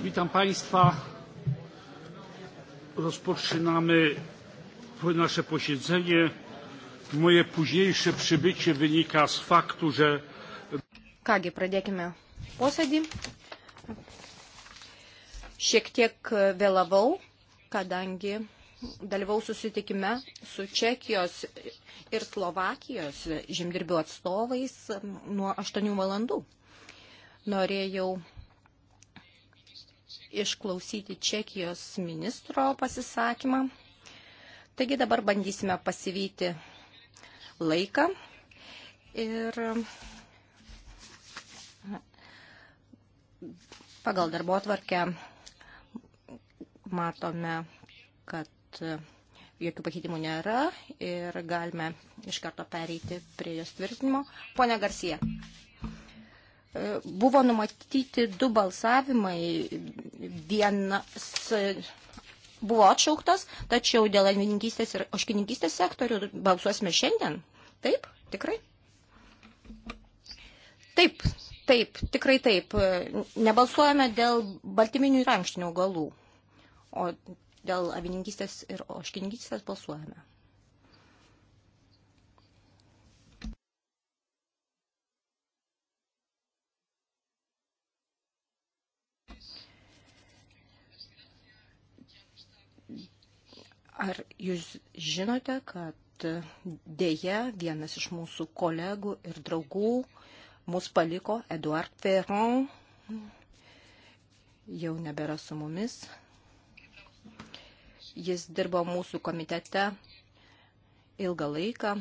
witam państwa rozpoczynamy nasze posiedzenie moje późniejsze przybycie wynika z faktu że kągi pradėkime posėdį šiek tiek vėlavau kadangi dalyvau susitikime su Čekijos ir Slovakijos žemdirbių atstovais nuo 8 valandų. Norėjau išklausyti Čekijos ministro pasisakymą. Taigi dabar bandysime pasivyti laiką ir pagal darbo atvarkę matome, kad jokių pakeitimų nėra ir galime iš karto pereiti prie jos tvirtinimo. Pone Garcija buvo numatyti du balsavimai. Vienas e, buvo atšauktas, tačiau dėl avininkystės ir oškininkystės sektorių balsuosime šiandien. Taip, tikrai? Taip, taip, tikrai taip. Nebalsuojame dėl baltyminių ir ankštinių augalų, o dėl avininkystės ir oškininkystės balsuojame. Ar jūs žinote, kad dėja vienas iš mūsų kolegų ir draugų mus paliko Eduard Ferron, jau nebėra su mumis. Jis dirbo mūsų komitete ilgą laiką.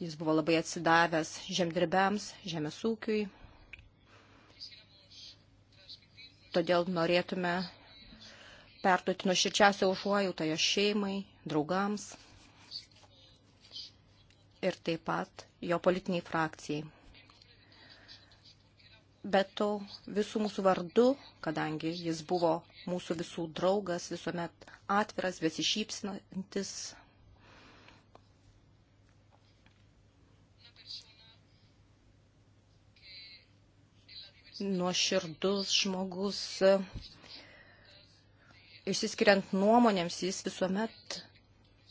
Jis buvo labai atsidavęs žemdirbiams, žemės ūkiui. Todėl norėtume perduoti nuoširdžiausią užuojautą jo šeimai, draugams ir taip pat jo politiniai frakcijai. Bet to visų mūsų vardu, kadangi jis buvo mūsų visų draugas, visuomet atviras, besišypsinantis. Nuoširdus žmogus, išsiskiriant nuomonėms, jis visuomet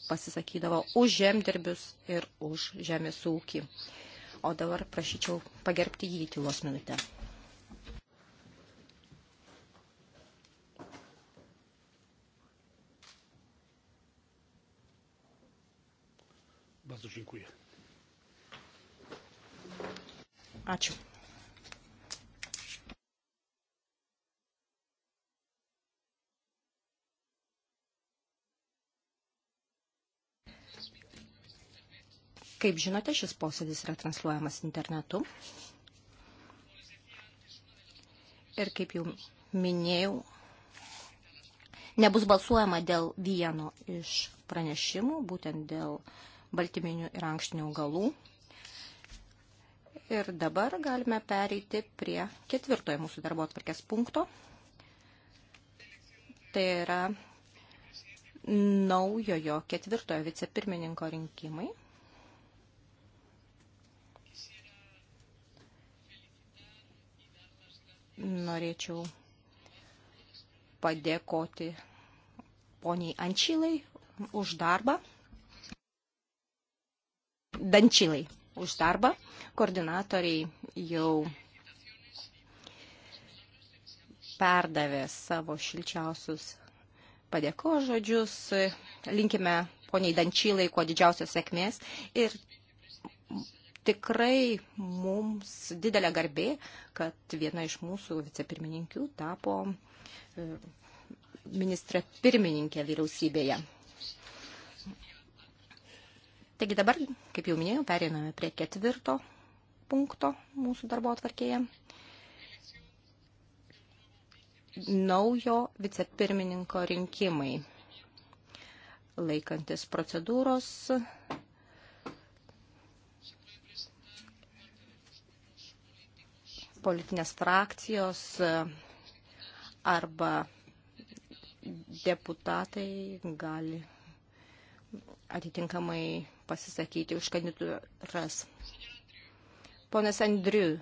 pasisakydavo už žemdirbius ir už žemės ūkį. O dabar prašyčiau pagerbti jį tylos minutę. Bardzo dziękuję. Ačiū. Kaip žinote, šis posėdis yra transliuojamas internetu. Ir kaip jau minėjau, nebus balsuojama dėl vieno iš pranešimų, būtent dėl baltyminių ir ankštinių augalų. Ir dabar galime pereiti prie ketvirtojo mūsų darbo atvarkės punkto. Tai yra naujojo ketvirtojo vicepirmininko rinkimai. norėčiau padėkoti poniai Ančilai už darbą. Dančilai už darbą. Koordinatoriai jau perdavė savo šilčiausius padėko žodžius. Linkime poniai Dančylai kuo didžiausios sėkmės ir tikrai mums didelė garbė, kad viena iš mūsų vicepirmininkių tapo e, ministrė pirmininkė vyriausybėje. Taigi dabar, kaip jau minėjau, pereiname prie ketvirto punkto mūsų darbo atvarkėje. Naujo vicepirmininko rinkimai. Laikantis procedūros, politinės frakcijos arba deputatai gali atitinkamai pasisakyti už kandidatūras. Ponas Andriu,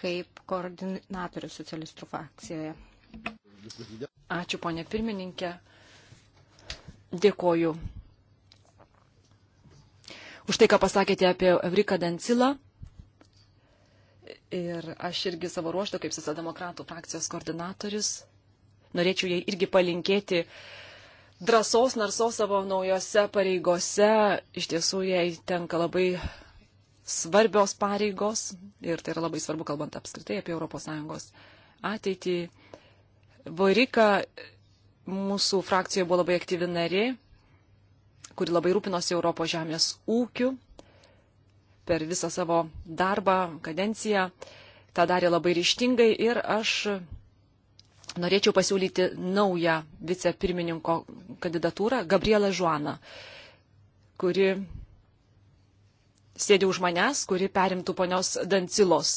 kaip koordinatorius socialistų frakcijoje. Ačiū, ponė pirmininkė. Dėkoju už tai, ką pasakėte apie Evrika Dancilą. Ir aš irgi savo ruoštų, kaip socialdemokratų frakcijos koordinatorius, norėčiau jai irgi palinkėti drąsos, narsos savo naujose pareigose. Iš tiesų, jai tenka labai svarbios pareigos ir tai yra labai svarbu, kalbant apskritai apie ES ateitį. Vorika mūsų frakcijoje buvo labai aktyvi nari, kuri labai rūpinosi Europos žemės ūkiu per visą savo darbą, kadenciją, tą darė labai ryštingai ir aš norėčiau pasiūlyti naują vicepirmininko kandidatūrą, Gabrielą Žuaną, kuri sėdi už manęs, kuri perimtų ponios Dancilos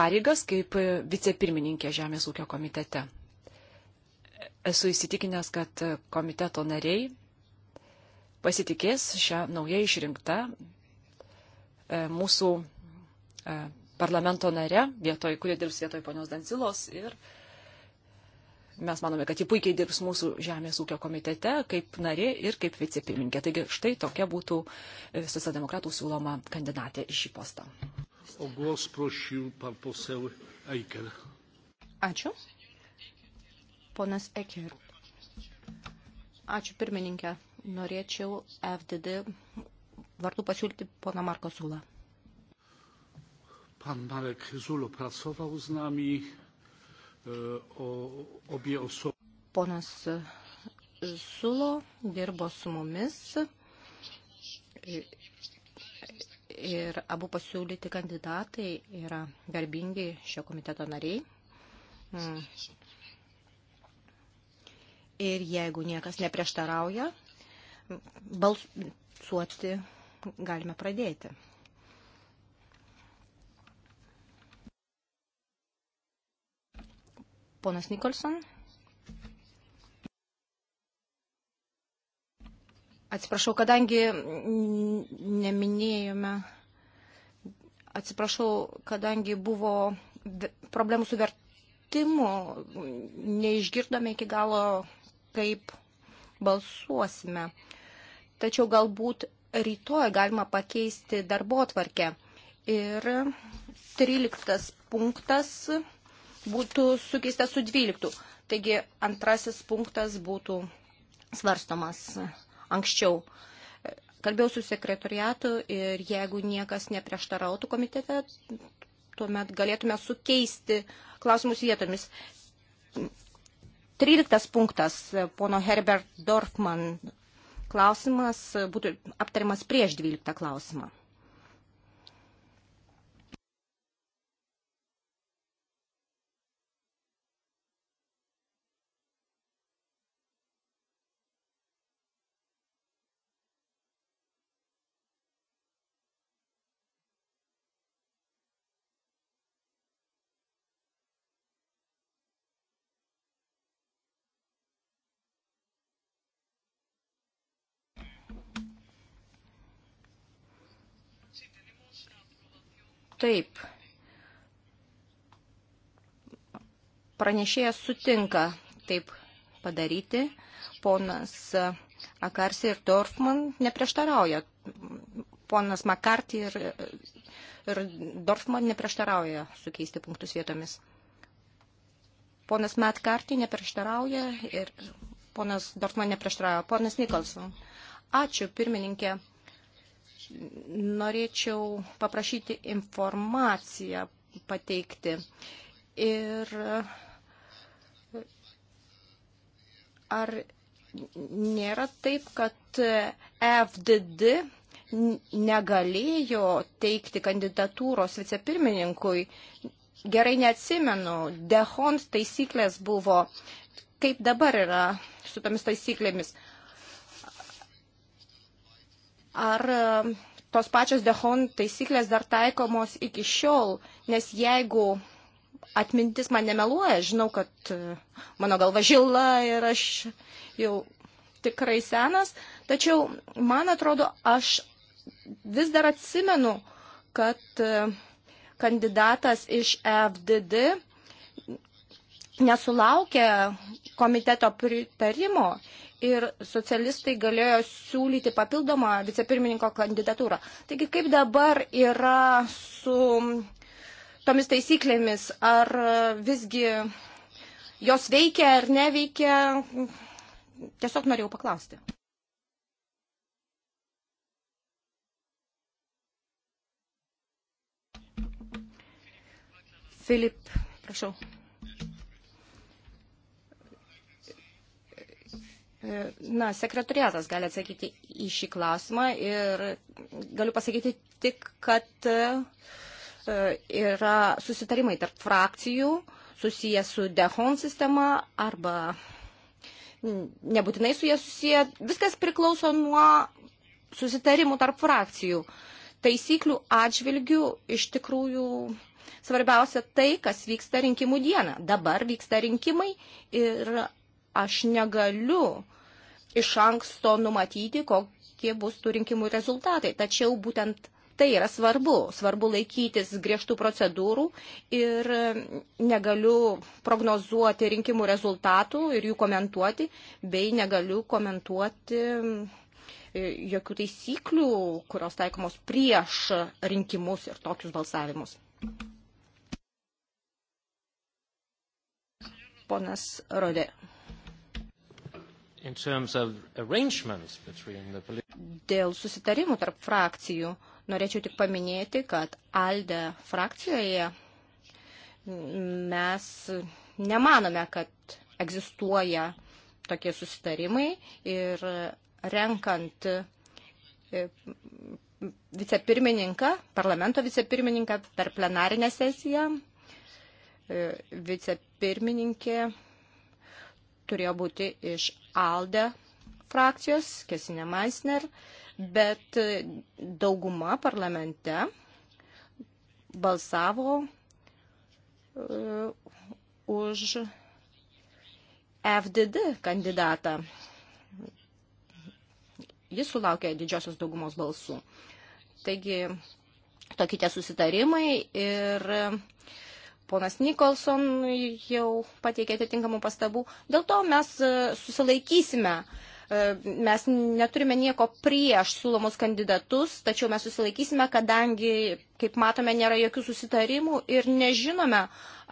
pareigas kaip vicepirmininkė Žemės ūkio komitete. Esu įsitikinęs, kad komiteto nariai pasitikės šią naujai išrinktą E, mūsų e, parlamento nare, vietoj, kurie dirbs vietoj ponios Dancilos. Ir mes manome, kad ji puikiai dirbs mūsų Žemės ūkio komitete kaip narė ir kaip vicepirmininkė. Taigi štai tokia būtų socialdemokratų siūloma kandidatė į šį postą. Ačiū. Ponas Eker. Ačiū pirmininkė. Norėčiau FDD vardu pasiūlyti poną Marko Zulą. Pan Marek Zulo pracował z nami. E, o, obie osoby. Ponas Zulo dirbo su mumis ir abu pasiūlyti kandidatai yra garbingi šio komiteto nariai. Mm. Ir jeigu niekas neprieštarauja, balsuoti galime pradėti. Ponas Nikolson. Atsiprašau, kadangi neminėjome, atsiprašau, kadangi buvo problemų su vertimu, neišgirdome iki galo, kaip balsuosime. Tačiau galbūt rytoj galima pakeisti darbo tvarkę. Ir 13 punktas būtų sukeistas su 12. Taigi antrasis punktas būtų svarstomas anksčiau. Kalbėjau su sekretoriatu ir jeigu niekas neprieštarautų komitete, tuomet galėtume sukeisti klausimus vietomis. 13 punktas, pono Herbert Dorfman klausimas būtų aptariamas prieš 12 klausimą. Taip. Pranešėjas sutinka taip padaryti. Ponas Akarsi ir Dorfman neprieštarauja. Ponas Makarti ir, ir Dorfman neprieštarauja sukeisti punktus vietomis. Ponas Metkarti neprieštarauja ir ponas Dorfman neprieštarauja. Ponas Nikolson. Ačiū, pirmininkė norėčiau paprašyti informaciją pateikti. Ir ar nėra taip, kad FDD negalėjo teikti kandidatūros vicepirmininkui. Gerai neatsimenu, dehont taisyklės buvo, kaip dabar yra su tomis taisyklėmis ar e, tos pačios dehon taisyklės dar taikomos iki šiol, nes jeigu atmintis man nemeluoja, žinau, kad e, mano galva žila ir aš jau tikrai senas, tačiau man atrodo, aš vis dar atsimenu, kad e, kandidatas iš FDD nesulaukė komiteto pritarimo ir socialistai galėjo siūlyti papildomą vicepirmininko kandidatūrą. Taigi kaip dabar yra su tomis taisyklėmis, ar visgi jos veikia ar neveikia, tiesiog norėjau paklausti. Filip, prašau. Na, sekretoriatas gali atsakyti į šį klausimą ir galiu pasakyti tik, kad e, yra susitarimai tarp frakcijų susiję su DEHON sistema arba nebūtinai su jie susiję. Viskas priklauso nuo susitarimų tarp frakcijų. Taisyklių atžvilgių iš tikrųjų svarbiausia tai, kas vyksta rinkimų dieną. Dabar vyksta rinkimai ir aš negaliu iš anksto numatyti, kokie bus tų rinkimų rezultatai. Tačiau būtent tai yra svarbu. Svarbu laikytis griežtų procedūrų ir negaliu prognozuoti rinkimų rezultatų ir jų komentuoti, bei negaliu komentuoti e, jokių taisyklių, kurios taikomos prieš rinkimus ir tokius balsavimus. Ponas Rodė. Dėl susitarimų tarp frakcijų norėčiau tik paminėti, kad ALDE frakcijoje mes nemanome, kad egzistuoja tokie susitarimai ir renkant e, vicepirmininką, parlamento vicepirmininką per plenarinę sesiją, e, vicepirmininkė turėjo būti iš ALDE frakcijos, Kesinė Meisner, bet dauguma parlamente balsavo uh, už FDD kandidatą. Jis sulaukė didžiosios daugumos balsų. Taigi, tokie susitarimai ir uh, ponas Nikolson jau pateikė atitinkamų pastabų. Dėl to mes e, susilaikysime. E, mes neturime nieko prieš siūlomus kandidatus, tačiau mes susilaikysime, kadangi, kaip matome, nėra jokių susitarimų ir nežinome,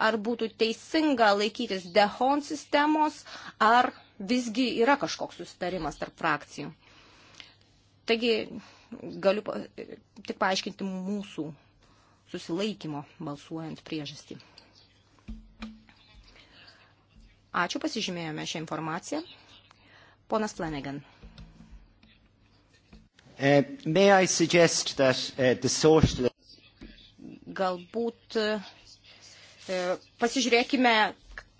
ar būtų teisinga laikytis dehon sistemos, ar visgi yra kažkoks susitarimas tarp frakcijų. Taigi, galiu tik paaiškinti mūsų susilaikymo balsuojant priežastį. Ačiū, pasižymėjome šią informaciją. Ponas Flanagan. Uh, that, uh, social... Galbūt uh, pasižiūrėkime,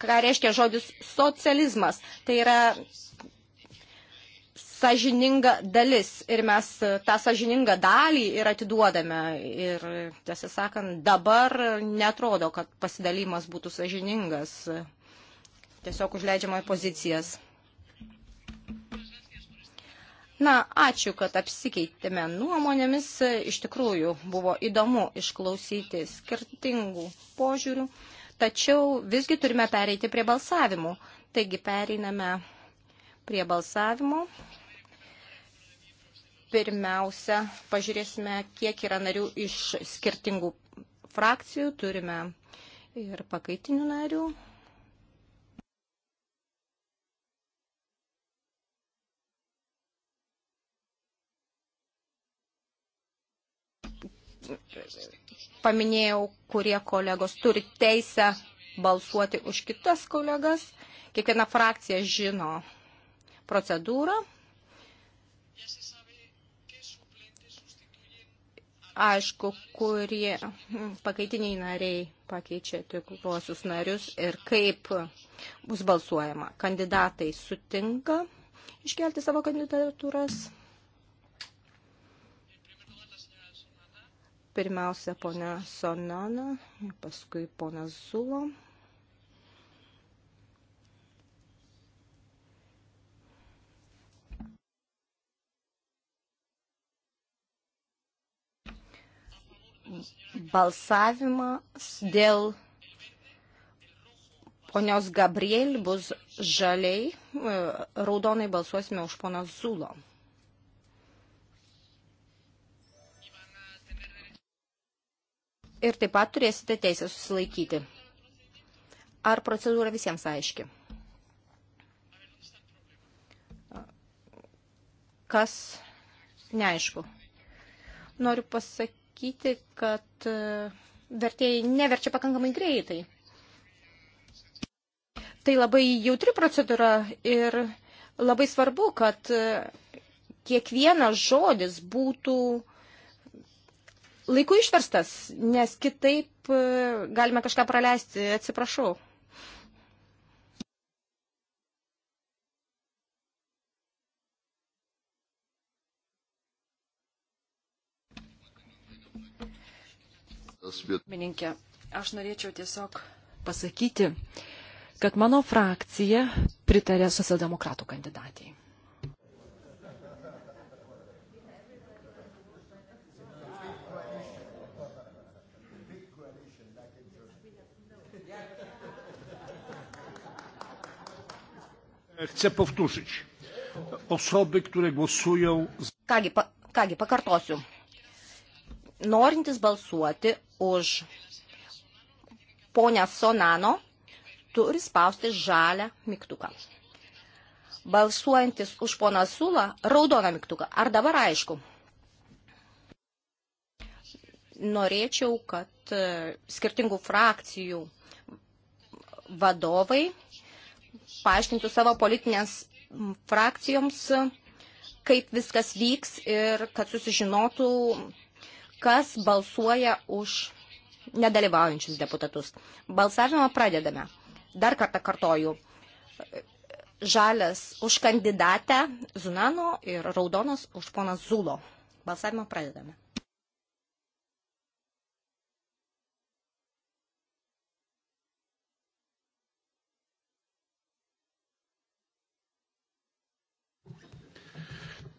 ką reiškia žodis socializmas. Tai yra sažininga dalis ir mes e, tą sažiningą dalį ir atiduodame. Ir e, tiesą sakant, dabar netrodo, kad pasidalymas būtų sažiningas, tiesiog užleidžiama į pozicijas. Na, ačiū, kad apsikeitėme nuomonėmis. Iš tikrųjų, buvo įdomu išklausyti skirtingų požiūrių, tačiau visgi turime pereiti prie balsavimų. Taigi pereiname prie balsavimo. Pirmiausia, pažiūrėsime, kiek yra narių iš skirtingų frakcijų. Turime ir pakaitinių narių. paminėjau, kurie kolegos turi teisę balsuoti už kitas kolegas. Kiekviena frakcija žino procedūrą. aišku, kurie pakaitiniai nariai pakeičia tikruosius narius ir kaip bus balsuojama. Kandidatai sutinka iškelti savo kandidatūras. Pirmiausia, ponia Sonana, paskui ponas Zulom. balsavimas dėl ponios Gabriel bus žaliai, e, raudonai balsuosime už poną Zulo. Ir taip pat turėsite teisę susilaikyti. Ar procedūra visiems aiški? Kas neaišku. Noriu pasakyti pasakyti, kad e, vertėjai neverčia pakankamai greitai. Tai labai jautri procedūra ir labai svarbu, kad e, kiekvienas žodis būtų laiku išverstas, nes kitaip e, galime kažką praleisti. Atsiprašau. Mininkė, aš norėčiau tiesiog pasakyti, kad mano frakcija pritarė socialdemokratų kandidatijai. Chcę powtórzyć. Osoby, które głosują. Kągi, pa, kągi, pakartosiu norintis balsuoti už ponę Sonano turi spausti žalę mygtuką. Balsuojantis už poną Sulą raudoną mygtuką. Ar dabar aišku? Norėčiau, kad e, skirtingų frakcijų vadovai paaiškintų savo politinės frakcijoms, kaip viskas vyks ir kad susižinotų kas balsuoja už nedalyvaujančius deputatus. Balsavimą pradedame. Dar kartą kartoju. Žalias už kandidatę Zunano ir raudonas už poną Zulo. Balsavimą pradedame.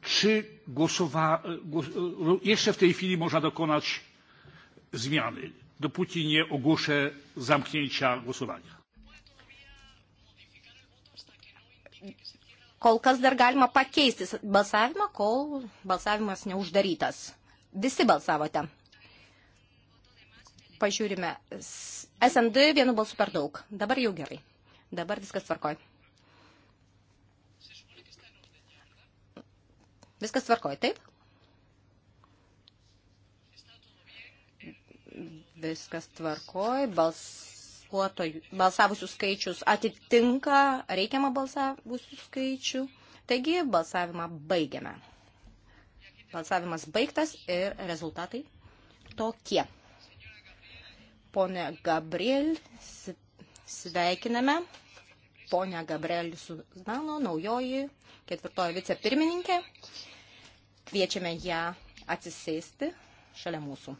czy głosowa... Głos... jeszcze w tej chwili można dokonać zmiany, dopóki nie ogłoszę zamknięcia głosowania. Kol kas dar galima pakeisti balsavimą, kol balsavimas neuždarytas. Visi balsavote. Pažiūrime. SND vienu balsu per daug. Dabar jau gerai. Dabar viskas tvarkoja. Viskas tvarkoj, taip? Viskas tvarkoj, balsavusių skaičius atitinka reikiamą balsavusių skaičių. Taigi balsavimą baigiame. Balsavimas baigtas ir rezultatai tokie. Pone Gabriel, sveikiname. Pone Gabriel Suzano, naujoji ketvirtoji vicepirmininkė. Kviečiame ją atsisėsti šalia mūsų.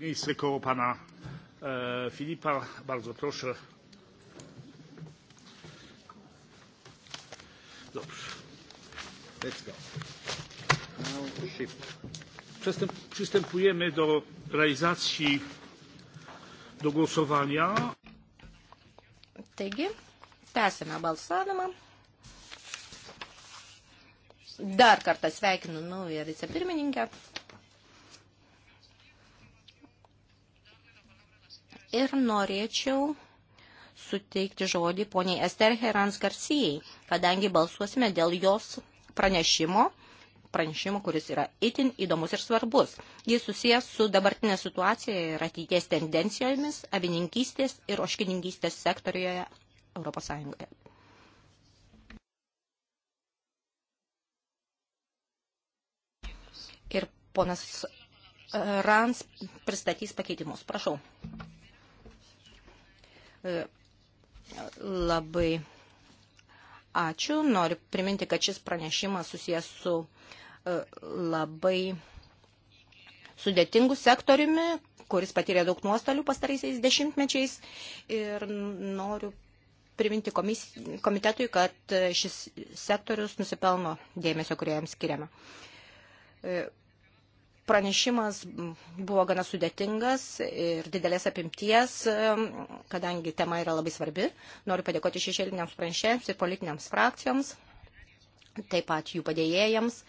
Miejsce koło pana e, Filipa, bardzo proszę. Dobrze. Let's go. Przystęp, przystępujemy do realizacji, do głosowania. Taigi, tęsime balsavimą. Dar kartą sveikinu naują vicepirmininkę. Ir norėčiau suteikti žodį poniai Ester Herans Garcijai, kadangi balsuosime dėl jos pranešimo, pranešimo, kuris yra itin įdomus ir svarbus. Jis susijęs su dabartinė situacija ir ateities tendencijomis avininkystės ir oškininkystės sektorijoje Europos Sąjungoje. ir ponas e, Rans pristatys pakeitimus. Prašau. E, labai ačiū. Noriu priminti, kad šis pranešimas susijęs su e, labai sudėtingu sektoriumi, kuris patyrė daug nuostolių pastaraisiais dešimtmečiais. Ir noriu priminti komis, komitetui, kad šis sektorius nusipelno dėmesio, kurie jam skiriama. Uh, E, pranešimas buvo gana sudėtingas ir didelės apimties, e, kadangi tema yra labai svarbi. Noriu padėkoti šešėliniams pranešėjams ir politiniams frakcijoms, taip pat jų padėjėjams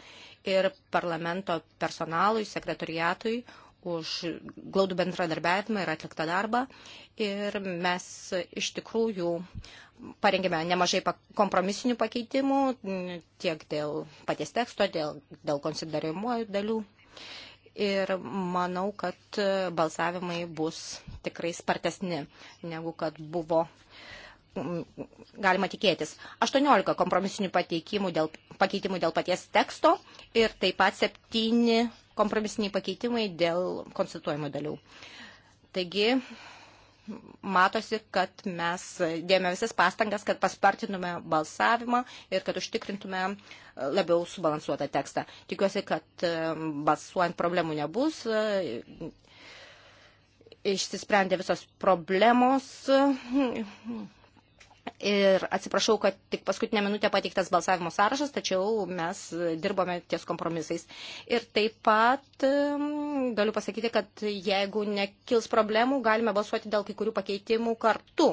ir parlamento personalui, sekretoriatui už glaudų bendradarbiavimą ir atliktą darbą. Ir mes iš tikrųjų parengėme nemažai kompromisinių pakeitimų tiek dėl paties teksto, dėl, dėl konsiderimuojų dalių. Ir manau, kad balsavimai bus tikrai spartesni, negu kad buvo galima tikėtis. 18 kompromisinių pateikimų dėl, pakeitimų dėl paties teksto ir taip pat 7 kompromisiniai pakeitimai dėl konstatuojimo dalių. Taigi, matosi, kad mes dėjome visas pastangas, kad paspartinume balsavimą ir kad užtikrintume labiau subalansuotą tekstą. Tikiuosi, kad e, balsuojant problemų nebus e, išsisprendė visos problemos Ir atsiprašau, kad tik paskutinę minutę pateiktas balsavimo sąrašas, tačiau mes dirbome ties kompromisais. Ir taip pat galiu pasakyti, kad jeigu nekils problemų, galime balsuoti dėl kai kurių pakeitimų kartu.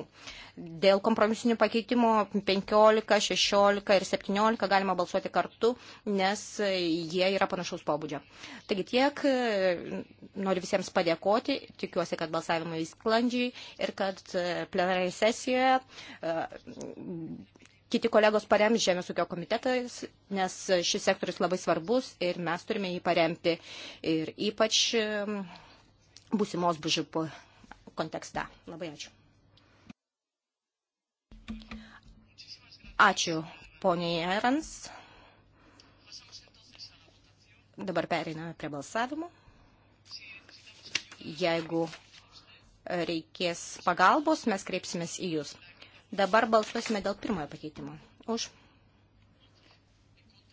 Dėl kompromisinių pakeitimų 15, 16 ir 17 galima balsuoti kartu, nes jie yra panašaus pobūdžio. Taigi tiek, noriu visiems padėkoti, tikiuosi, kad balsavimai sklandžiai ir kad e, plenarai sesijoje e, kiti kolegos parems Žemės ūkio komitetas, nes šis sektorius labai svarbus ir mes turime jį paremti ir ypač e, būsimos BŽP kontekste. Labai ačiū. Ačiū, poniai Airans. Dabar pereiname prie balsavimo. Jeigu reikės pagalbos, mes kreipsimės į jūs. Dabar balsuosime dėl pirmojo pakeitimo. Už.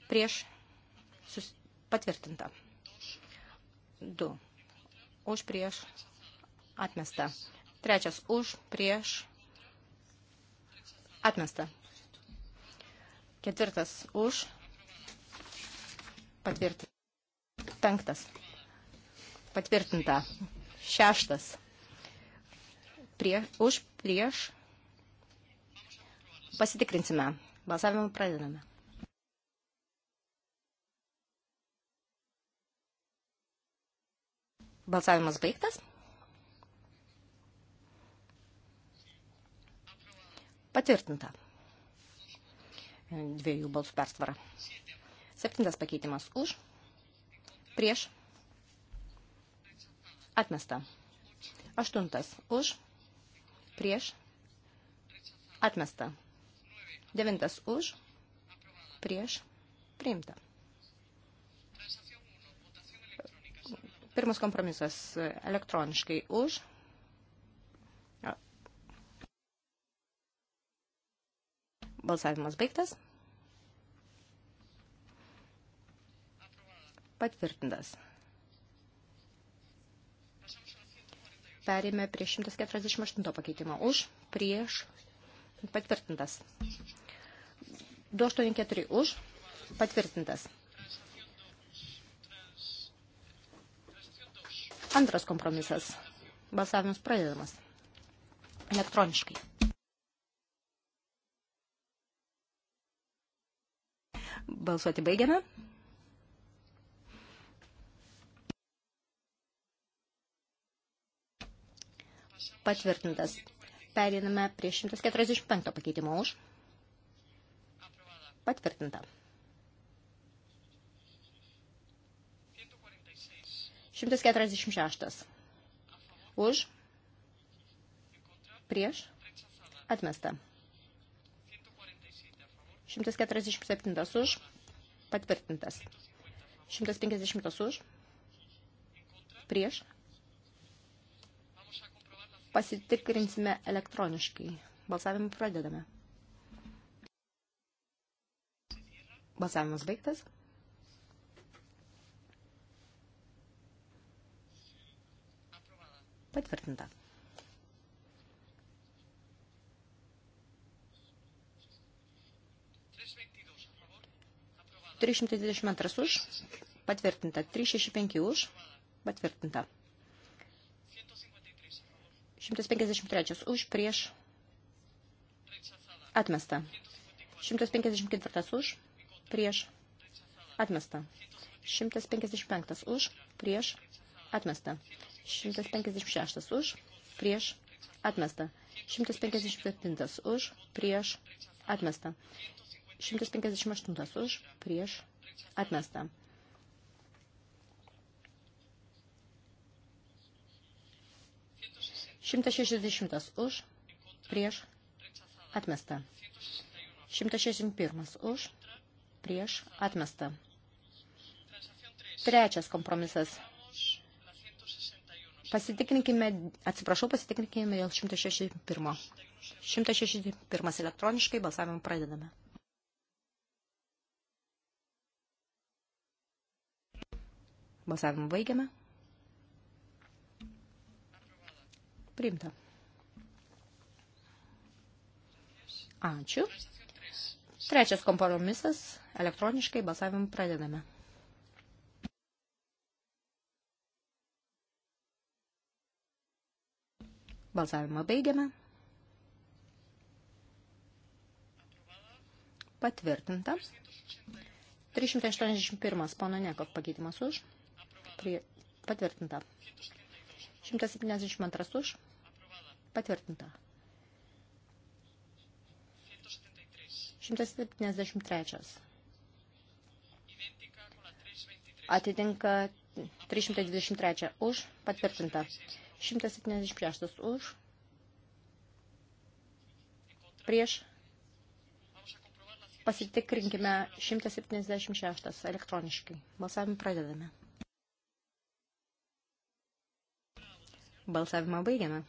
Prieš. Sus... Patvirtinta. Du. Už prieš. Atmesta. Trečias. Už prieš. Atmesta. Ketvirtas už. Patvirtinta. Penktas. Patvirtinta. Šeštas. Prie, už, prieš. Pasitikrinsime. Balsavimą pradedame. Balsavimas baigtas. Patvirtinta dviejų balsų persvarą. Septintas pakeitimas už, prieš, atmesta. Aštuntas už, prieš, atmesta. Devintas už, prieš, priimta. Pirmas kompromisas elektroniškai už, Balsavimas baigtas. Patvirtintas. Perėmė prie 148 pakeitimo. Už, prieš, patvirtintas. 284 už, patvirtintas. Antras kompromisas. Balsavimas pradedamas. Elektroniškai. Balsuoti baigiame. Patvirtintas. Periname prie 145 pakeitimo už. Patvirtinta. 146. Už. Prieš. Atmesta. 147 už. Patvirtintas. 150 už. Prieš. Pasitikrinsime elektroniškai. Balsavimą pradedame. Balsavimas baigtas. Patvirtinta. 322 už, patvirtinta. 365 už, patvirtinta. 153 už, prieš, atmesta. 154 už, prieš, atmesta. 155 už, prieš, atmesta. 156 už, prieš, atmesta. 157 už, prieš, atmesta. 158 už, prieš, atmesta. Šimtas šešdešimtas už, prieš, atmesta. Šimtas šešdešimt pirmas už, prieš, atmesta. Trečias kompromisas. Pasitikrinkime, atsiprašau, pasitikrinkime dėl 161. 161 elektroniškai balsavimą pradedame. Balsavimą baigiame. Priimta. Ačiū. Trečias kompromisas. Elektroniškai balsavimą pradedame. Balsavimą baigiame. Patvirtinta. 381 pono Nekov pakeitimas už, Prie, patvirtinta. 172 už. Patvirtinta. 173. Atitinka 323 už. Patvirtinta. 176 už. Prieš. Pasitikrinkime 176 elektroniškai. Balsavimą pradedame. Balsavimą baigiame.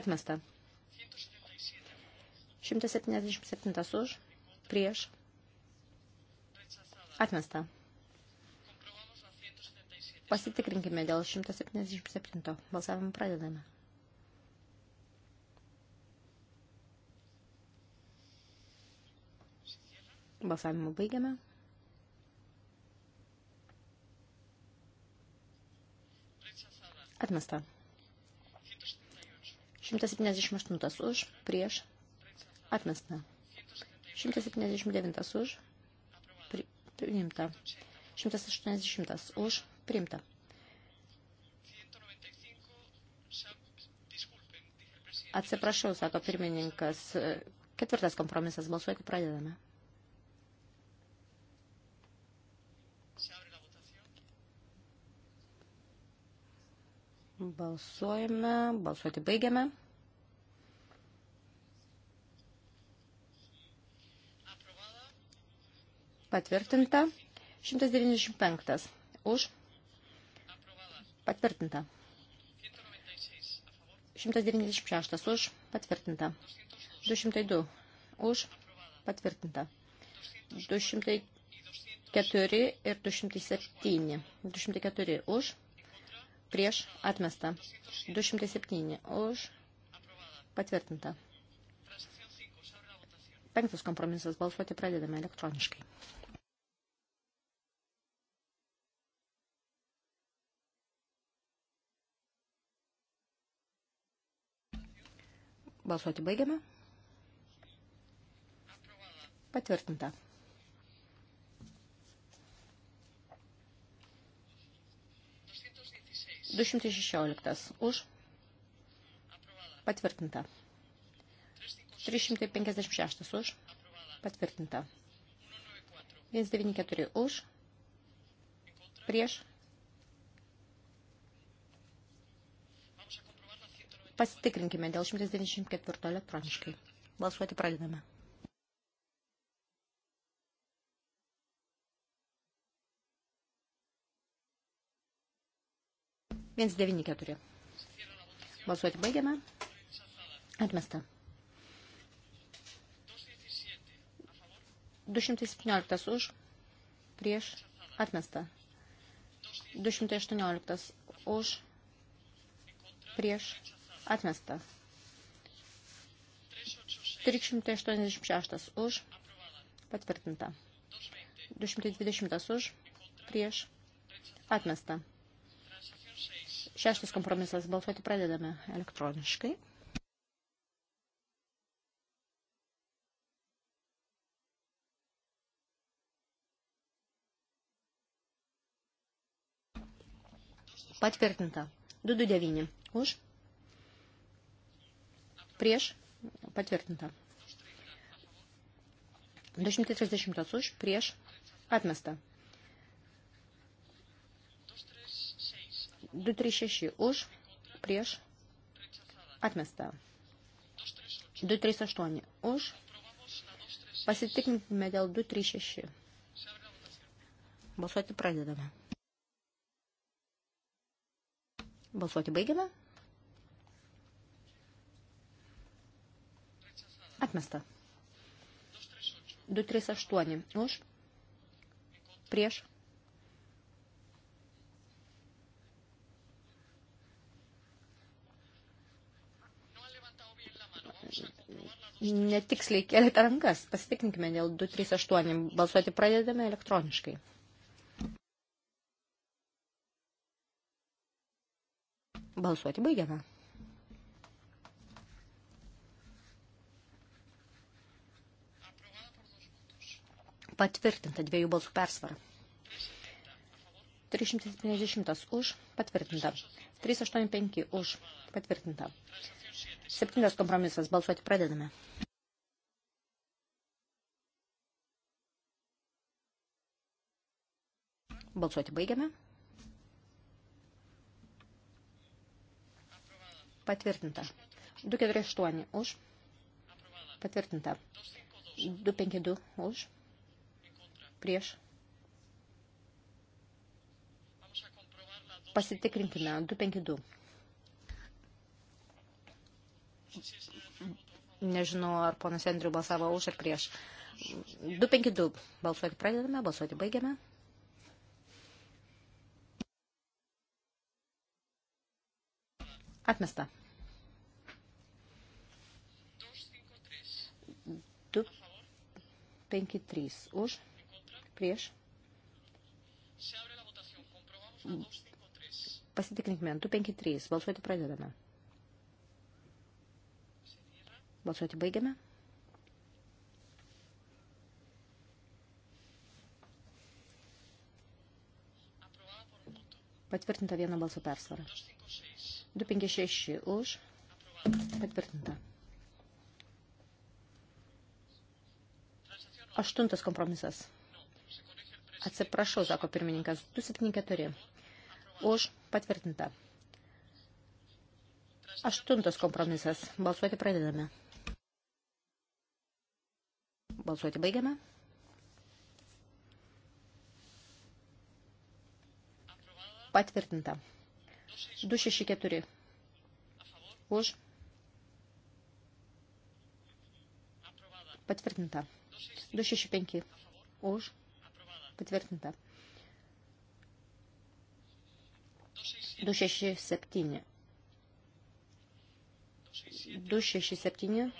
Atmesta. 177 už, prieš, atmesta. Pasitikrinkime dėl 177. Balsavimą pradedame. Balsavimą baigiame. Atmesta. 178 už, prieš, atmesta. 179 už, pri, priimta. 180 už, priimta. Atsiprašau, sako pirmininkas. Ketvirtas kompromisas. Balsuokit, pradedame. Balsuojame, balsuoti baigiame. Patvirtinta. 195. Už. Patvirtinta. 196 už. Patvirtinta. 202 už. Patvirtinta. 204 ir 207. 204 už prieš atmesta. 207 už patvirtinta. Penktas kompromisas balsuoti pradedame elektroniškai. Balsuoti baigiame. Patvirtinta. 216 už. Patvirtinta. 356 už. Patvirtinta. 194 už. Prieš. Pasitikrinkime dėl 194 elektroniškai. Balsuoti pradedame. 194. Balsuoti baigiame. Atmesta. 217 už, prieš, atmesta. 218 už, prieš, atmesta. 386 už, patvirtinta. 220 už, prieš, atmesta. Šeštas kompromisas. Balsuoti pradedame elektroniškai. Patvirtinta. 229. Už. Prieš. Patvirtinta. 230 už. Prieš. Atmesta. 236 už, prieš, atmesta. 238 už, pasitikinkime dėl 236. Balsuoti pradedame. Balsuoti baigiame. Atmesta. 238 už, prieš, atmesta. netiksliai kėlėte rankas. Pasitikinkime dėl 238. Balsuoti pradedame elektroniškai. Balsuoti baigiame. Patvirtinta dviejų balsų persvara. 370 už, patvirtinta. 385 už, patvirtinta. Septintas kompromisas. Balsuoti pradedame. Balsuoti baigiame. Patvirtinta. 248 už. Patvirtinta. 252 už. Prieš. Pasitikrinkime. 252. Nežinau, ar ponas Andriu balsavo už ar prieš. 252. Balsuoti pradedame, balsuoti baigiame. Atmesta. 2, 5, 3. Už, prieš. Pasitikrinkime. 2, 5, 3. Balsuoti pradedame. Balsuoti baigiame. Patvirtinta vieno balso persvara. 256 už. Patvirtinta. Aštuntas kompromisas. Atsiprašau, sako pirmininkas. 274. Už. Patvirtinta. Aštuntas kompromisas. Balsuoti pradedame. Balsuoti baigiame. Patvirtinta. 264. Už. Patvirtinta. 265. Už. Patvirtinta. 267. 267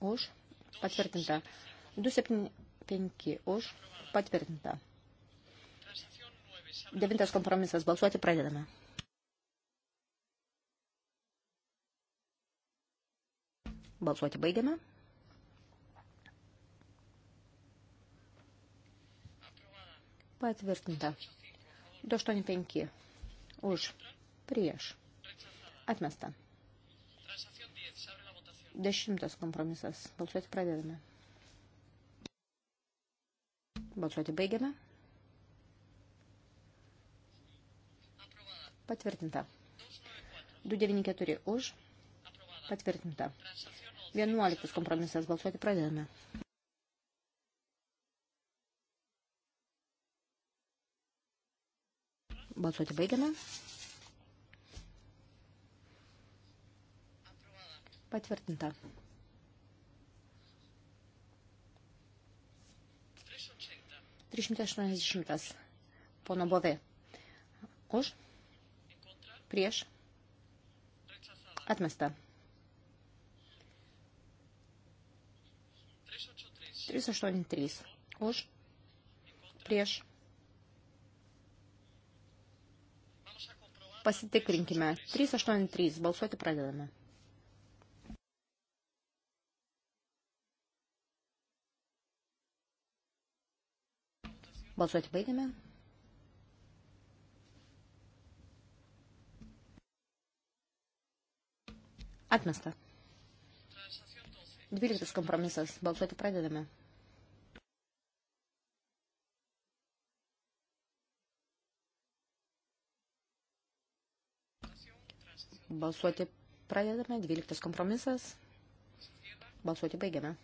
už. Patvirtinta. 275 už patvirtinta. Devintas kompromisas. Balsuoti pradedame. Balsuoti baigiame. Patvirtinta. 285. Už. Prieš. Atmesta. Dešimtas kompromisas. Balsuoti pradedame. Balsuoti baigiame. Patvirtinta. 294 už. Patvirtinta. 11 kompromisas. Balsuoti pradedame. Balsuoti baigiame. Patvirtinta. 380. Pono Bove. Už. Prieš. Atmesta. 383. Už. Prieš. Pasitikrinkime. 383. Balsuoti pradedame. Balsuoti baigiame. Atmesta. Dvyliktas kompromisas. Balsuoti pradedame. Balsuoti pradedame. Dvyliktas kompromisas. Balsuoti baigiame.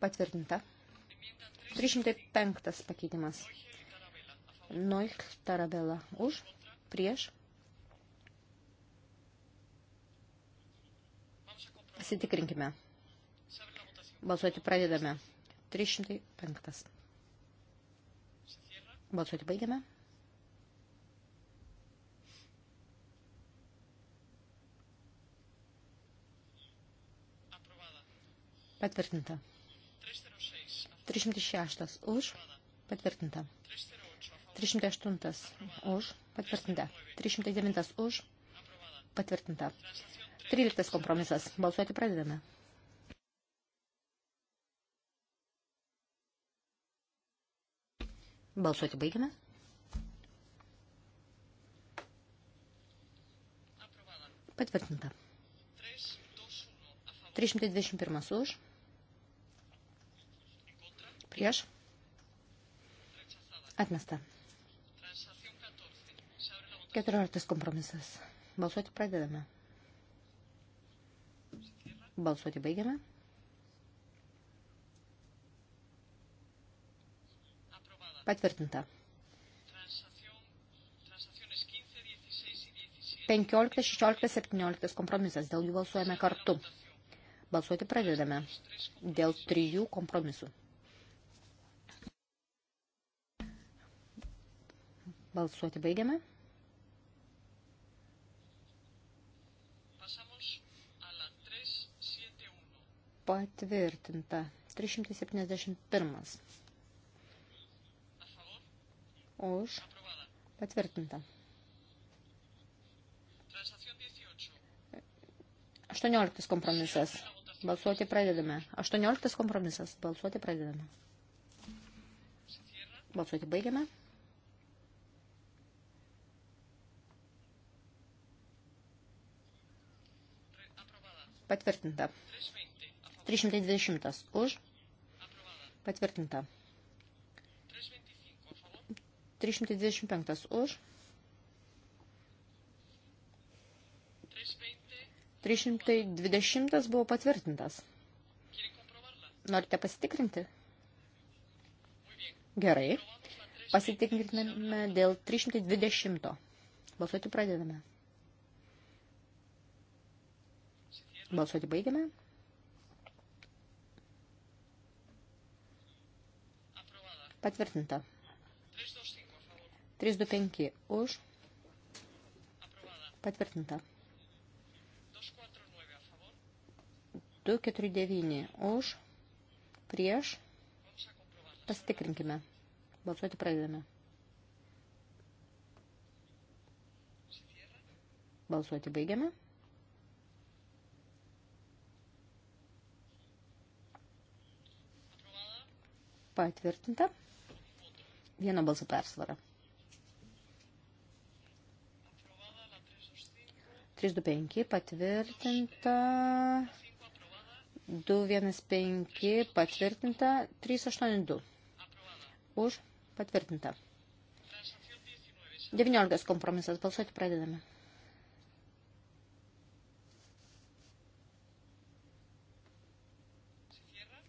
Patvirtinta. 305 pakeitimas. Noich Tarabela. Už. Prieš. Pasitikrinkime. Balsuoti pradedame. 305. Balsuoti baigiame. Patvirtinta. 306 už patvirtinta. 308 už patvirtinta. 309 už patvirtinta. 13 kompromisas. Balsuoti pradedame. Balsuoti baigiame. Patvirtinta. 321 už prieš. Atmesta. 14 kompromisas. Balsuoti pradedame. Balsuoti baigiame. Patvirtinta. 15, 16, 17 kompromisas. Dėl jų balsuojame kartu. Balsuoti pradedame. Dėl trijų kompromisų. Balsuoti baigiame. Patvirtinta. 371. Už. Patvirtinta. 18 kompromisas. Balsuoti pradedame. 18 kompromisas. Balsuoti pradedame. Balsuoti baigiame. Patvirtinta. 320 už. Patvirtinta. 325 už. 320 buvo patvirtintas. Norite pasitikrinti? Gerai. Pasitikriname dėl 320. Balsuoti pradedame. Balsuoti baigiame. Patvirtinta. 325 už. Patvirtinta. 249 už. Prieš. Pasitikrinkime. Balsuoti pradedame. Balsuoti baigiame. Patvirtinta. Vieno balsų persvara. 325 patvirtinta. 215 patvirtinta. 382. Už patvirtinta. 19 kompromisas. Balsuoti pradedame.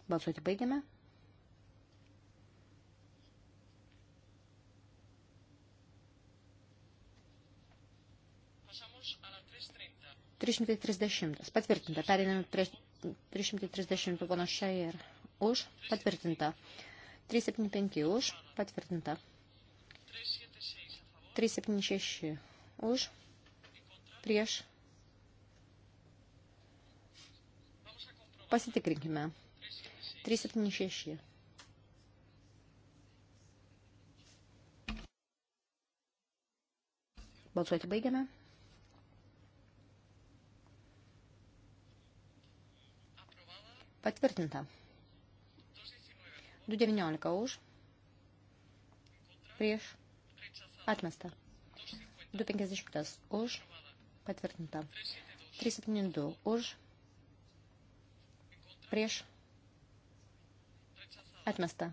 Balsuoti baigiame. 330. Patvirtinta. Pereiname prie 330. Panašiai ir už. Patvirtinta. 375 už. Patvirtinta. 376 už. Prieš. Pasitikrinkime. 376. Balsuoti baigiame. Patvirtinta. 2.19 už. Prieš. Atmesta. 2.50 už. Patvirtinta. 3.72 už. Prieš. Atmesta.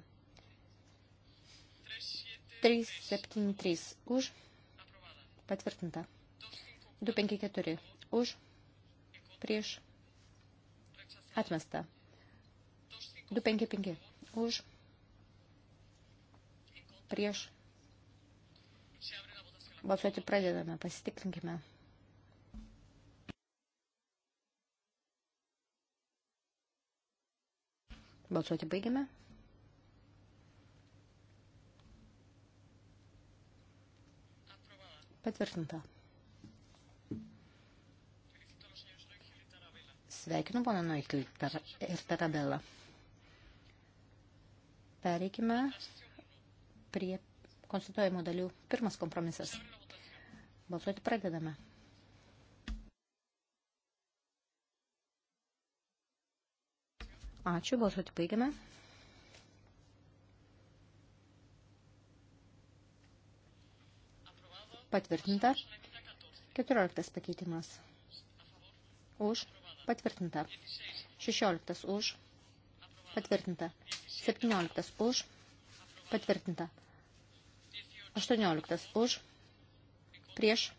3.73 už. Patvirtinta. 2.54 už. Prieš. Atmesta. 255. Už. Prieš. Balsuoti pradedame. Pasitikrinkime. Balsuoti baigiame. Patvirtinta. Sveikinu poną Noiklį ir Tarabelą. Pereikime prie konsultuojamų dalių. Pirmas kompromisas. Balsuoti pradedame. Ačiū, balsuoti baigiame. Patvirtinta. 14 pakeitimas. Už. Patvirtinta. 16 už. Patvirtinta. 17 už. Patvirtinta. 18 už. Prieš.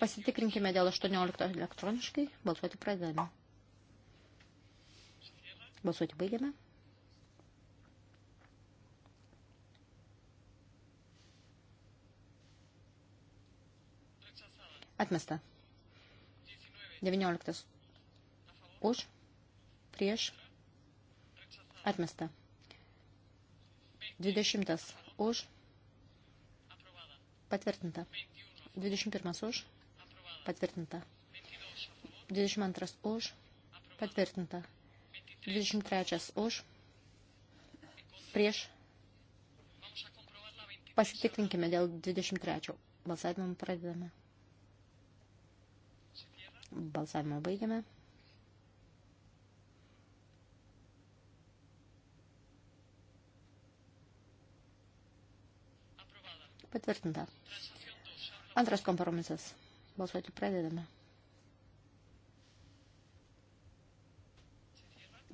Pasitikrinkime dėl 18 elektroniškai. Balsuoti pradedame. Balsuoti baigiame. Atmesta. 19. Už, prieš, atmesta. 20. Už, patvirtinta. 21. Už, patvirtinta. 22. Už, patvirtinta. 23. Už, prieš. Pasitikrinkime dėl 23. Balsavimą pradedame. Balsavimą baigiame. Patvirtinta. Antras kompromisas. Balsuoti pradedame.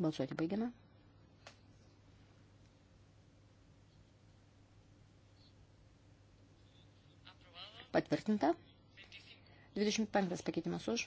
Balsuoti baigiame. Patvirtinta. 25 pakeitimas už.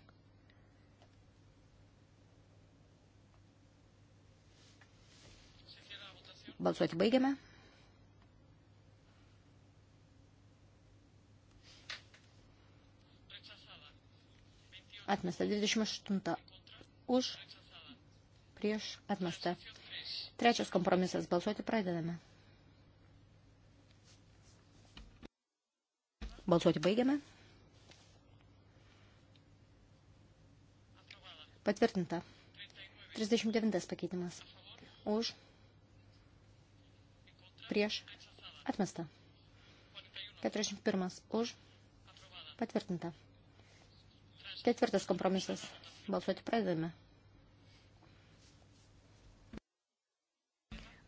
Balsuoti baigiame. Atmesta 28 už, prieš atmesta. Trečias kompromisas. Balsuoti pradedame. Balsuoti baigiame. Patvirtinta. 39 pakeitimas. Už prieš, atmesta. 41 už, patvirtinta. Ketvirtas kompromisas. Balsuoti pradedame.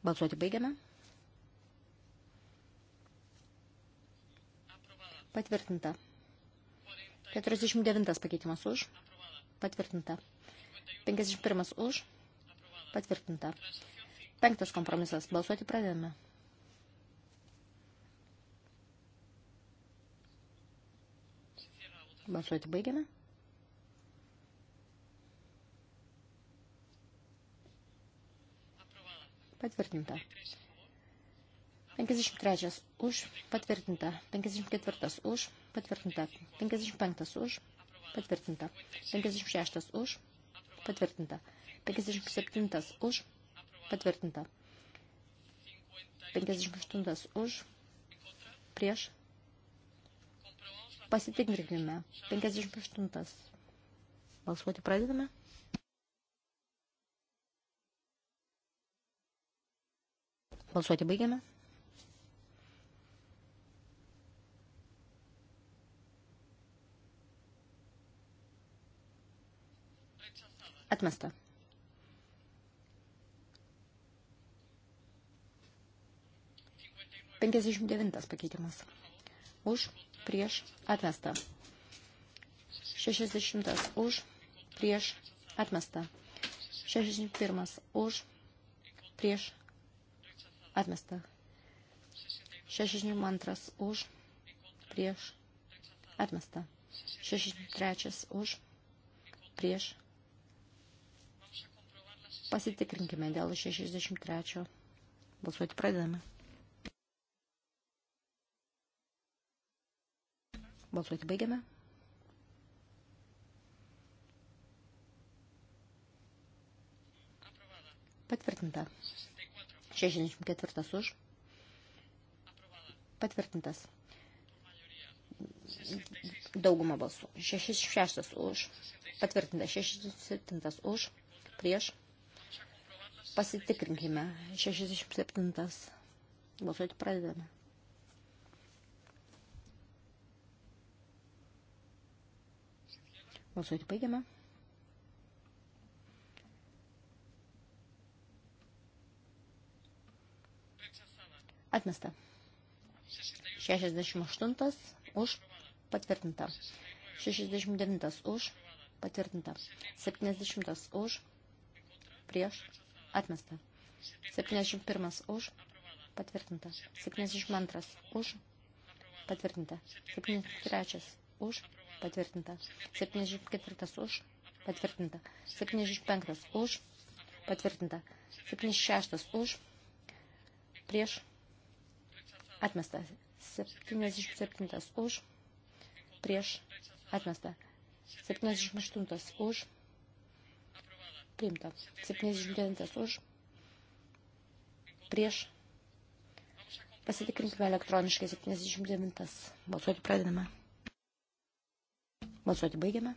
Balsuoti baigiame. Patvirtinta. 49 pakeitimas už. Patvirtinta. 51 už. Patvirtinta. Penktas kompromisas. Balsuoti pradedame. Balsuoti baigiame. Patvirtinta. 53 už, patvirtinta. 54 už, patvirtinta. 55 už, patvirtinta. 56 už, patvirtinta. 57 už, patvirtinta. 58 už, prieš, pasitikrinkime. 58. Balsuoti pradedame. Balsuoti baigiame. Atmesta. Penkiasdešimt devintas pakeitimas. Už prieš atmestą. 60 už prieš atmestą. 61 už prieš atmestą. 62 už prieš atmestą. 63 už prieš Pasitikrinkime dėl 63. Balsuoti pradedame. Balsuoti baigiame. Patvirtinta. 64 už. Patvirtintas. Dauguma balsų. 66 už. Patvirtinta. 67 už. Prieš. Pasitikrinkime. 67. Balsuoti pradedame. Balsuoti baigiame. Atmesta. 68 už patvirtinta. 69 už patvirtinta. 70 už prieš atmesta. 71 už patvirtinta. 72 už patvirtinta. 73 už patvirtinta. 74 už, patvirtinta. 75 už, patvirtinta. 76 už, prieš, atmesta. 77 už, prieš, atmesta. 78 už, priimta. 79 už, prieš, Pasitikrinkime elektroniškai 79. Balsuoti pradedame. Balsuoti baigiame.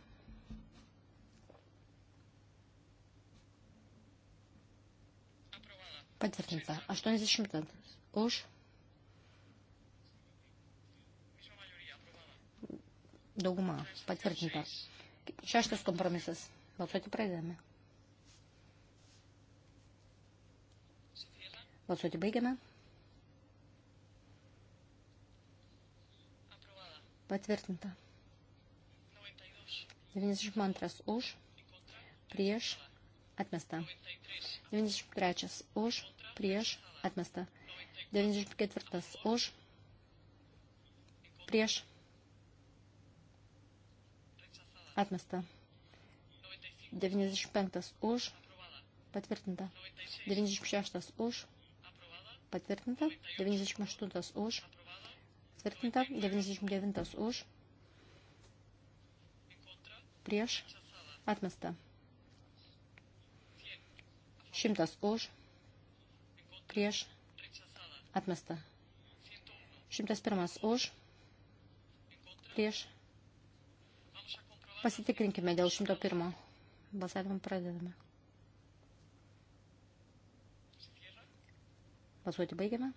Patvirtinta. 80. Už. Dauguma. Patvirtinta. Šeštas kompromisas. Balsuoti pradedame. Balsuoti baigiame. Patvirtinta. 92 už, prieš, atmesta. 93 už, prieš, atmesta. 94 už, prieš, atmesta. 95 už, patvirtinta. 96 už, patvirtinta. 98 už, patvirtinta. 99 už, prieš, atmesta. Šimtas už, prieš, atmesta. Šimtas pirmas už, prieš. Pasitikrinkime dėl šimto pirmo. Balsavimą pradedame. Balsuoti baigiame.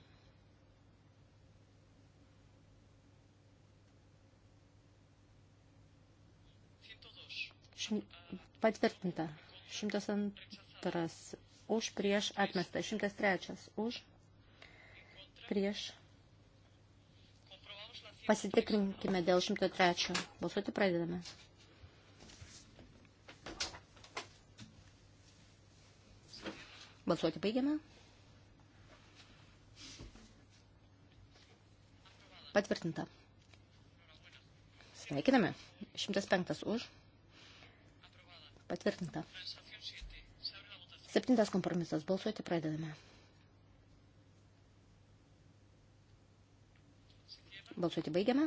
šim, patvirtinta. 102 už prieš atmesta. 103 už prieš. Pasitikrinkime dėl 103. Balsuoti pradedame. Balsuoti baigiame. Patvirtinta. Sveikiname. 105 už. Patvirtinta. Septintas kompromisas. Balsuoti pradedame. Balsuoti baigiame.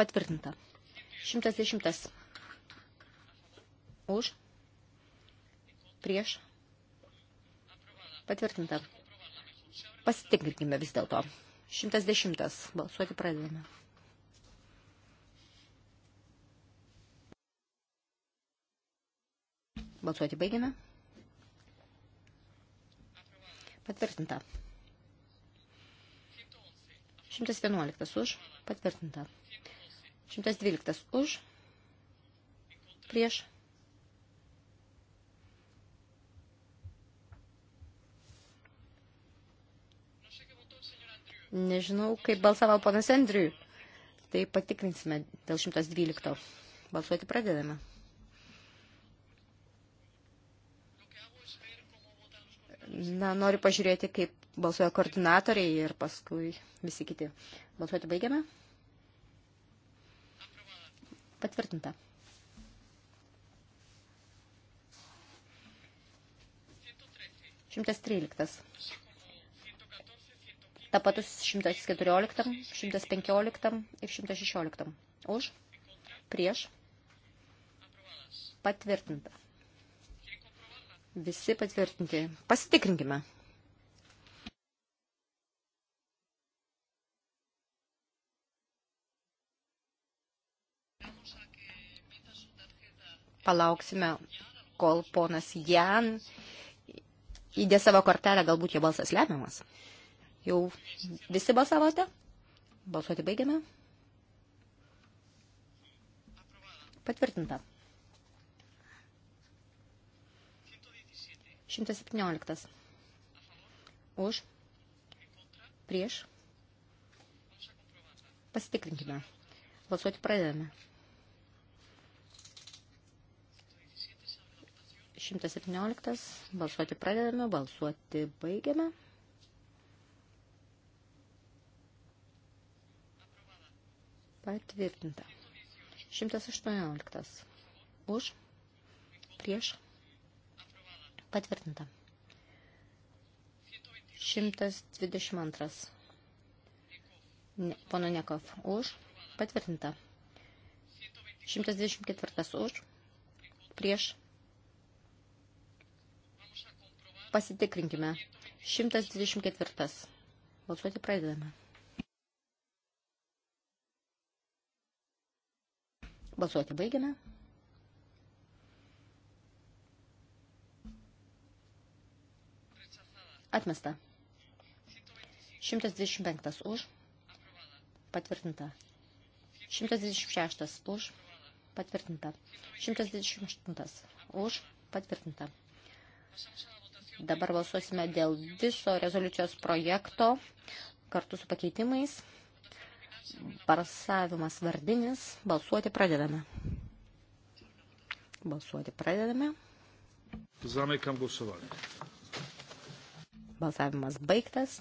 Patvirtinta. 110. Už. Prieš. Patvirtinta. Pasitikrinkime vis dėlto. 110. Balsuoti pradedame. Balsuoti baigiame. Patvirtinta. 111 už. Patvirtinta. 112 už. Prieš. Nežinau, kaip balsavo ponas Andriui. Tai patikrinsime dėl 112. Balsuoti pradedame. Na, noriu pažiūrėti, kaip balsuoja koordinatoriai ir paskui visi kiti. Balsuoti baigiame? Patvirtinta. Šimtas tryliktas. Ta patus 114, 115 ir 116. Už, prieš, patvirtinta. Visi patvirtinti. Pasitikrinkime. Palauksime, kol ponas Jan įdė savo kortelę, galbūt jo balsas lemiamas. Jau visi balsavote? Balsuoti baigiame. Patvirtinta. 117. Už. Prieš. Pasitikrinkime. Balsuoti pradedame. 117. Balsuoti pradedame, balsuoti baigiame. Patvirtinta. 118. Už. Prieš. Patvirtinta. 122. Ne, pono Nekov už. Patvirtinta. 124 už. Prieš. Pasitikrinkime. 124. Balsuoti pradedame. Balsuoti baigiame. Atmesta. 125 už. Patvirtinta. 126 už. Patvirtinta. 128 už. Patvirtinta. Dabar balsuosime dėl viso rezoliucijos projekto kartu su pakeitimais. Balsavimas vardinis. Balsuoti pradedame. Balsuoti pradedame. Zamykam głosowanie. Balsavimas baigtas.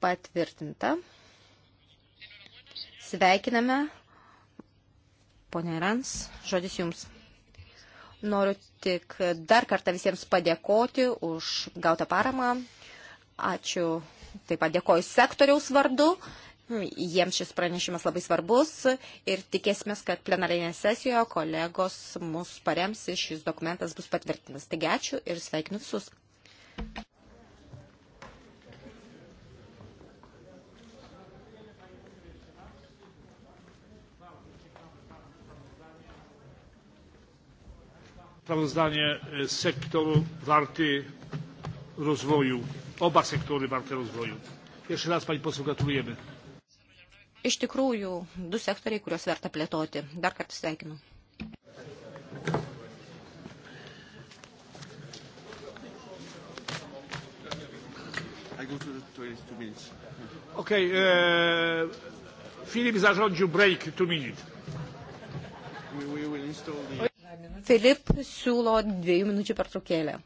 Patvirtinta. Sveikiname. Pone Rans, žodis jums. Noriu tik dar kartą visiems padėkoti už gautą paramą. Ačiū. Taip pat dėkoju sektoriaus vardu. Jiems šis pranešimas labai svarbus ir tikėsime, kad plenarinėje sesijoje kolegos mus parems ir šis dokumentas bus patvirtinas. Taigi ačiū ir sveikinu visus. sprawozdanie sektor warty rozwoju oba sektory warte rozwoju. jeszcze raz pani poseł gratulujemy iš tikrųjų du sektoriai, kuriuos verta plėtoti. Dar kartą sveikinu. Okej, okay, e, Filip zarządził break two minute. Filip siūlo dviejų minučių pertraukėlę.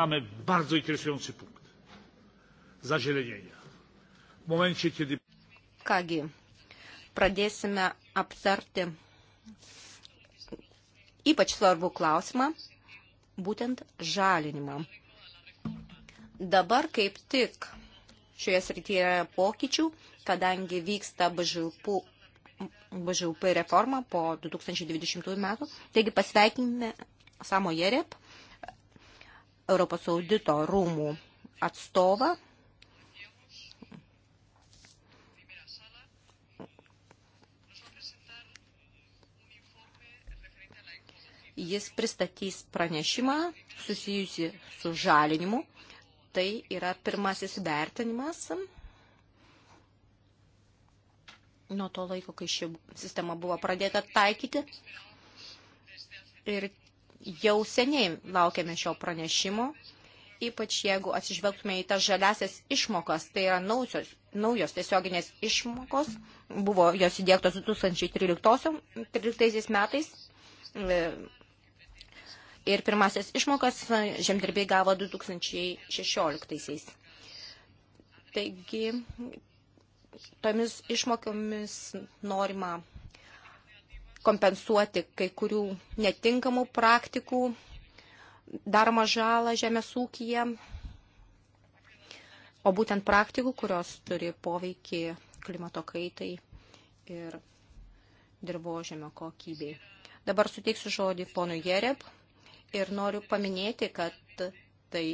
mamy bardzo interesujący punkt zazielenienia. W momencie, kiedy. Kągi, pradėsime aptarti ypač svarbų klausimą, būtent žalinimą. Dabar kaip tik šioje srityje yra pokyčių, kadangi vyksta BŽP, BŽP reforma po 2020 metų. Taigi pasveikinime Samo Jereb Europos audito rūmų atstovą. Jis pristatys pranešimą susijusi su žalinimu. Tai yra pirmasis vertinimas nuo to laiko, kai ši sistema buvo pradėta taikyti. Ir jau seniai laukiame šio pranešimo, ypač jeigu atsižvelgtume į tas žaliasias išmokas, tai yra nausios, naujos tiesioginės išmokos, buvo jos įdėktos 2013 metais. E, ir pirmasis išmokas žemdirbiai gavo 2016. -aisiais. Taigi, tomis išmokomis norima kompensuoti kai kurių netinkamų praktikų daromą žalą žemės ūkyje, o būtent praktikų, kurios turi poveikį klimato kaitai ir dirbožėmio kokybei. Dabar suteiksiu žodį ponui Jereb ir noriu paminėti, kad tai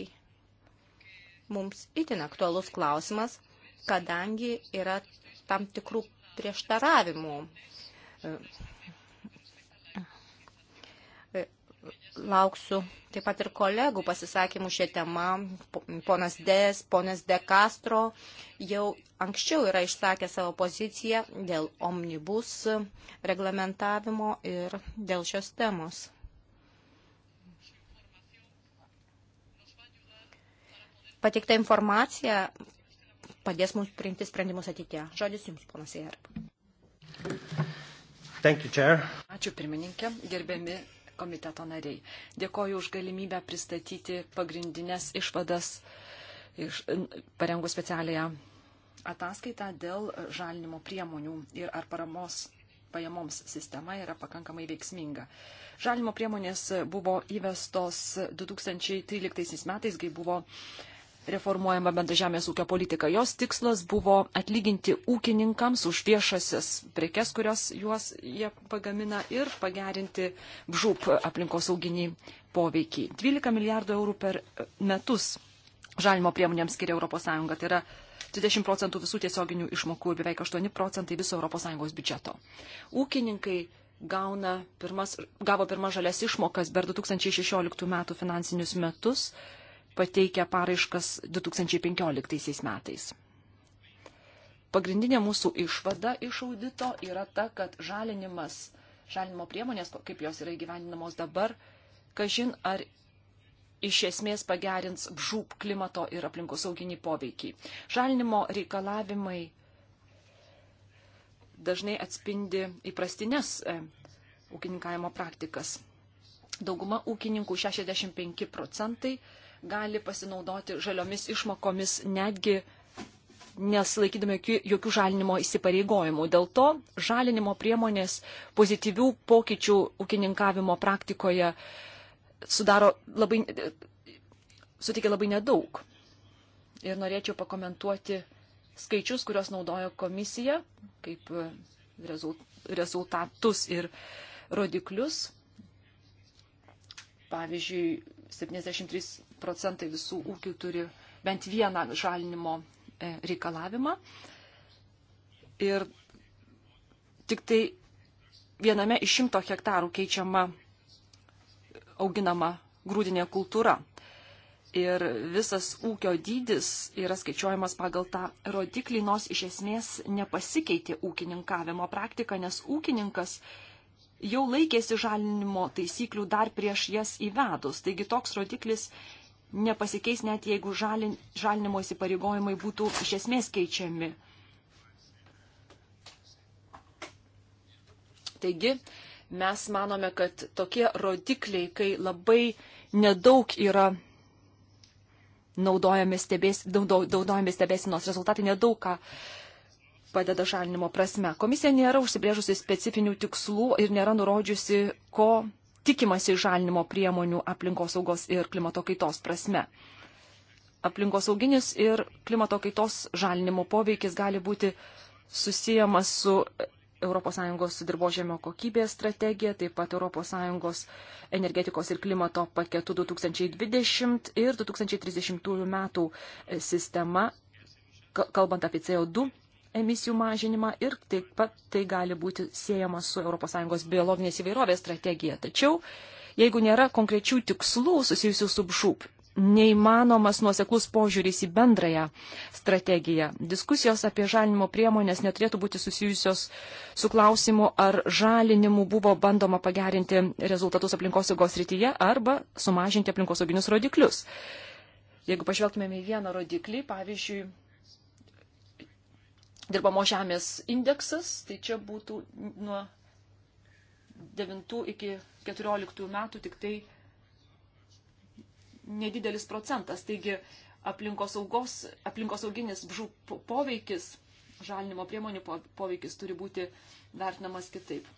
mums itin aktualus klausimas, kadangi yra tam tikrų prieštaravimų lauksiu taip pat ir kolegų pasisakymų šią temą. Ponas Des, ponas De Castro jau anksčiau yra išsakę savo poziciją dėl omnibus reglamentavimo ir dėl šios temos. Pateikta informacija padės mums priimti sprendimus ateitie. Žodis Jums, ponas Jerb. Ačiū pirmininkė, gerbiami komiteto nariai. Dėkoju už galimybę pristatyti pagrindinės išvadas iš, parengų specialiąją ataskaitą dėl žalinimo priemonių ir ar paramos pajamoms sistema yra pakankamai veiksminga. Žalimo priemonės buvo įvestos 2013 metais, kai buvo uh, reformuojama bendra žemės ūkio politika. Jos tikslas buvo atlyginti ūkininkams už viešasis prekes, kurios juos jie pagamina ir pagerinti žūp aplinkosauginį poveikį. 12 milijardų eurų per metus žalimo priemonėms skiria ES. Tai yra 20 procentų visų tiesioginių išmokų ir beveik 8 procentai viso ES biudžeto. Ūkininkai gauna pirmas, gavo pirmas žalias išmokas per 2016 metų finansinius metus pateikę paraiškas 2015 metais. Pagrindinė mūsų išvada iš audito yra ta, kad žalinimas, žalinimo priemonės, kaip jos yra įgyvendinamos dabar, kažin ar iš esmės pagerins žūp klimato ir aplinkosauginį poveikį. Žalinimo reikalavimai dažnai atspindi įprastines e, ūkininkavimo praktikas. Dauguma ūkininkų 65 procentai gali pasinaudoti žaliomis išmokomis netgi nesilaikydami jokių žalinimo įsipareigojimų. Dėl to žalinimo priemonės pozityvių pokyčių ūkininkavimo praktikoje sudaro labai, suteikia labai nedaug. Ir norėčiau pakomentuoti skaičius, kuriuos naudojo komisija, kaip rezultatus ir rodiklius. Pavyzdžiui, 73 procentai visų ūkių turi bent vieną žalinimo e, reikalavimą. Ir tik tai viename iš šimto hektarų keičiama auginama grūdinė kultūra. Ir visas ūkio dydis yra skaičiuojamas pagal tą rodiklį, nors iš esmės nepasikeitė ūkininkavimo praktika, nes ūkininkas jau laikėsi žalinimo taisyklių dar prieš jas įvedus. Taigi toks rodiklis nepasikeis net jeigu žalin, žalinimo įsipareigojimai būtų iš esmės keičiami. Taigi, mes manome, kad tokie rodikliai, kai labai nedaug yra naudojami, stebės, naudojami stebėsinos rezultatai, nedaug ką padeda žalinimo prasme. Komisija nėra užsibrėžusi specifinių tikslų ir nėra nurodžiusi, ko tikimasi žalinimo priemonių aplinkosaugos ir klimato kaitos prasme. Aplinkosauginis ir klimato kaitos žalinimo poveikis gali būti susijęs su ES dirbožėmio kokybės strategija, taip pat ES energetikos ir klimato paketu 2020 ir 2030 metų sistema, kalbant apie CO2 emisijų mažinimą ir taip pat tai gali būti siejama su ES biologinės įvairovės strategija. Tačiau, jeigu nėra konkrečių tikslų susijusių su BŽUP, neįmanomas nuoseklus požiūris į bendrąją strategiją. Diskusijos apie žalinimo priemonės neturėtų būti susijusios su klausimu, ar žalinimu buvo bandoma pagerinti rezultatus aplinkosaugos rytyje arba sumažinti aplinkosauginius rodiklius. Jeigu pažvelgtumėme į vieną rodiklį, pavyzdžiui, dirbamo žemės indeksas, tai čia būtų nuo 9 iki 14 metų tik tai nedidelis procentas. Taigi aplinkos, augos, aplinkos auginis bžų poveikis, žalinimo priemonių poveikis turi būti vertinamas kitaip.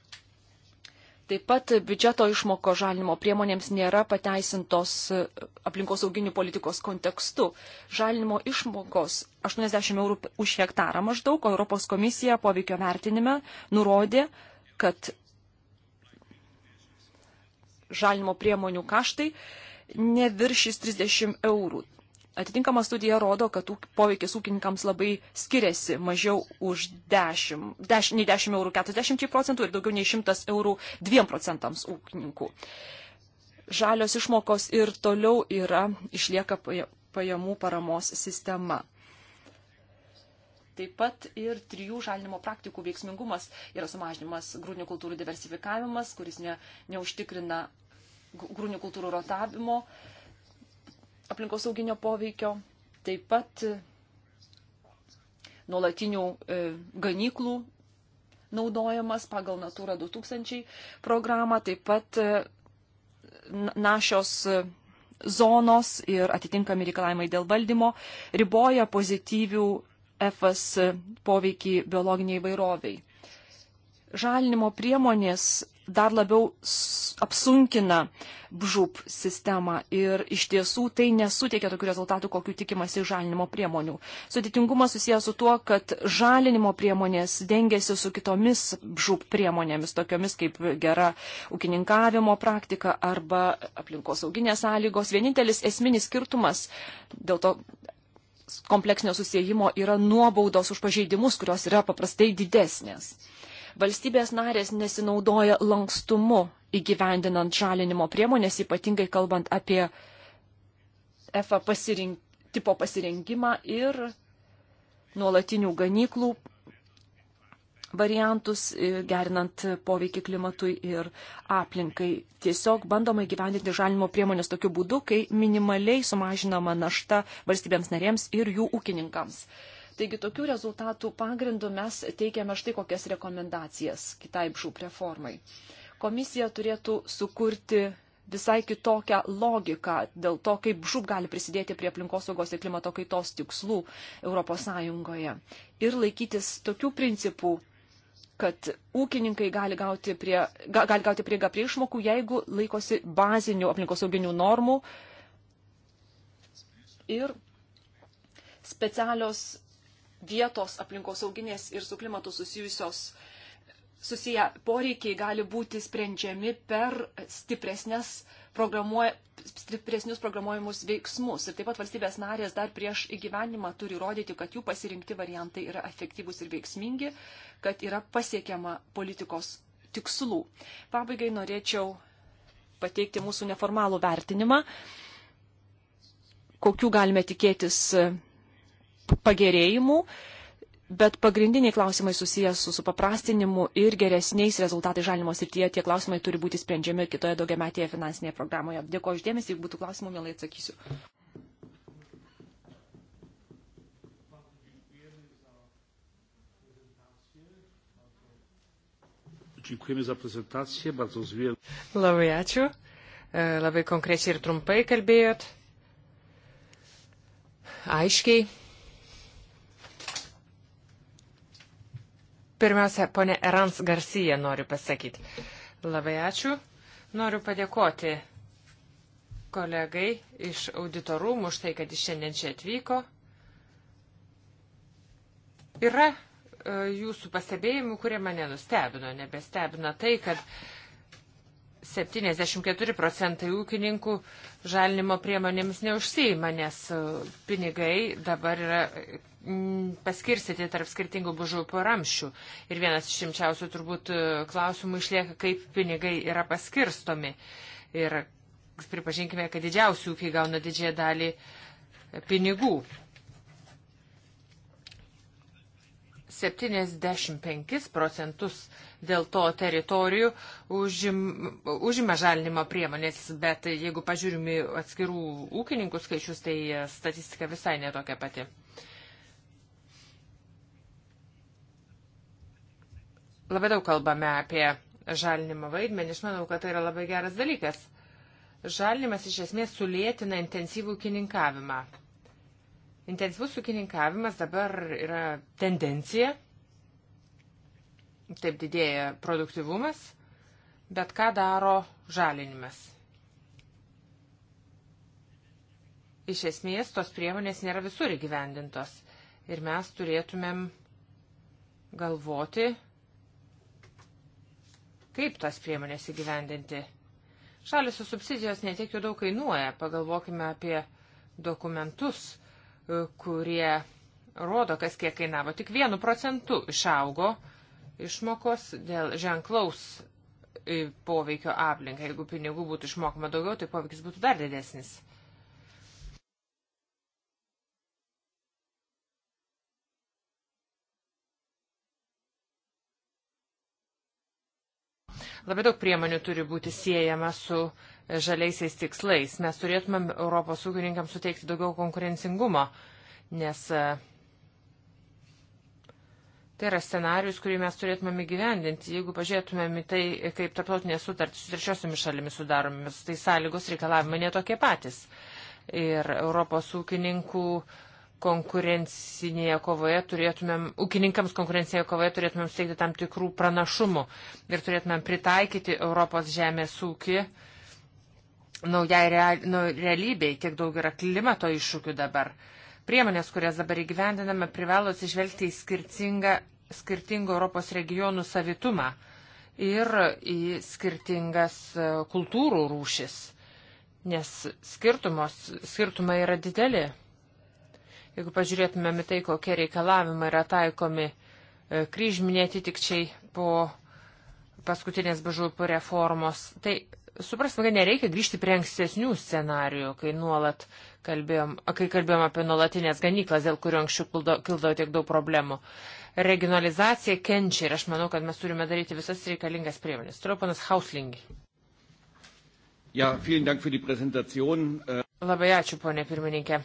Taip pat biudžeto išmoko žalinimo priemonėms nėra pateisintos aplinkosauginių politikos kontekstu. Žalinimo išmokos 80 eurų už hektarą maždaug, o Europos komisija poveikio vertinime nurodė, kad žalinimo priemonių kaštai neviršys 30 eurų atitinkama studija rodo, kad poveikis ūkininkams labai skiriasi mažiau už 10, 10 nei 10 eurų 40 procentų ir daugiau nei 100 eurų 2 procentams ūkininkų. Žalios išmokos ir toliau yra, išlieka pajamų paramos sistema. Taip pat ir trijų žalinimo praktikų veiksmingumas yra sumažinimas grūdinių kultūrų diversifikavimas, kuris ne, neužtikrina grūdinių kultūrų rotavimo. Uh, aplinkosauginio poveikio, taip pat e, nuolatinių e, ganyklų naudojamas pagal Natūra 2000 programą, taip pat e, našios zonos ir atitinkami reikalavimai dėl valdymo riboja pozityvių FS poveikį biologiniai vairoviai. Žalinimo priemonės dar labiau apsunkina bžūp sistemą ir iš tiesų tai nesuteikia tokių rezultatų, kokių tikimasi iš žalinimo priemonių. Sudėtingumas susijęs su tuo, kad žalinimo priemonės dengiasi su kitomis bžūp priemonėmis, tokiomis kaip gera ūkininkavimo praktika arba aplinkosauginės sąlygos. Vienintelis esminis skirtumas dėl to kompleksinio susijimo yra nuobaudos už pažeidimus, kurios yra paprastai didesnės. Valstybės narės nesinaudoja lankstumu įgyvendinant žalinimo priemonės, ypatingai kalbant apie EFA pasirink, tipo pasirengimą ir nuolatinių ganyklų variantus, gerinant poveikį klimatui ir aplinkai. Tiesiog bandoma įgyvendinti žalimo priemonės tokiu būdu, kai minimaliai sumažinama našta valstybėms narėms ir jų ūkininkams. Uh, Taigi tokių rezultatų pagrindų mes teikiame štai kokias rekomendacijas kitai BŽUP reformai. Komisija turėtų sukurti visai kitokią logiką dėl to, kaip žūb gali prisidėti prie aplinkosaugos ir klimato kaitos tikslų ES. Ir laikytis tokių principų, kad ūkininkai gali gauti, prie, gali gauti prieigą prie išmokų, jeigu laikosi bazinių aplinkosauginių normų ir specialios vietos aplinkosauginės ir su klimatu susijusios susiję poreikiai gali būti sprendžiami per stipresnės programuoja, stipresnius programuojamus veiksmus. Ir taip pat valstybės narės dar prieš įgyvenimą turi rodyti, kad jų pasirinkti variantai yra efektyvūs ir veiksmingi, kad yra pasiekiama politikos tikslų. Pabaigai norėčiau pateikti mūsų neformalų vertinimą, kokių galime tikėtis pagerėjimų, bet pagrindiniai klausimai susijęs su supaprastinimu ir geresniais rezultatai žalimo srityje, tie klausimai turi būti sprendžiami kitoje daugiametėje finansinėje programoje. Dėkuoju uždėmesi, jeigu būtų klausimų, mielai atsakysiu. Dziękujemy za prezentację, bardzo zwiel... Labai ačiū, e, labai konkrečiai ir trumpai kalbėjot, aiškiai. Pirmiausia, ponė Erans Garcija noriu pasakyti. Labai ačiū. Noriu padėkoti kolegai iš auditorumų už tai, kad jis šiandien čia atvyko. Yra e, jūsų pastebėjimų, kurie mane nustebino. Nebestebina tai, kad 74 procentai ūkininkų žalinimo priemonėmis neužsieima, nes e, pinigai dabar yra paskirstyti tarp skirtingų bužaupų ramščių. Ir vienas iš šimčiausių turbūt e, klausimų išlieka, kaip pinigai yra paskirstomi. Ir pripažinkime, kad didžiausi ūkiai gauna didžiąją dalį e, pinigų. 75 procentus dėl to teritorijų užim, užima žalinimo priemonės, bet jeigu pažiūrimi atskirų ūkininkų skaičius, tai statistika visai netokia pati. Labai daug kalbame apie žalinimo vaidmenį, aš manau, kad tai yra labai geras dalykas. Žalinimas iš esmės sulėtina intensyvų ūkininkavimą. Intensyvus ūkininkavimas dabar yra tendencija Taip didėja produktivumas, bet ką daro žalinimas? Iš esmės, tos priemonės nėra visur įgyvendintos ir mes turėtumėm galvoti, kaip tas priemonės įgyvendinti. Šalis su subsidijos netiek jau daug kainuoja. Pagalvokime apie dokumentus, e, kurie rodo, kas kiek kainavo. Tik vienu procentu išaugo uh, išmokos dėl ženklaus poveikio aplinką. Jeigu pinigų būtų išmokama daugiau, tai poveikis būtų dar didesnis. Labai daug priemonių turi būti siejama su žaliaisiais tikslais. Mes turėtumėm Europos ūkininkams suteikti daugiau konkurencingumo, nes uh, Tai yra scenarius, kurį mes turėtumėm įgyvendinti. Jeigu pažiūrėtumėm į tai, kaip tarptautinės sutartys su trečiosiomis šalimis sudaromis, tai sąlygos reikalavimai netokie patys. Ir Europos ūkininkų konkurencinėje kovoje turėtumėm, ūkininkams konkurencinėje kovoje turėtumėm steigti tam tikrų pranašumų ir turėtumėm pritaikyti Europos žemės ūkį naujai real, nu, realybei, kiek daug yra klimato iššūkių dabar. Uh, Priemonės, kurias dabar įgyvendiname, privalo atsižvelgti į skirtingą, skirtingų Europos regionų savitumą ir į skirtingas e, kultūrų rūšis, nes skirtumos, skirtumai yra dideli. Jeigu pažiūrėtumėm į tai, kokie reikalavimai yra taikomi e, kryžminė atitikčiai po paskutinės BŽUP reformos, tai supraskime, kad nereikia grįžti prie ankstesnių scenarijų, kai nuolat kalbėjom, kai kalbėjom apie nuolatinės ganyklas, dėl kurio anksčiau kildavo tiek daug problemų. Regionalizacija kenčia ir aš manau, kad mes turime daryti visas reikalingas priemonės. Toliau panas Hauslingi. Ja, äh, labai ačiū, ponė pirmininkė.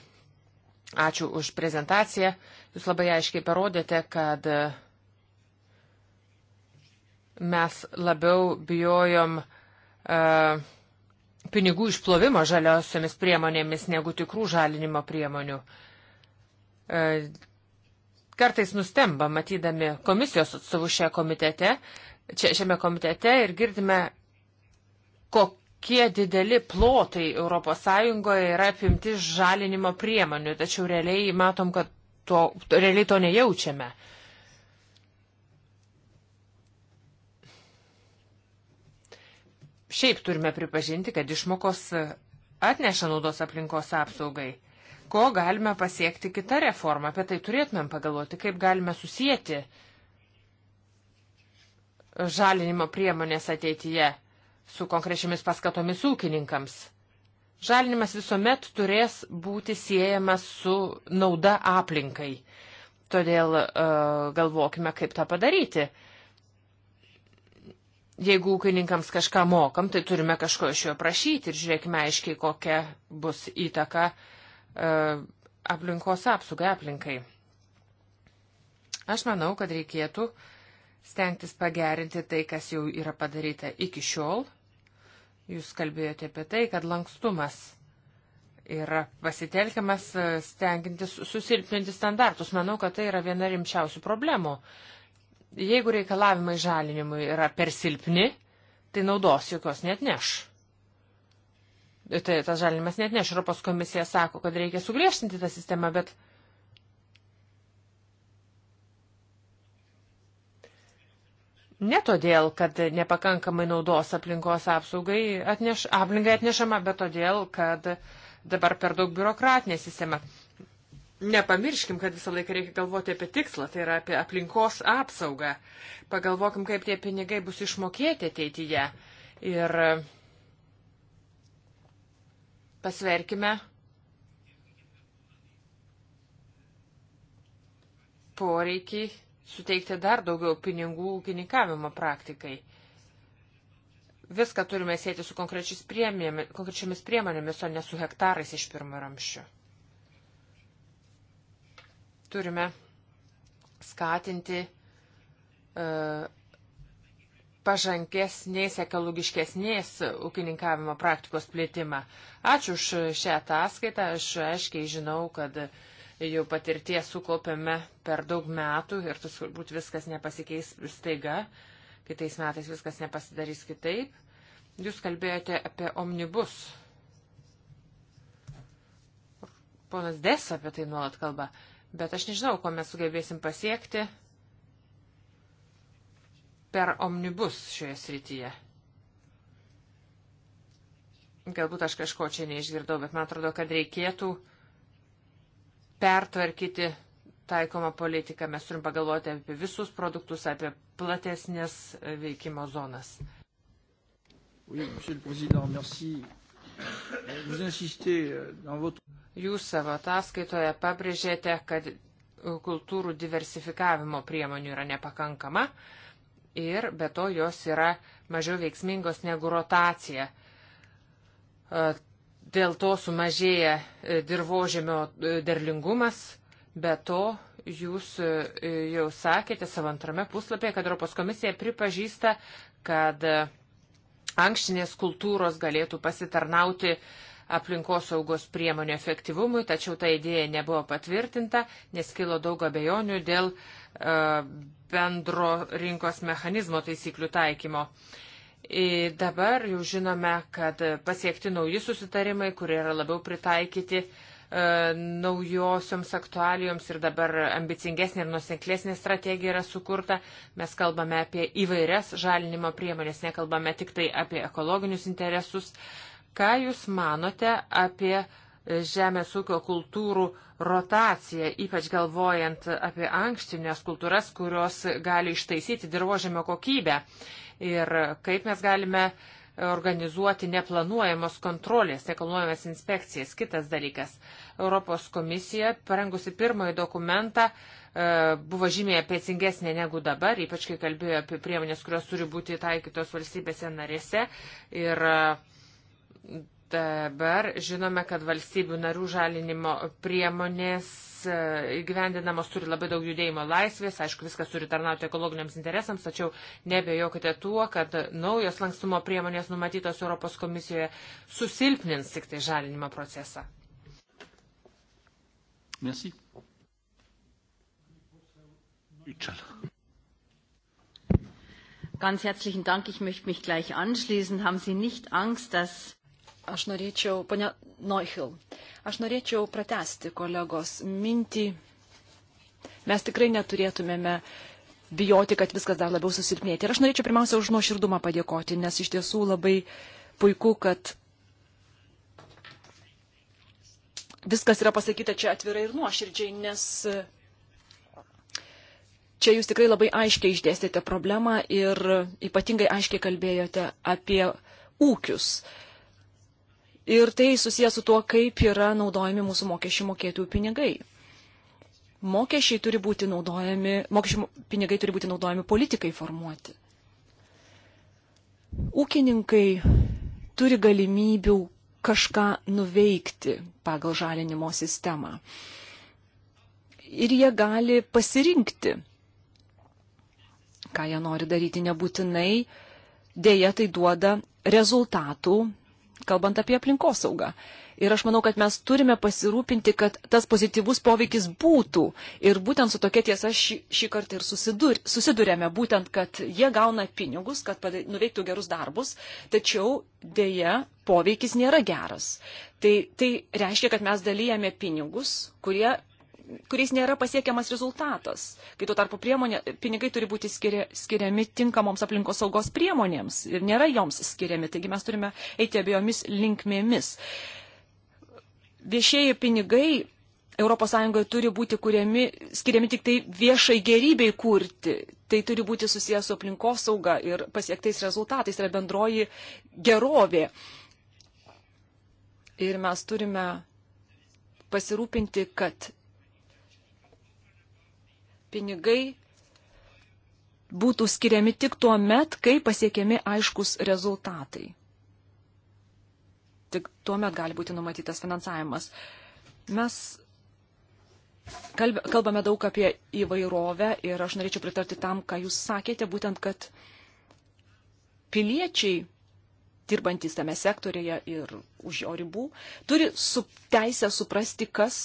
Ačiū už prezentaciją. Jūs labai aiškiai parodėte, kad e, mes labiau bijojom uh, E, pinigų išplovimo žaliosiomis priemonėmis negu tikrų žalinimo priemonių. E, kartais nustemba, matydami komisijos atstovų šią komitete, čia, šiame komitete ir girdime, kokie dideli plotai ES yra apimti žalinimo priemonių, tačiau realiai matom, kad to, realiai to nejaučiame. Uh, Šiaip turime pripažinti, kad išmokos atneša naudos aplinkos apsaugai. Ko galime pasiekti kitą reformą, apie tai turėtumėm pagalvoti, kaip galime susijęti žalinimo priemonės ateityje su konkrečiamis paskatomis ūkininkams. Žalinimas visuomet turės būti siejamas su nauda aplinkai. Todėl uh, galvokime, kaip tą padaryti. Uh, Jeigu ūkininkams kažką mokam, tai turime kažko iš jo prašyti ir žiūrėkime aiškiai, kokia bus įtaka uh, aplinkos apsaugai aplinkai. Aš manau, kad reikėtų stengtis pagerinti tai, kas jau yra padaryta iki šiol. Jūs kalbėjote apie tai, kad lankstumas yra pasitelkiamas e, stengintis susilpninti standartus. Manau, kad tai yra viena rimčiausių problemų. Jeigu reikalavimai žalinimui yra per silpni, tai naudos jokios net neš. Tai tas žalinimas net neš. Europos komisija sako, kad reikia sugriežtinti tą sistemą, bet Ne todėl, kad nepakankamai naudos aplinkos apsaugai atneš, aplinkai atnešama, bet todėl, kad dabar per daug biurokratinė sistema nepamirškim, kad visą laiką reikia galvoti apie tikslą, tai yra apie aplinkos apsaugą. Pagalvokim, kaip tie pinigai bus išmokėti ateityje. Ir pasverkime poreikį suteikti dar daugiau pinigų ūkininkavimo praktikai. Viską turime sėti su konkrečiamis priemonėmis, o ne su hektarais iš pirmo ramščio turime skatinti e, pažangesnės, ekologiškesnės ūkininkavimo praktikos plėtimą. Ačiū už šią ataskaitą. Aš aiškiai žinau, kad jau patirties sukaupėme per daug metų ir turbūt viskas nepasikeis staiga, kitais metais viskas nepasidarys kitaip. Jūs kalbėjote apie omnibus. Ponas Des apie tai nuolat kalba. Uh, Bet aš nežinau, ko mes sugebėsim pasiekti per omnibus šioje srityje. Galbūt aš kažko čia neišgirdau, bet man atrodo, kad reikėtų pertvarkyti taikomą politiką. Mes turim pagalvoti apie visus produktus, apie platesnės veikimo zonas. Oui, Euh, jūs savo ataskaitoje pabrėžėte, kad kultūrų diversifikavimo priemonių yra nepakankama ir be to jos yra mažiau veiksmingos negu rotacija. E, dėl to sumažėja e, dirbožėmio e, derlingumas, be to jūs jau sakėte savo antrame puslapyje, kad Europos komisija pripažįsta, kad ankštinės kultūros galėtų pasitarnauti aplinkosaugos priemonių efektyvumui, tačiau ta idėja nebuvo patvirtinta, nes kilo daug abejonių dėl e, bendro rinkos mechanizmo taisyklių taikymo. Ir dabar jau žinome, kad pasiekti nauji susitarimai, kurie yra labiau pritaikyti e, E, naujosioms aktualijoms ir dabar ambicingesnė ir nusenklesnė strategija yra sukurta. Mes kalbame apie įvairias žalinimo priemonės, nekalbame tik tai apie ekologinius interesus. Ką Jūs manote apie žemės ūkio kultūrų rotaciją, ypač galvojant apie ankštinės kultūras, kurios gali ištaisyti dirbožėmio kokybę ir kaip mes galime organizuoti neplanuojamos kontrolės, neplanuojamas inspekcijas. Kitas dalykas Europos komisija, parengusi pirmąjį dokumentą, e, buvo žymiai apiecingesnė negu dabar, ypač kai kalbėjo apie priemonės, kurios turi būti taikytos valstybėse narėse. Ir e, dabar žinome, kad valstybių narių žalinimo priemonės e, įgyvendinamos turi labai daug judėjimo laisvės, aišku, viskas turi tarnauti ekologiniams interesams, tačiau nebejokite tuo, kad naujos lankstumo priemonės numatytos Europos komisijoje susilpnins tik tai žalinimo procesą. Merci. Ganz herzlichen Dank. Ich möchte mich gleich anschließen. Haben Sie nicht Angst, dass. Aš norėčiau, ponia Neuchil, aš norėčiau pratesti kolegos mintį. Mes tikrai neturėtumėme bijoti, kad viskas dar labiau susilpnėti. Ir aš norėčiau pirmiausia už nuoširdumą padėkoti, nes iš tiesų labai puiku, kad viskas yra pasakyta čia atvirai ir nuoširdžiai, nes e, čia jūs tikrai labai aiškiai išdėstėte problemą ir ypatingai aiškiai kalbėjote apie ūkius. Ir tai susijęs su tuo, kaip yra naudojami mūsų mokesčių mokėtojų pinigai. Mokesčiai turi būti naudojami, mokesčių pinigai turi būti naudojami politikai formuoti. Ūkininkai turi galimybių kažką nuveikti pagal žalinimo sistemą. Ir jie gali pasirinkti, ką jie nori daryti nebūtinai, dėja tai duoda rezultatų, kalbant apie aplinkosaugą. saugą Ir aš manau, kad mes turime pasirūpinti, kad tas pozityvus poveikis būtų. Ir būtent su tokia tiesa šį, šį kartą ir susidur, susidurėme, būtent, kad jie gauna pinigus, kad padė, nuveiktų gerus darbus, tačiau dėja poveikis nėra geras. Tai, tai reiškia, kad mes dalyjame pinigus, kurie kuriais nėra pasiekiamas rezultatas, kai tuo tarpu priemonė, pinigai turi būti skiria, skiriami tinkamoms aplinkos saugos priemonėms ir nėra joms skiriami, taigi mes turime eiti abiejomis linkmėmis. Uh, viešieji pinigai ES turi būti kuriami, skiriami tik tai viešai gerybei kurti. Tai turi būti susijęs su aplinkosauga ir pasiektais rezultatais, tai yra bendroji gerovė. Ir mes turime pasirūpinti, kad pinigai būtų skiriami tik tuo met, kai pasiekiami aiškus rezultatai tik tuo met gali būti numatytas finansavimas. Mes kalbame daug apie įvairovę ir aš norėčiau pritarti tam, ką jūs sakėte, būtent, kad piliečiai dirbantys tame sektorėje ir už jo ribų, turi su teisę suprasti, kas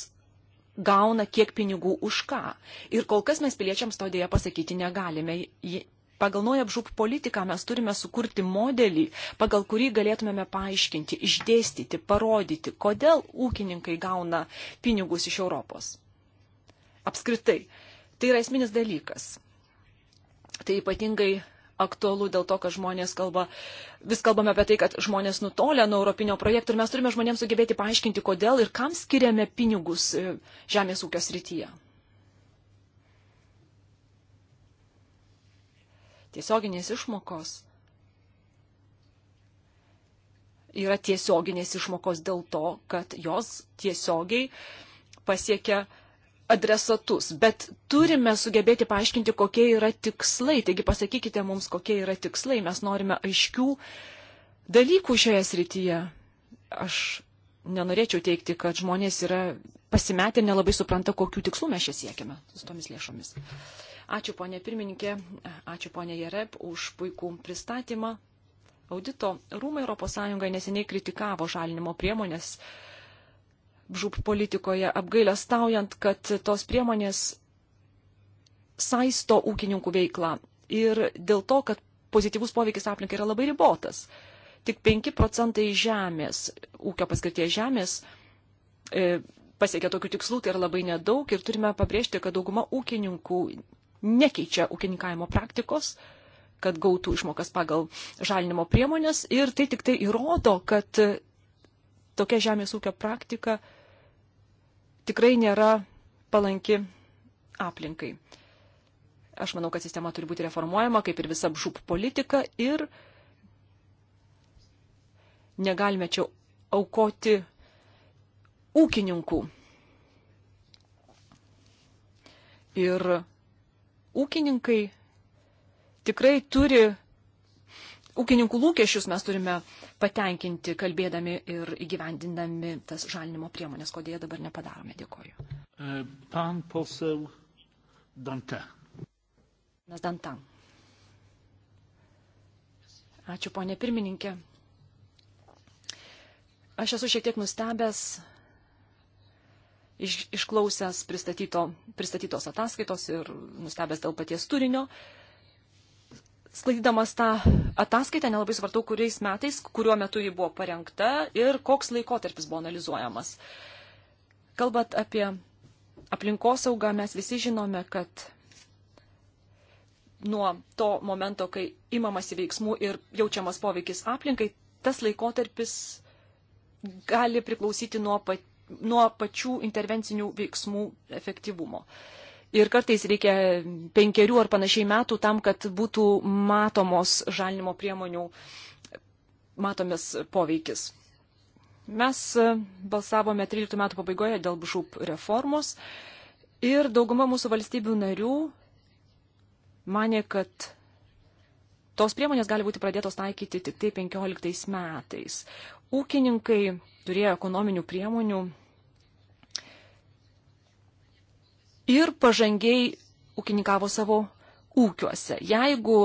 gauna kiek pinigų už ką. Ir kol kas mes piliečiams to dėja pasakyti negalime pagal naują apžūp politiką mes turime sukurti modelį, pagal kurį galėtumėme paaiškinti, išdėstyti, parodyti, kodėl ūkininkai gauna pinigus iš Europos. Apskritai, tai yra esminis dalykas. Tai ypatingai aktualu dėl to, kad žmonės kalba, vis kalbame apie tai, kad žmonės nutolia nuo europinio projektų ir mes turime žmonėms sugebėti paaiškinti, kodėl ir kam skiriame pinigus e, žemės ūkio srityje. tiesioginės išmokos yra tiesioginės išmokos dėl to, kad jos tiesiogiai pasiekia adresatus. Bet turime sugebėti paaiškinti, kokie yra tikslai. Taigi pasakykite mums, kokie yra tikslai. Mes norime aiškių dalykų šioje srityje. Aš nenorėčiau teikti, kad žmonės yra pasimetę ir nelabai supranta, kokių tikslų mes čia siekiame su tomis lėšomis. Ačiū ponė pirmininkė, ačiū ponė Jereb už puikų pristatymą. Audito rūmai ES neseniai kritikavo žalinimo priemonės žūp politikoje, apgailę staujant, kad tos priemonės saisto ūkininkų veiklą ir dėl to, kad pozityvus poveikis aplinkai yra labai ribotas. Tik 5 procentai žemės, ūkio paskirties žemės, e, pasiekia tokių tikslų, tai yra labai nedaug ir turime pabrėžti, kad dauguma ūkininkų nekeičia ūkininkavimo praktikos, kad gautų išmokas pagal žalinimo priemonės ir tai tik tai įrodo, kad tokia žemės ūkio praktika tikrai nėra palanki aplinkai. Aš manau, kad sistema turi būti reformuojama, kaip ir visa žūp politika ir negalime čia aukoti ūkininkų. Ir ūkininkai tikrai turi, ūkininkų lūkesčius mes turime patenkinti, kalbėdami ir įgyvendindami tas žalinimo priemonės, kodėl dabar nepadarome. Dėkoju. E, pan posel Dante. Mes Dantam. Ačiū, ponė pirmininkė. Aš esu šiek tiek nustebęs iš, išklausęs pristatyto, pristatytos ataskaitos ir nustebęs dėl paties turinio. Sklaidamas tą ataskaitą nelabai svartau, kuriais metais, kuriuo metu ji buvo parengta ir koks laikotarpis buvo analizuojamas. Kalbant apie aplinkosaugą, mes visi žinome, kad nuo to momento, kai imamasi veiksmų ir jaučiamas poveikis aplinkai, tas laikotarpis gali priklausyti nuo pat nuo pačių intervencinių veiksmų efektyvumo. Ir kartais reikia penkerių ar panašiai metų tam, kad būtų matomos žalinimo priemonių matomis poveikis. Mes e, balsavome 13 metų pabaigoje dėl žūp reformos ir dauguma mūsų valstybių narių mane, kad Tos priemonės gali būti pradėtos taikyti tik tai 15 metais. Ūkininkai turėjo ekonominių priemonių ir pažangiai ūkininkavo savo ūkiuose. Jeigu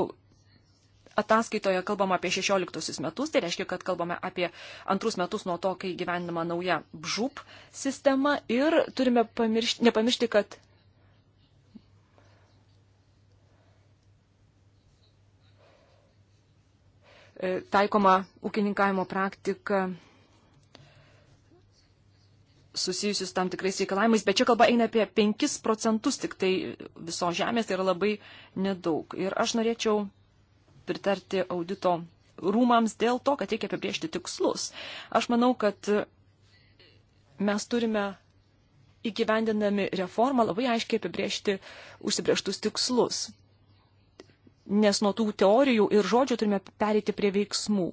ataskaitoje kalbama apie 16 metus, tai reiškia, kad kalbame apie antrus metus nuo to, kai gyvenama nauja BŽUP sistema ir turime pamiršti, nepamiršti, kad E, taikoma ūkininkavimo praktika susijusius tam tikrais reikalavimais, bet čia kalba eina apie 5 procentus tik tai viso žemės, tai yra labai nedaug. Ir aš norėčiau pritarti audito rūmams dėl to, kad reikia apibriežti tikslus. Aš manau, kad mes turime įgyvendinami reformą labai aiškiai apibriežti užsibrieštus tikslus nes nuo tų teorijų ir žodžių turime perėti prie veiksmų.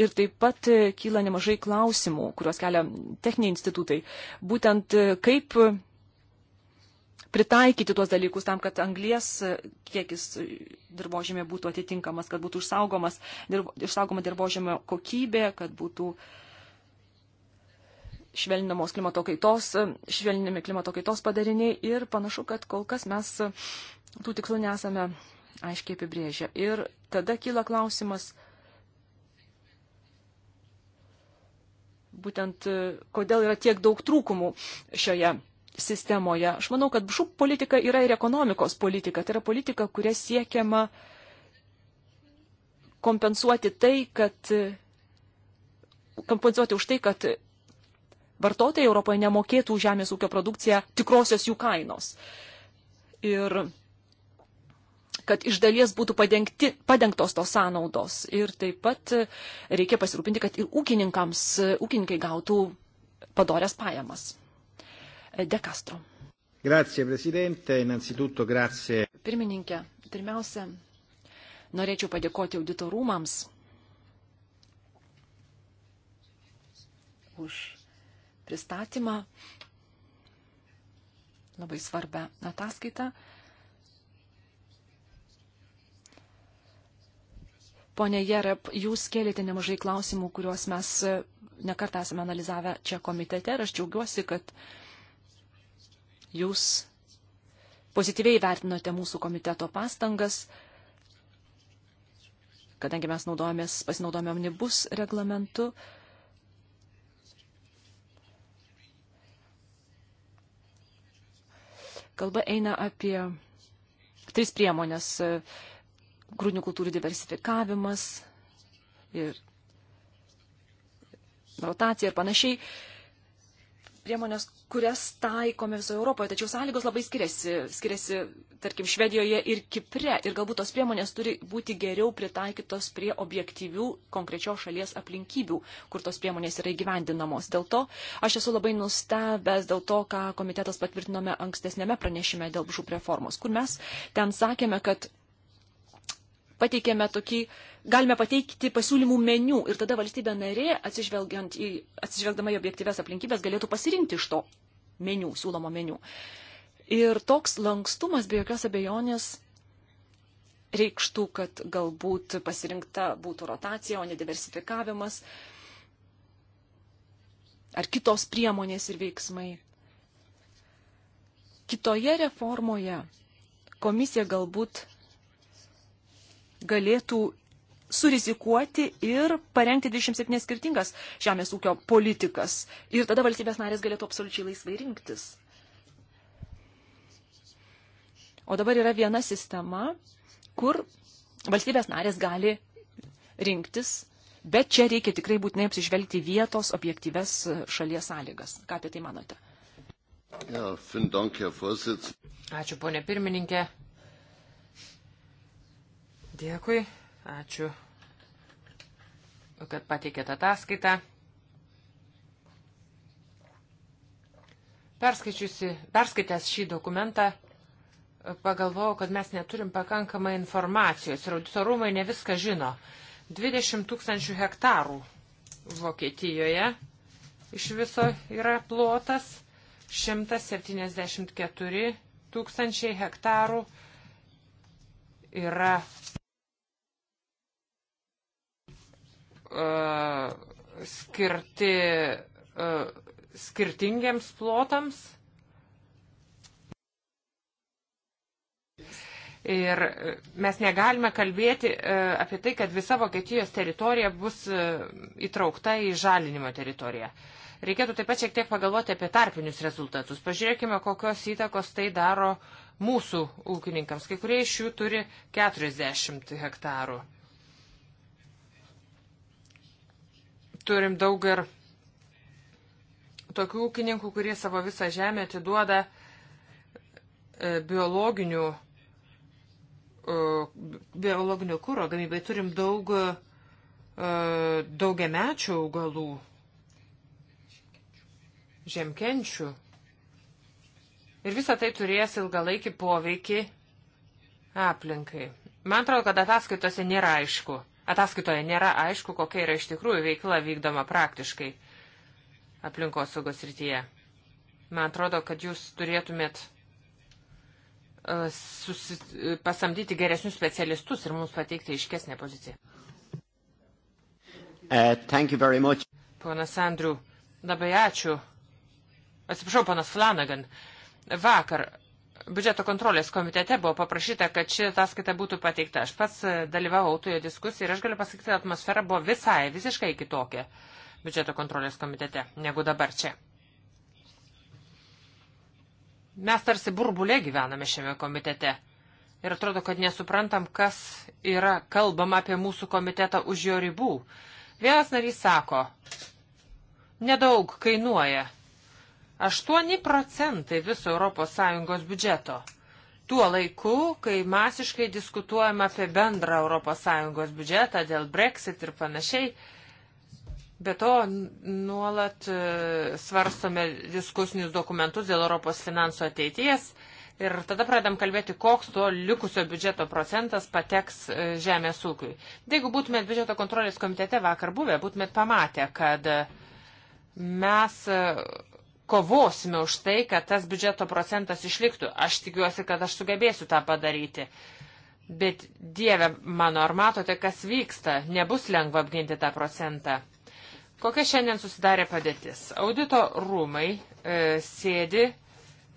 Ir taip pat e, kyla nemažai klausimų, kuriuos kelia techniniai institutai. Būtent e, kaip pritaikyti tuos dalykus tam, kad anglies e, kiekis dirbožėmė būtų atitinkamas, kad būtų dirbo, išsaugoma dirbožėmė kokybė, kad būtų švelninamos klimato kaitos, švelninami klimato kaitos padariniai ir panašu, kad kol kas mes tų tikslų nesame aiškiai apibrėžia. Ir tada kyla klausimas, būtent e, kodėl yra tiek daug trūkumų šioje sistemoje. Aš manau, kad žūp politika yra ir ekonomikos politika. Tai yra politika, kuria siekiama kompensuoti tai, kad e, kompensuoti už tai, kad vartotojai Europoje nemokėtų žemės ūkio produkciją tikrosios jų kainos. Ir kad iš dalies būtų padengti, padengtos tos sąnaudos. Ir taip pat e, reikia pasirūpinti, kad ir ūkininkams, e, ūkininkai gautų padorės pajamas. E, De Castro. Grazie, prezidente. Innanzitutto grazie. Pirmininkė, pirmiausia, norėčiau padėkoti auditorumams už pristatymą labai svarbę ataskaitą. Pone Jerep, jūs kėlėte nemažai klausimų, kuriuos mes e, nekartą esame analizavę čia komitete ir aš džiaugiuosi, kad jūs pozityviai vertinote mūsų komiteto pastangas, kadangi mes naudojomės, pasinaudojame omnibus reglamentu. Kalba eina apie tris priemonės e, grūdinių kultūrų diversifikavimas ir rotacija ir panašiai. Priemonės, kurias taikome visoje Europoje, tačiau sąlygos labai skiriasi. Skiriasi, tarkim, Švedijoje ir Kipre. Ir galbūt tos priemonės turi būti geriau pritaikytos prie objektyvių konkrečios šalies aplinkybių, kur tos priemonės yra įgyvendinamos. Dėl to aš esu labai nustebęs dėl to, ką komitetas patvirtinome ankstesnėme pranešime dėl žūp reformos, kur mes ten sakėme, kad pateikėme tokį, galime pateikti pasiūlymų meniu ir tada valstybė narė, į, atsižvelgdama į objektyves aplinkybės, galėtų pasirinkti iš to meniu, siūlomo meniu. Ir toks lankstumas be jokios abejonės reikštų, kad galbūt pasirinkta būtų rotacija, o ne diversifikavimas ar kitos priemonės ir veiksmai. Kitoje reformoje komisija galbūt galėtų surizikuoti ir parengti 27 skirtingas žemės ūkio politikas. Ir tada valstybės narės galėtų absoliučiai laisvai rinktis. O dabar yra viena sistema, kur valstybės narės gali rinktis, bet čia reikia tikrai būtinai apsižvelgti vietos objektyves šalies sąlygas. Ką apie tai manote? Ja, dank, Ačiū, ponė pirmininkė. Dėkui, ačiū, kad pateikėt ataskaitą. Perskaitęs šį dokumentą, pagalvojau, kad mes neturim pakankamai informacijos ir auditorumai ne viską žino. 20 tūkstančių hektarų Vokietijoje iš viso yra plotas, 174 tūkstančiai hektarų yra uh, skirti uh, skirtingiems plotams. Ir mes negalime kalbėti uh, apie tai, kad visa Vokietijos teritorija bus uh, įtraukta į žalinimo teritoriją. Reikėtų taip pat šiek tiek pagalvoti apie tarpinius rezultatus. Pažiūrėkime, kokios įtakos tai daro mūsų ūkininkams. Kai kurie iš jų turi 40 hektarų. Uh, Turim daug ir tokių ūkininkų, kurie savo visą žemę atiduoda e, biologinių, e, biologinio kūro gamybai. Turim daug e, daugiamečių augalų, žemkenčių. Ir visa tai turės ilgalaikį poveikį aplinkai. Man atrodo, kad ataskaitose nėra aišku Ataskaitoje nėra aišku, kokia yra iš tikrųjų veikla vykdoma praktiškai aplinkosaugos rytyje. Man atrodo, kad jūs turėtumėt e, susi, pasamdyti geresnius specialistus ir mums pateikti iškesnę poziciją. Uh, ponas Andriu, labai ačiū. Atsiprašau, ponas Flanagan. Vakar biudžeto kontrolės komitete buvo paprašyta, kad ši ataskaita būtų pateikta. Aš pats e, dalyvavau toje diskusijoje ir aš galiu pasakyti, kad atmosfera buvo visai, visiškai kitokia biudžeto kontrolės komitete negu dabar čia. Mes tarsi burbulė gyvename šiame komitete. Ir atrodo, kad nesuprantam, kas yra kalbama apie mūsų komitetą už jo ribų. Vienas narys sako, nedaug kainuoja 8 procentai viso ES biudžeto. Tuo laiku, kai masiškai diskutuojama apie bendrą ES biudžetą dėl Brexit ir panašiai, be to nuolat e, svarstome diskusinius dokumentus dėl Europos finansų ateities ir tada pradam kalbėti, koks to likusio biudžeto procentas pateks e, žemės ūkiui. Tai jeigu būtumėt biudžeto kontrolės komitete vakar buvę, būtumėt pamatę, kad mes e, kovosime už tai, kad tas biudžeto procentas išliktų. Aš tikiuosi, kad aš sugebėsiu tą padaryti. Bet dieve mano, ar matote, kas vyksta? Nebus lengva apginti tą procentą. Kokia šiandien susidarė padėtis? Audito rūmai e, sėdi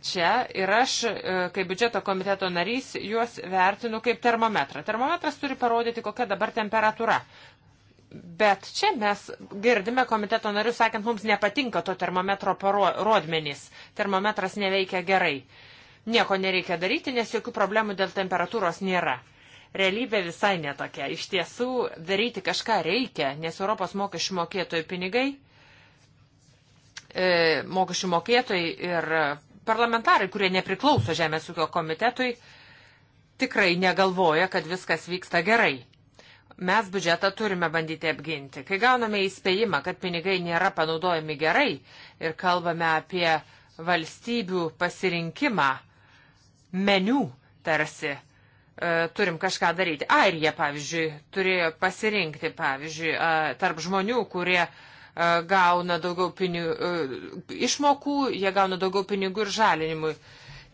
čia ir aš, e, kaip biudžeto komiteto narys, juos vertinu kaip termometrą. Termometras turi parodyti, kokia dabar temperatūra. Bet čia mes girdime komiteto narius sakant, mums nepatinka to termometro rodmenys. Termometras neveikia gerai. Nieko nereikia daryti, nes jokių problemų dėl temperatūros nėra. Realybė visai netokia. Iš tiesų daryti kažką reikia, nes Europos mokesčių mokėtojų pinigai, e, mokesčių mokėtojai ir parlamentarai, kurie nepriklauso Žemės ūkio komitetui, tikrai negalvoja, kad viskas vyksta gerai mes biudžetą turime bandyti apginti. Kai gauname įspėjimą, kad pinigai nėra panaudojami gerai ir kalbame apie valstybių pasirinkimą meniu tarsi, e, turim kažką daryti. Airija, pavyzdžiui, turėjo pasirinkti, pavyzdžiui, e, tarp žmonių, kurie e, gauna daugiau pinigų, išmokų, jie gauna daugiau pinigų ir žalinimui.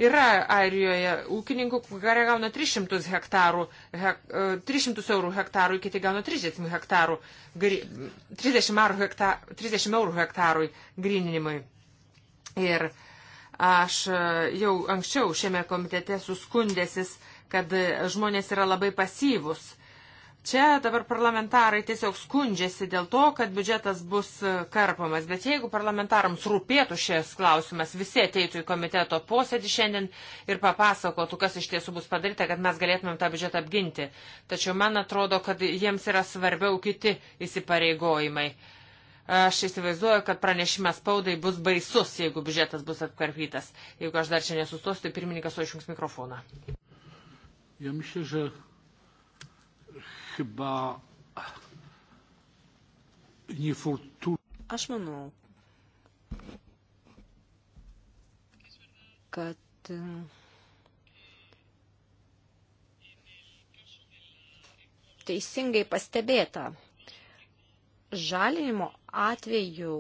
Yra Airijoje ūkininkų, kurie gauna 300, hektarų, hek, 300 e, eurų hektarui, kiti gauna 30 hektarų, 30 eurų, hektarų, 30 eurų hektarui grininimui. Ir aš e, jau anksčiau šiame komitete suskundėsis, kad žmonės yra labai pasyvus Čia dabar parlamentarai tiesiog skundžiasi dėl to, kad biudžetas bus e, karpamas, bet jeigu parlamentarams rūpėtų šis klausimas, visi ateitų į komiteto posėdį šiandien ir papasakotų, kas iš tiesų bus padaryta, kad mes galėtumėm tą biudžetą apginti. Tačiau man atrodo, kad jiems yra svarbiau kiti įsipareigojimai. Aš įsivaizduoju, kad pranešimas spaudai bus baisus, jeigu biudžetas bus atkarpytas. Jeigu aš dar čia nesustosiu, tai pirmininkas užjungs mikrofoną. Ja myślę, że chyba nefortūna. Aš manau, kad e, teisingai pastebėta, žalinimo atveju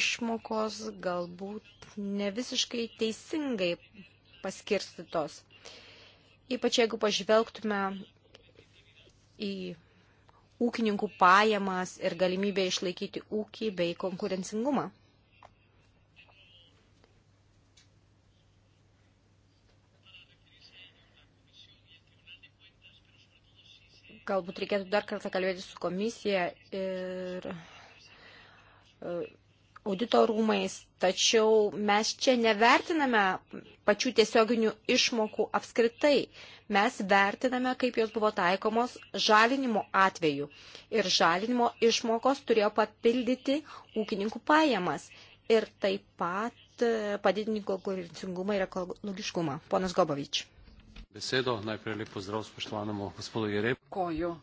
išmokos galbūt ne visiškai teisingai paskirstytos. Ypač jeigu pažvelgtume į ūkininkų pajamas ir galimybę išlaikyti ūkį bei konkurencingumą. Galbūt reikėtų dar kartą kalbėti su komisija ir e, auditorumais, tačiau mes čia nevertiname pačių tiesioginių išmokų apskritai. Mes vertiname, kaip jos buvo taikomos žalinimo atveju. Ir žalinimo išmokos turėjo papildyti ūkininkų pajamas ir taip pat e, padidinti konkurencingumą ir ekologiškumą. Ponas Gobovič. Besedo, najprej lepo zdrav spoštovanemu gospodu Jerebu. Koju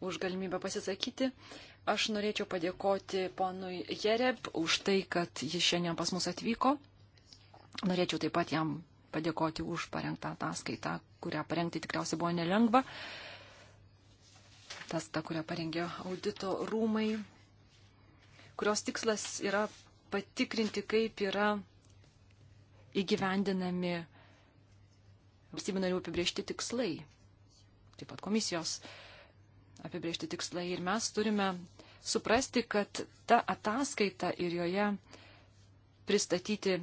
už galimybę pasisakyti. Aš norėčiau padėkoti ponui Jereb už tai, kad jis šiandien pas mus atvyko. Norėčiau taip pat jam padėkoti už parengtą ataskaitą, kurią parengti tikriausiai buvo nelengva. Tas, ta, kurią parengė audito rūmai, kurios tikslas yra patikrinti, kaip yra įgyvendinami valstybių narių apibriežti tikslai, taip pat komisijos uh, apibriežti tikslai ir mes turime suprasti, kad ta ataskaita ir joje pristatyti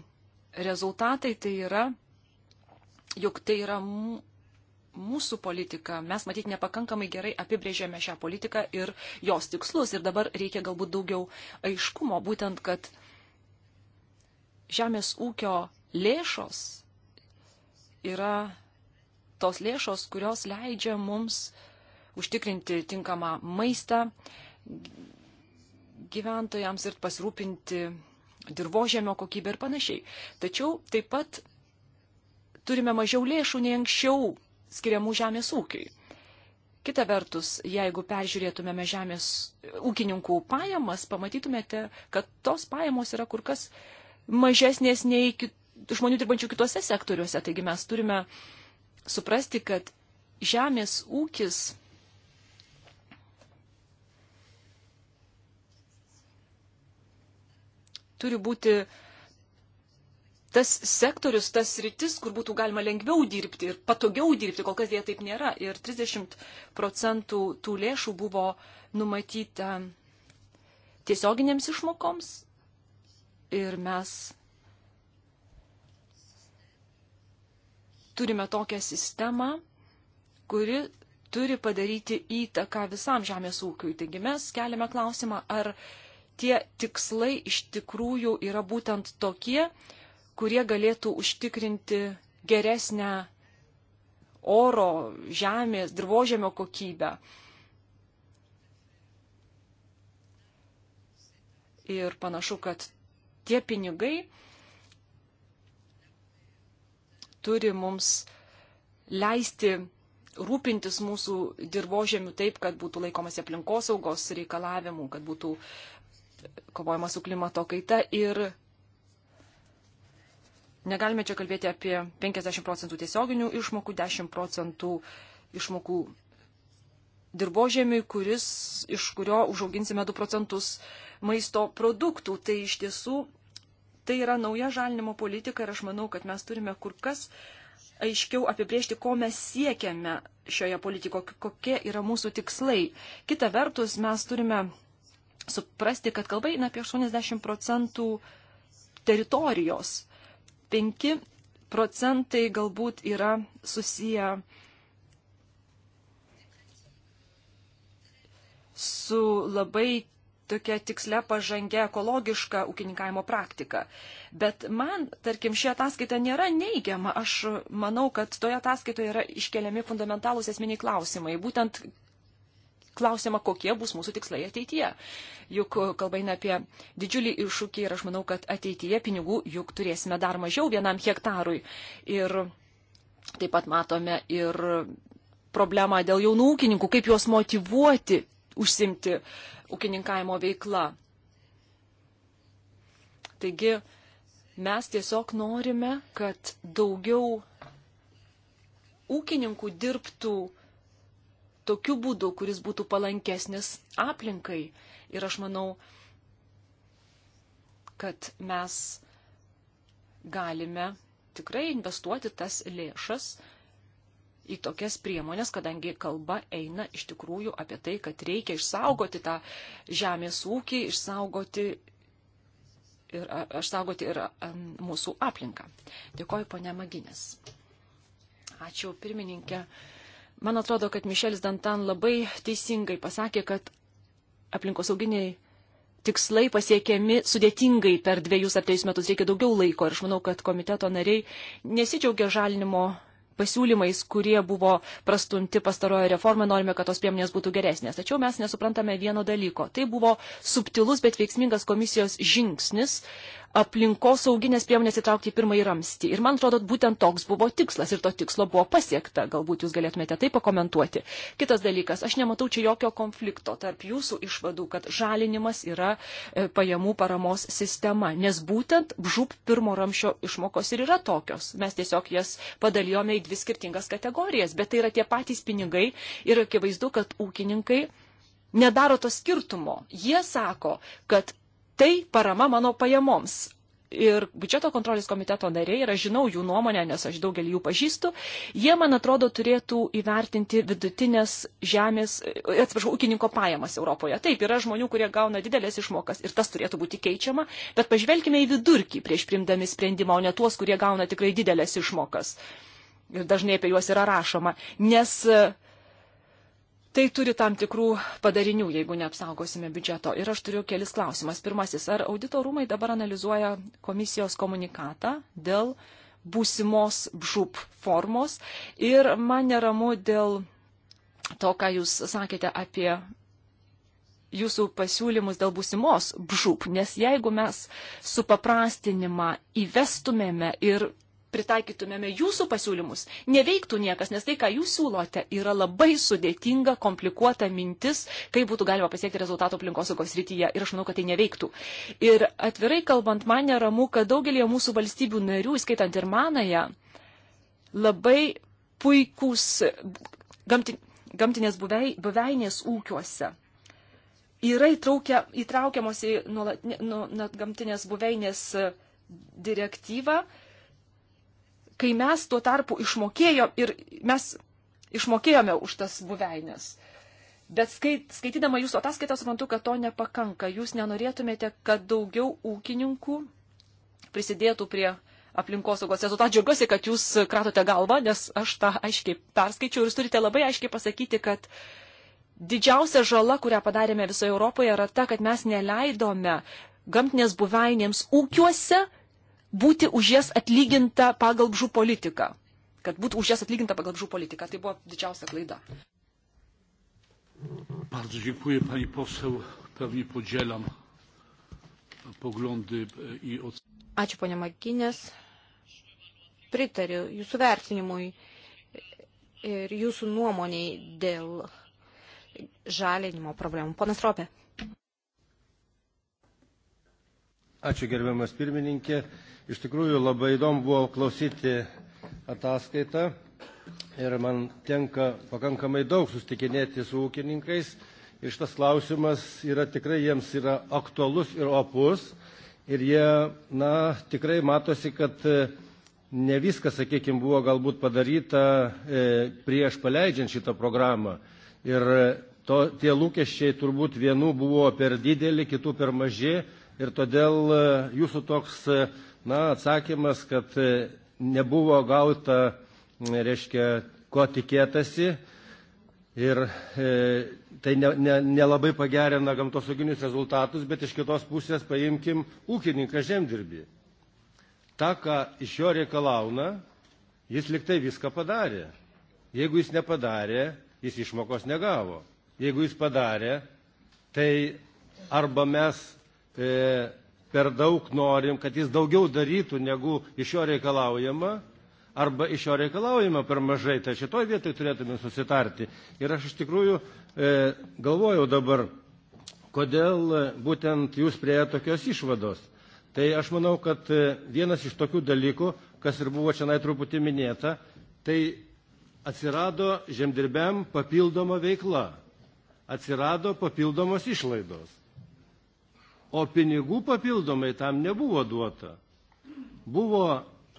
rezultatai tai yra, juk tai yra mūsų politika. Mes matyt nepakankamai gerai apibrėžėme šią politiką ir jos tikslus. Ir dabar reikia galbūt daugiau aiškumo, būtent, kad žemės ūkio lėšos yra tos lėšos, kurios leidžia mums uh, užtikrinti tinkamą maistą gyventojams ir pasirūpinti dirbožėmio kokybę ir panašiai. Tačiau taip pat turime mažiau lėšų nei anksčiau skiriamų žemės ūkiui. Kita vertus, jeigu peržiūrėtumėme žemės ūkininkų pajamas, pamatytumėte, kad tos pajamos yra kur kas mažesnės nei kit, žmonių dirbančių kitose sektoriuose. Taigi mes turime suprasti, kad žemės ūkis turi būti tas sektorius, tas rytis, kur būtų galima lengviau dirbti ir patogiau dirbti, kol kas jie taip nėra. Ir 30 procentų tų lėšų buvo numatyta tiesioginėms išmokoms. Ir mes turime tokią sistemą, kuri turi padaryti įtaką visam žemės ūkiui. Taigi mes keliame klausimą, ar tie tikslai iš tikrųjų yra būtent tokie, kurie galėtų užtikrinti geresnę oro, žemės, dirbožėmio kokybę. Ir panašu, kad tie pinigai turi mums leisti rūpintis mūsų dirbožėmių taip, kad būtų laikomasi aplinkosaugos reikalavimų, kad būtų uh, kovojama su klimato kaita ir negalime čia kalbėti apie 50 procentų tiesioginių išmokų, 10 procentų išmokų dirbožėmiui, kuris, iš kurio užauginsime 2 procentus maisto produktų. Tai iš tiesų tai yra nauja žalinimo politika ir aš manau, kad mes turime kur kas aiškiau apibriežti, ko mes siekiame šioje politikoje, kokie yra mūsų tikslai. Kita vertus, mes turime suprasti, kad kalba eina apie 80 procentų teritorijos. 5 procentai galbūt yra susiję su labai tokia tikslia pažangia ekologiška ūkininkavimo praktika. Bet man, tarkim, ši ataskaita nėra neigiama. Aš manau, kad toje ataskaitoje yra iškeliami fundamentalūs esminiai klausimai. Būtent klausiama, kokie bus mūsų tikslai ateityje. Juk e, kalba eina apie didžiulį iššūkį ir aš manau, kad ateityje pinigų juk turėsime dar mažiau vienam hektarui. Ir taip pat matome ir problemą dėl jaunų ūkininkų, kaip juos motivuoti užsimti ūkininkavimo veiklą. Taigi mes tiesiog norime, kad daugiau ūkininkų dirbtų uh, tokiu būdu, kuris būtų palankesnis aplinkai. Ir aš manau, kad mes galime tikrai investuoti tas lėšas į tokias priemonės, kadangi kalba eina iš tikrųjų apie tai, kad reikia išsaugoti tą žemės ūkį, išsaugoti ir, išsaugoti ir mūsų aplinką. Dėkoju, ponia Maginės. Ačiū, pirmininkė. Man atrodo, kad Mišelis Dantan labai teisingai pasakė, kad aplinkosauginiai tikslai pasiekiami sudėtingai per dviejus ar trejus metus, reikia daugiau laiko ir aš manau, kad komiteto nariai nesidžiaugia žalinimo pasiūlymais, kurie buvo prastumti pastarojo reformą, norime, kad tos priemonės būtų geresnės. Tačiau mes nesuprantame vieno dalyko. Tai buvo subtilus, bet veiksmingas komisijos žingsnis, aplinkos sauginės priemonės įtraukti į pirmąjį ramstį. Ir man atrodo, būtent toks buvo tikslas ir to tikslo buvo pasiekta. Galbūt jūs galėtumėte tai pakomentuoti. Kitas dalykas, aš nematau čia jokio konflikto tarp jūsų išvadų, kad žalinimas yra e, pajamų paramos sistema, nes būtent žūp pirmo ramšio išmokos ir yra tokios. Mes tiesiog jas padalijome į dvi skirtingas kategorijas, bet tai yra tie patys pinigai ir akivaizdu, kad ūkininkai nedaro to skirtumo. Jie sako, kad tai parama mano pajamoms. Ir biudžeto kontrolės komiteto nariai, ir aš žinau jų nuomonę, nes aš daugelį jų pažįstu, jie, man atrodo, turėtų įvertinti vidutinės žemės, e, atsiprašau, ūkininko pajamas Europoje. Taip, yra žmonių, kurie gauna didelės išmokas ir tas turėtų būti keičiama, bet pažvelkime į vidurkį prieš primdami sprendimą, o ne tuos, kurie gauna tikrai didelės išmokas. Ir dažnai apie juos yra rašoma. Nes uh, tai turi tam tikrų padarinių, jeigu neapsaugosime biudžeto. Ir aš turiu kelis klausimas. Pirmasis, ar audito rūmai dabar analizuoja komisijos komunikatą dėl būsimos bžūp formos ir man neramu dėl to, ką jūs sakėte apie jūsų pasiūlymus dėl būsimos bžūp, nes jeigu mes supaprastinimą įvestumėme ir pritaikytumėme jūsų pasiūlymus, neveiktų niekas, nes tai, ką jūs siūlote, yra labai sudėtinga, komplikuota mintis, kaip būtų galima pasiekti rezultato aplinkosaugos rytyje ir aš manau, kad tai neveiktų. Ir atvirai kalbant, man neramu, kad daugelį mūsų valstybių narių, skaitant ir manąją, labai puikūs gamti, gamtinės buvei, buveinės ūkiuose yra įtraukia, įtraukiamos į nuolat, nu, nu, gamtinės buveinės e, direktyvą kai mes tuo tarpu išmokėjom ir mes išmokėjome už tas buveinės. Bet skait, skaitydama jūsų ataskaitą suprantu, kad to nepakanka. Jūs nenorėtumėte, kad daugiau ūkininkų prisidėtų prie aplinkosaugos rezultatų. Džiaugiuosi, kad jūs kratote galvą, nes aš tą aiškiai perskaičiau ir jūs turite labai aiškiai pasakyti, kad didžiausia žala, kurią padarėme visoje Europoje, yra ta, kad mes neleidome gamtinės buveinėms ūkiuose būti už jas atlyginta pagal žų politiką. Kad būtų už jas atlyginta pagal žų politiką. Tai buvo didžiausia klaida. Bardzo dziękuję pani poseł. Pewnie podzielam poglądy i ocenę. Ačiū ponia Makinės. Pritariu jūsų vertinimui ir jūsų nuomoniai dėl žalinimo problemų. Ponas Ropė. Ačiū gerbiamas pirmininkė. Iš tikrųjų labai įdomu buvo klausyti ataskaitą ir man tenka pakankamai daug sustikinėti su ūkininkais. Ir šitas klausimas yra tikrai jiems yra aktualus ir opus. Ir jie, na, tikrai matosi, kad e, ne viskas, sakykime, buvo galbūt padaryta e, prieš paleidžiant šitą programą. Ir e, to, tie lūkesčiai turbūt vienų buvo per dideli, kitų per maži ir todėl jūsų toks Na, atsakymas, kad e, nebuvo gauta, e, reiškia, ko tikėtasi ir e, tai nelabai ne, ne, ne pagerina gamtosauginius rezultatus, bet iš kitos pusės paimkim ūkininką žemdirbį. Ta, ką iš jo reikalauna, jis liktai viską padarė. Jeigu jis nepadarė, jis išmokos negavo. Jeigu jis padarė, tai arba mes e, per daug norim, kad jis daugiau darytų, negu iš jo reikalaujama, arba iš jo reikalaujama per mažai, tai šitoj vietoj turėtume susitarti. Ir aš iš tikrųjų e, galvojau dabar, kodėl būtent jūs prie tokios išvados. Tai aš manau, kad e, vienas iš tokių dalykų, kas ir buvo čia truputį minėta, tai atsirado žemdirbėm papildoma veikla, atsirado papildomos išlaidos o pinigų papildomai tam nebuvo duota. Buvo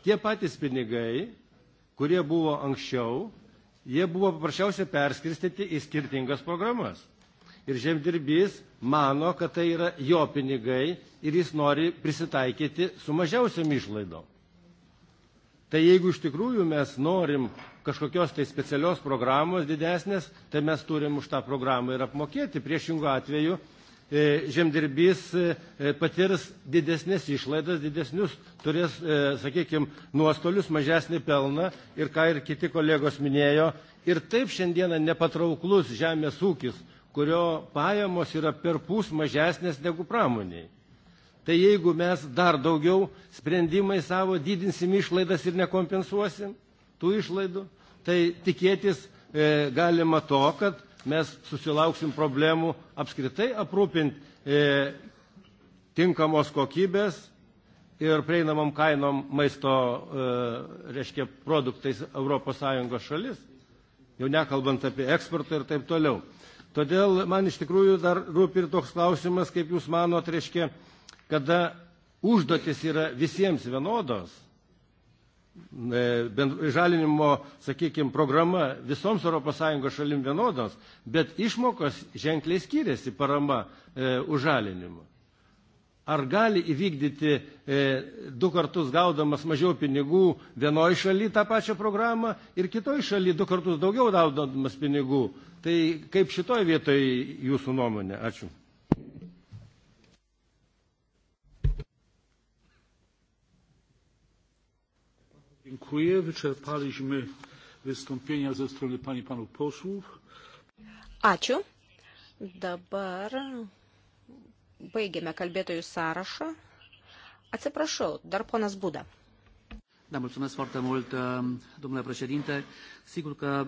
tie patys pinigai, kurie buvo anksčiau, jie buvo paprasčiausiai perskirstyti į skirtingas programas. Ir žemdirbys mano, kad tai yra jo pinigai ir jis nori prisitaikyti su mažiausiam išlaidom. Tai jeigu iš tikrųjų mes norim kažkokios tai specialios programos didesnės, tai mes turim už tą programą ir apmokėti. Priešingų atveju E, žemdirbys e, e, patirs didesnės išlaidas, didesnius turės, sakykime, nuostolius, mažesnį pelną ir ką ir kiti kolegos minėjo. Ir taip šiandieną nepatrauklus žemės ūkis, kurio pajamos yra perpus mažesnės negu pramoniai. Tai jeigu mes dar daugiau sprendimai savo didinsim išlaidas ir nekompensuosim tų išlaidų, tai tikėtis galima to, kad mes susilauksim problemų apskritai aprūpinti e, tinkamos kokybės ir prieinamam kainom maisto, e, reiškia, produktais ES šalis, jau nekalbant apie eksportą ir taip toliau. Todėl man iš tikrųjų dar rūpi ir toks klausimas, kaip jūs manot, reiškia, kada užduotis yra visiems vienodos, E, žalinimo, sakykime, programa visoms ES šalim vienodos, bet išmokos ženkliai skiriasi parama e, už žalinimą. Ar gali įvykdyti e, du kartus gaudamas mažiau pinigų vienoje šalyje tą pačią programą ir kitoje šalyje du kartus daugiau gaudamas pinigų? Tai kaip šitoje vietoje jūsų nuomonė? Ačiū. Dziękuję. Wyczerpaliśmy wystąpienia ze strony pani panų posłów. Ačiū. Dabar baigėme kalbėtojų sąrašą. Atsiprašau, dar ponas Būda. Da, mulțumesc foarte mult, um, domnule președinte. Sigur că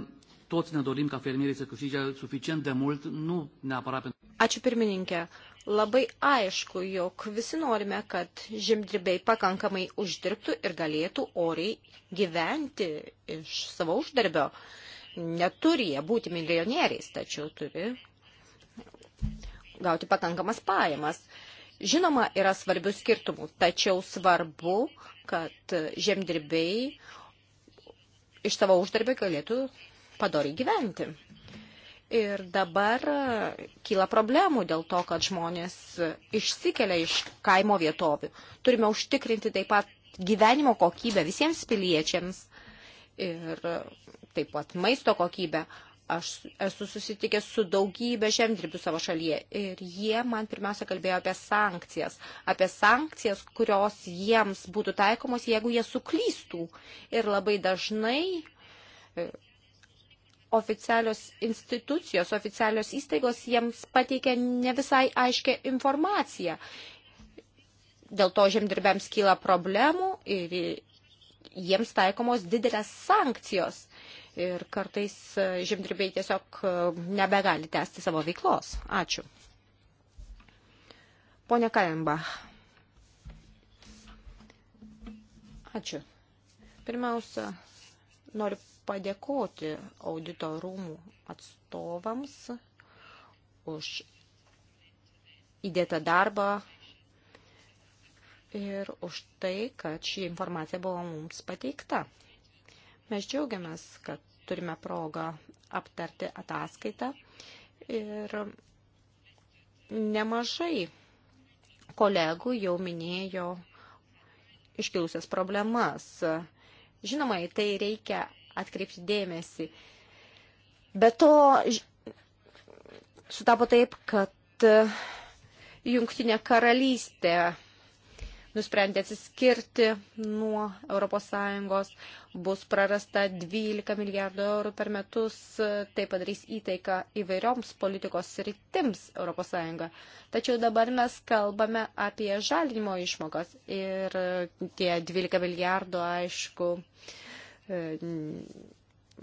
toți ne dorim ca fermierii să câștige suficient de mult, nu neapărat pentru... Ačiū pirmininkė labai aišku, jog visi norime, kad žemdirbiai pakankamai uždirbtų ir galėtų oriai gyventi iš savo uždarbio. Neturi jie būti milijonieriais, tačiau turi gauti pakankamas pajamas. Žinoma, yra svarbių skirtumų, tačiau svarbu, kad žemdirbiai iš savo uždarbį galėtų padoriai gyventi. Ir dabar e, kyla problemų dėl to, kad žmonės išsikelia iš kaimo vietovių. Turime užtikrinti taip pat gyvenimo kokybę visiems piliečiams ir e, taip pat maisto kokybę. Aš esu susitikęs su daugybė žemdirbių savo šalyje ir jie man pirmiausia kalbėjo apie sankcijas. Apie sankcijas, kurios jiems būtų taikomos, jeigu jie suklystų. Ir labai dažnai e, oficialios institucijos, oficialios įstaigos jiems pateikia ne visai aiškę informaciją. Dėl to žemdirbiams kyla problemų ir jiems taikomos didelės sankcijos. Ir kartais žemdirbiai tiesiog nebegali tęsti savo veiklos. Ačiū. Pone Kalembach. Ačiū. Pirmiausia, Noriu padėkoti audito rūmų atstovams už įdėtą darbą ir už tai, kad ši informacija buvo mums pateikta. Mes džiaugiamės, kad turime progą aptarti ataskaitą ir nemažai kolegų jau minėjo iškilusias problemas. Žinoma, į tai reikia atkreipti dėmesį. Be to, sutapo taip, kad e, Jungtinė karalystė nusprendė atsiskirti nuo ES, bus prarasta 12 milijardų eurų per metus, tai padarys įtaiką įvairioms politikos sritims ES. Tačiau dabar mes kalbame apie žalinimo išmokas ir tie 12 milijardų, aišku, e,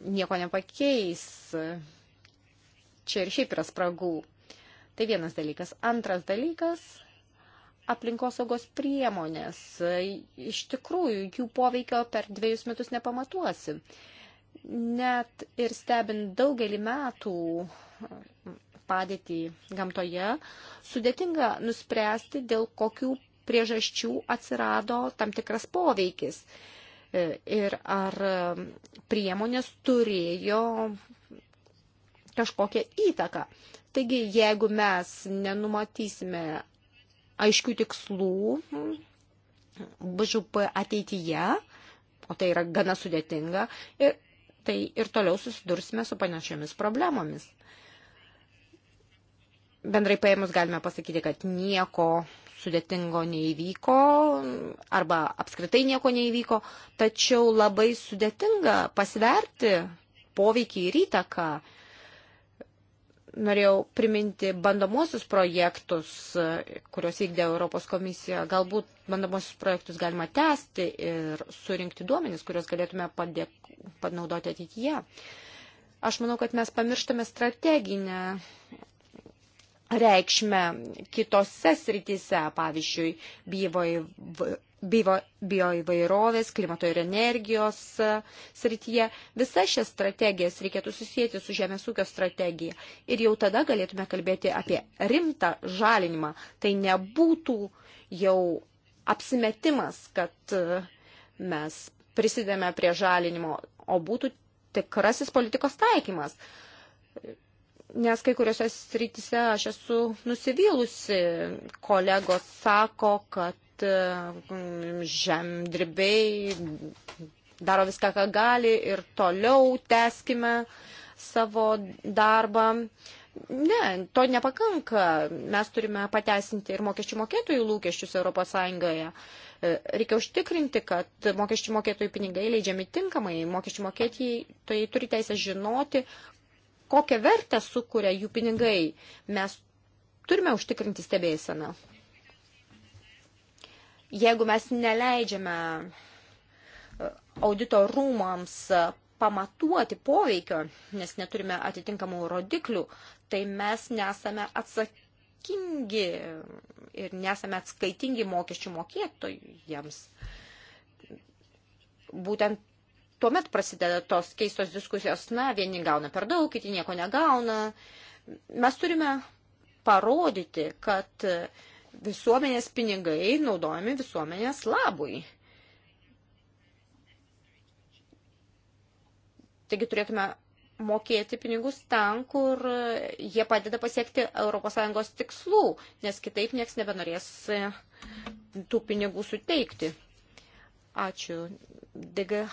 nieko nepakeis. Čia ir šiaip yra spragų. Tai vienas dalykas. Antras dalykas – aplinkosaugos priemonės. Iš tikrųjų, jų poveikio per dviejus metus nepamatuosi. Net ir stebint daugelį metų padėtį gamtoje, sudėtinga nuspręsti, dėl kokių priežasčių atsirado tam tikras poveikis. Ir ar priemonės turėjo kažkokią įtaką. Taigi, jeigu mes nenumatysime aiškių tikslų BŽP ateityje, o tai yra gana sudėtinga, ir tai ir toliau susidursime su panašiomis problemomis. Bendrai paėmus galime pasakyti, kad nieko sudėtingo neįvyko arba apskritai nieko neįvyko, tačiau labai sudėtinga pasverti poveikį ir įtaką norėjau priminti bandomosius projektus, kuriuos vykdė Europos komisija. Galbūt bandomosius projektus galima tęsti ir surinkti duomenis, kuriuos galėtume padėk, panaudoti ateityje. Aš manau, kad mes pamirštame strateginę reikšmę kitose srityse, pavyzdžiui, byvo bioįvairovės, klimato ir energijos e, srityje. Visas šias strategijas reikėtų susijęti su žemės ūkio strategija. Ir jau tada galėtume kalbėti apie rimtą žalinimą. Tai nebūtų jau apsimetimas, kad e, mes prisidėme prie žalinimo, o būtų tikrasis politikos taikymas. Nes kai kuriuose srityse aš esu nusivylusi, kolegos sako, kad Mm, žemdirbiai daro viską, ką gali ir toliau teskime savo darbą. Ne, to nepakanka. Mes turime pateisinti ir mokesčių mokėtojų lūkesčius ES. E, reikia užtikrinti, kad mokesčių mokėtojų pinigai leidžiami tinkamai. Mokesčių mokėtojai turi teisę žinoti, kokią vertę sukuria jų pinigai. Mes turime užtikrinti stebėseną. Jeigu mes neleidžiame e, audito rūmams e, pamatuoti poveikio, nes neturime atitinkamų rodiklių, tai mes nesame atsakingi ir nesame atskaitingi mokesčių mokėtojams. Būtent tuomet prasideda tos keistos diskusijos, na, vieni gauna per daug, kiti nieko negauna. Mes turime parodyti, kad uh, visuomenės pinigai naudojami visuomenės labui. Taigi turėtume mokėti pinigus ten, kur jie padeda pasiekti ES tikslų, nes kitaip nieks nebenorės e, tų pinigų suteikti. Ačiū. DG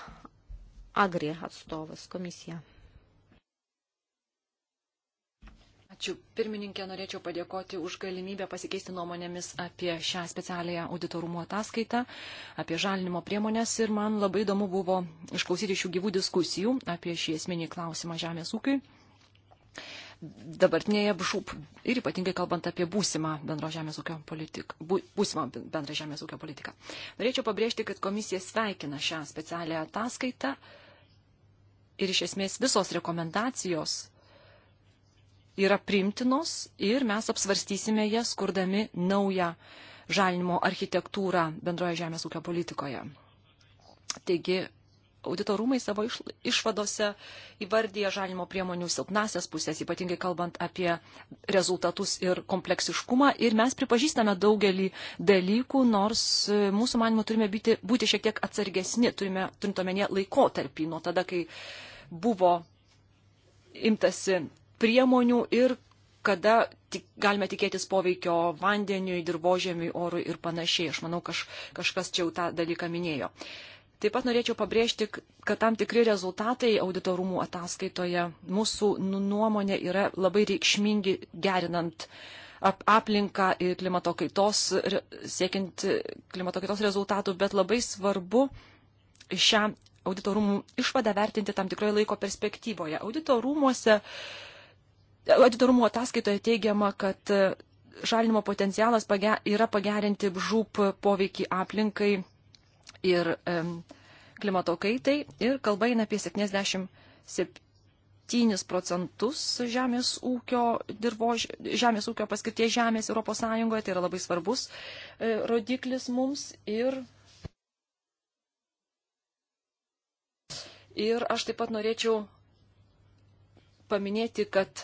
Agri atstovas komisija. Ačiū. Pirmininkė, norėčiau padėkoti už galimybę pasikeisti nuomonėmis apie šią specialiąją auditorumo ataskaitą, apie žalinimo priemonės ir man labai įdomu buvo išklausyti šių gyvų diskusijų apie šį esminį klausimą žemės ūkiui. Dabartinėje bšūp ir ypatingai kalbant apie būsimą bendro žemės ūkio politiką. Būsimą bendrą žemės ūkio politiką. Norėčiau pabrėžti, kad komisija sveikina šią specialią ataskaitą ir iš esmės visos rekomendacijos yra primtinos ir mes apsvarstysime jas, kurdami naują žalinimo architektūrą bendroje žemės ūkio politikoje. Taigi, audito rūmai savo išvadose įvardyja žalinimo priemonių silpnasias pusės, ypatingai kalbant apie rezultatus ir kompleksiškumą. Ir mes pripažįstame daugelį dalykų, nors e, mūsų manimo turime būti, būti šiek tiek atsargesni, turime, turint omenyje laikotarpį nuo tada, kai buvo imtasi priemonių ir kada tik, galime tikėtis poveikio vandeniui, dirbožėmiui, orui ir panašiai. Aš manau, kaž, kažkas čia jau tą dalyką minėjo. Taip pat norėčiau pabrėžti, kad tam tikri rezultatai auditorumų ataskaitoje mūsų nu, nuomonė yra labai reikšmingi gerinant aplinką ir klimato kaitos, siekiant klimato kaitos rezultatų, bet labai svarbu šią auditorumų išvadą vertinti tam tikroje laiko perspektyvoje. Auditorumuose rūmose Auditorumo ataskaitoje teigiama, kad žalinimo e, potencialas page, yra pagerinti žūp poveikį aplinkai ir um, klimato kaitai ir kalba eina apie 77 procentus žemės ūkio, dirbož, žemės ūkio paskirties žemės ES, tai yra labai svarbus e, rodiklis mums ir Ir aš taip pat norėčiau paminėti, kad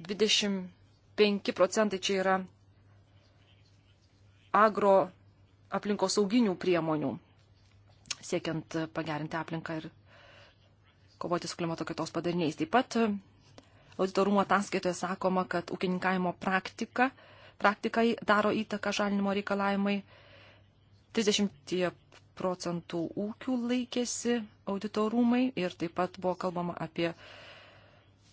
25 procentai čia yra agro aplinkos sauginių priemonių, siekiant pagerinti aplinką ir kovoti su klimato kitos padariniais. Taip pat auditorumo ataskaitoje sakoma, kad ūkininkavimo praktika, praktikai daro įtaką žalinimo reikalavimai. 30 procentų ūkių laikėsi auditorumai ir taip pat buvo kalbama apie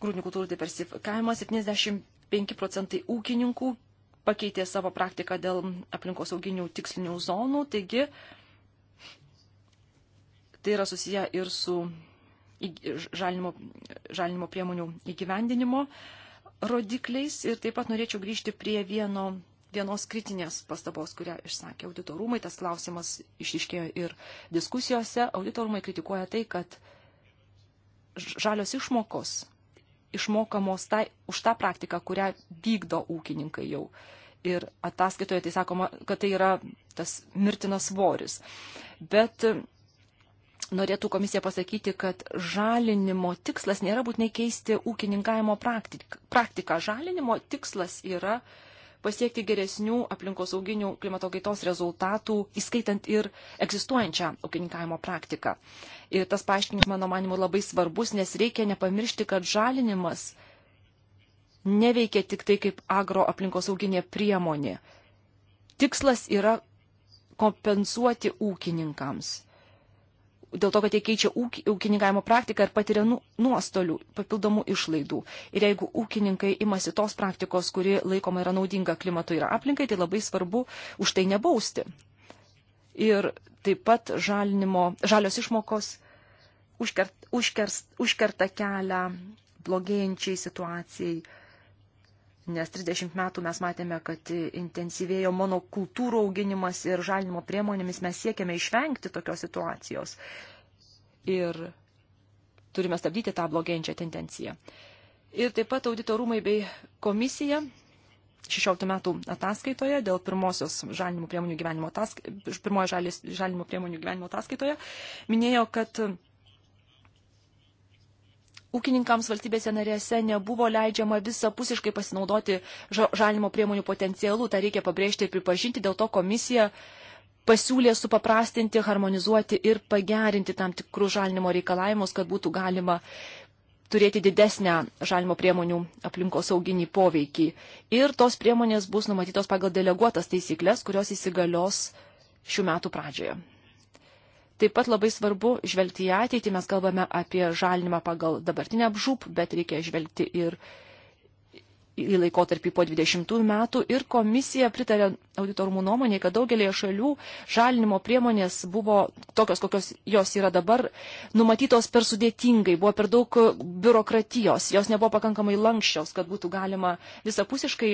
grūdinių kultūrų diversifikavimą. 75 procentai ūkininkų pakeitė savo praktiką dėl aplinkos auginių tikslinių zonų, taigi tai yra susiję ir su žalinimo, žalinimo priemonių įgyvendinimo rodikliais. Ir taip pat norėčiau grįžti prie vieno, vienos kritinės pastabos, kurią išsakė auditorumai. Tas klausimas išiškėjo ir diskusijose. Auditorumai kritikuoja tai, kad žalios išmokos išmokamos tai, už tą praktiką, kurią vykdo ūkininkai jau. Ir ataskaitoje tai sakoma, kad tai yra tas mirtinas svoris. Bet e, norėtų komisija pasakyti, kad žalinimo tikslas nėra būtinai keisti ūkininkavimo praktiką. praktiką. Žalinimo tikslas yra uh, pasiekti geresnių aplinkosauginių klimato kaitos rezultatų, įskaitant ir egzistuojančią ūkininkavimo praktiką. Ir tas paaiškinimas, mano manimu, labai svarbus, nes reikia nepamiršti, kad žalinimas neveikia tik tai kaip agroaplinkosauginė priemonė. Tikslas yra kompensuoti ūkininkams dėl to, kad jie keičia ūkininkavimo praktiką ir patiria nu, nuostolių, papildomų išlaidų. Ir jeigu ūkininkai imasi tos praktikos, kuri laikoma yra naudinga klimatui ir aplinkai, tai labai svarbu už tai nebausti. Ir taip pat žalinimo, žalios išmokos užkert, užkert, užkerta kelią blogėjančiai situacijai nes 30 metų mes matėme, kad intensyvėjo monokultūrų auginimas ir žalinimo priemonėmis mes siekiame išvengti tokios situacijos ir turime stabdyti tą blogėjančią tendenciją. Ir taip pat auditorumai bei komisija 16 metų ataskaitoje dėl pirmosios žalinimo priemonių gyvenimo ataskaitoje, pirmojo žalinimo priemonių gyvenimo ataskaitoje minėjo, kad ūkininkams valstybėse narėse nebuvo leidžiama visapusiškai pasinaudoti žalimo priemonių potencialu. Ta reikia pabrėžti ir pripažinti, dėl to komisija pasiūlė supaprastinti, harmonizuoti ir pagerinti tam tikrų žalinimo reikalavimus, kad būtų galima turėti didesnę žalimo priemonių aplinkos sauginį poveikį. Ir tos priemonės bus numatytos pagal deleguotas taisyklės, kurios įsigalios šių metų pradžioje. Taip pat labai svarbu žvelgti į ateitį, mes kalbame apie žalinimą pagal dabartinę apžūp, bet reikia žvelgti ir į laikotarpį po 20 metų ir komisija pritarė auditorumų nuomonėje, kad daugelėje šalių žalinimo priemonės buvo tokios, kokios jos yra dabar, numatytos per sudėtingai, buvo per daug biurokratijos, jos nebuvo pakankamai lankščios, kad būtų galima visapusiškai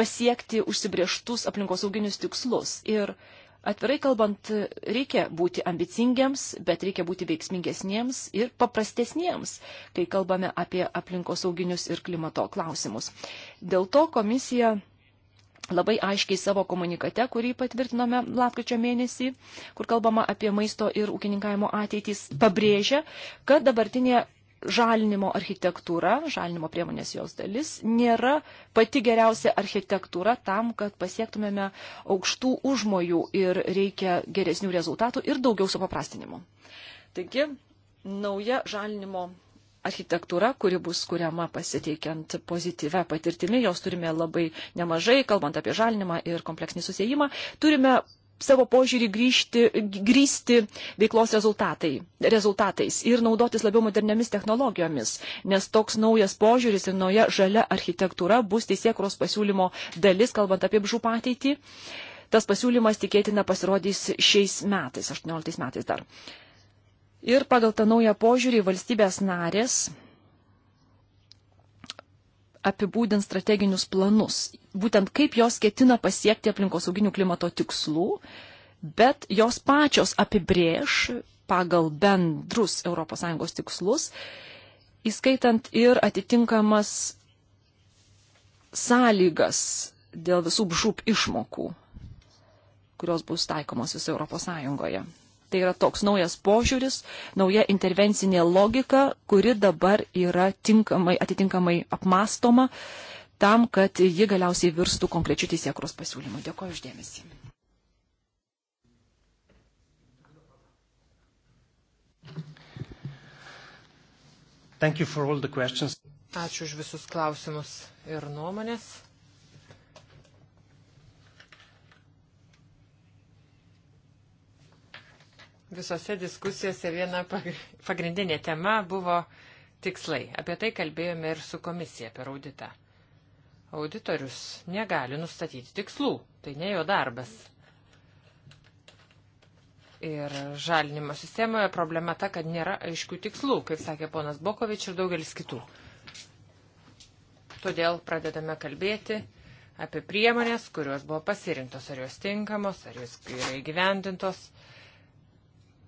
pasiekti užsibrieštus aplinkosauginius tikslus. Ir Atvirai kalbant, reikia būti ambicingiams, bet reikia būti veiksmingesniems ir paprastesniems, kai kalbame apie aplinkosauginius ir klimato klausimus. Dėl to komisija labai aiškiai savo komunikate, kurį patvirtinome lapkričio mėnesį, kur kalbama apie maisto ir ūkininkavimo ateitys, pabrėžia, kad dabartinė žalinimo architektūra, žalinimo priemonės jos dalis, nėra pati geriausia architektūra tam, kad pasiektumėme aukštų užmojų ir reikia geresnių rezultatų ir daugiau supaprastinimų. Taigi, nauja žalinimo architektūra, kuri bus kuriama pasiteikiant pozityvę patirtimi, jos turime labai nemažai, kalbant apie žalinimą ir kompleksinį susijimą, turime savo požiūrį grįžti, grįsti veiklos rezultatai, rezultatais ir naudotis labiau moderniamis technologijomis, nes toks naujas požiūris ir nauja žalia architektūra bus teisėkros pasiūlymo dalis, kalbant apie bžūp ateitį. Tas pasiūlymas tikėtina pasirodys šiais metais, 18 metais dar. Ir pagal tą naują požiūrį valstybės narės apibūdins strateginius planus, būtent kaip jos ketina pasiekti aplinkosauginių klimato tikslų, bet jos pačios apibrėž pagal bendrus ES tikslus, įskaitant ir atitinkamas sąlygas dėl visų bžūp išmokų, kurios bus taikomos visoje ES. Tai yra toks naujas požiūris, nauja intervencinė logika, kuri dabar yra tinkamai, atitinkamai apmastoma tam, kad ji galiausiai virstų konkrečių teisėkros pasiūlymų. Dėkuoju uždėmesį. Ačiū už visus klausimus ir nuomonės. visose diskusijose viena pagrindinė tema buvo tikslai. Apie tai kalbėjome ir su komisija per auditą. Auditorius negali nustatyti tikslų, tai ne jo darbas. Ir žalinimo sistemoje problema ta, kad nėra aiškių tikslų, kaip sakė ponas Bokovič ir daugelis kitų. Todėl pradedame kalbėti apie priemonės, kurios buvo pasirinktos, ar jos tinkamos, ar jos yra įgyvendintos. Uh,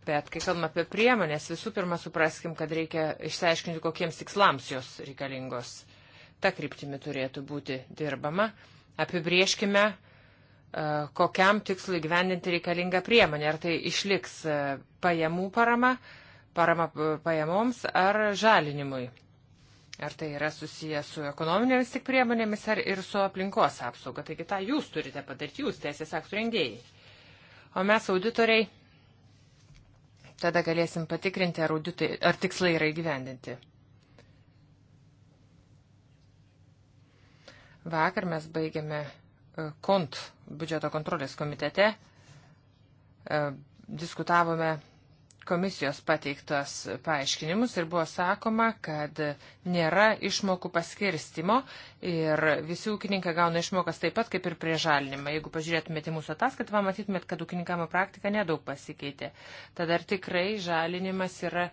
Bet kai kalbame apie priemonės, visų pirma supraskim, kad reikia išsiaiškinti, kokiems tikslams jos reikalingos. Ta kryptimi turėtų būti dirbama. Apibrieškime, e, kokiam tikslui gyvendinti reikalinga priemonė. Ar tai išliks e, pajamų parama, parama e, pajamoms ar žalinimui. Ar tai yra susiję su ekonominėmis tik priemonėmis ar ir su aplinkos apsauga. Taigi tą jūs turite padaryti, jūs teisės aktų rengėjai. O mes auditoriai Tada galėsim patikrinti, ar, auditai, ar tikslai yra įgyvendinti. Vakar mes baigėme e, kont biudžeto kontrolės komitete, e, diskutavome komisijos pateiktos paaiškinimus ir buvo sakoma, kad nėra išmokų paskirstimo ir visi ūkininkai gauna išmokas taip pat kaip ir prie žalinimą. Jeigu pažiūrėtumėte mūsų ataskaitą, pamatytumėt, kad ūkininkamo praktika nedaug pasikeitė. Tad ar tikrai žalinimas yra e,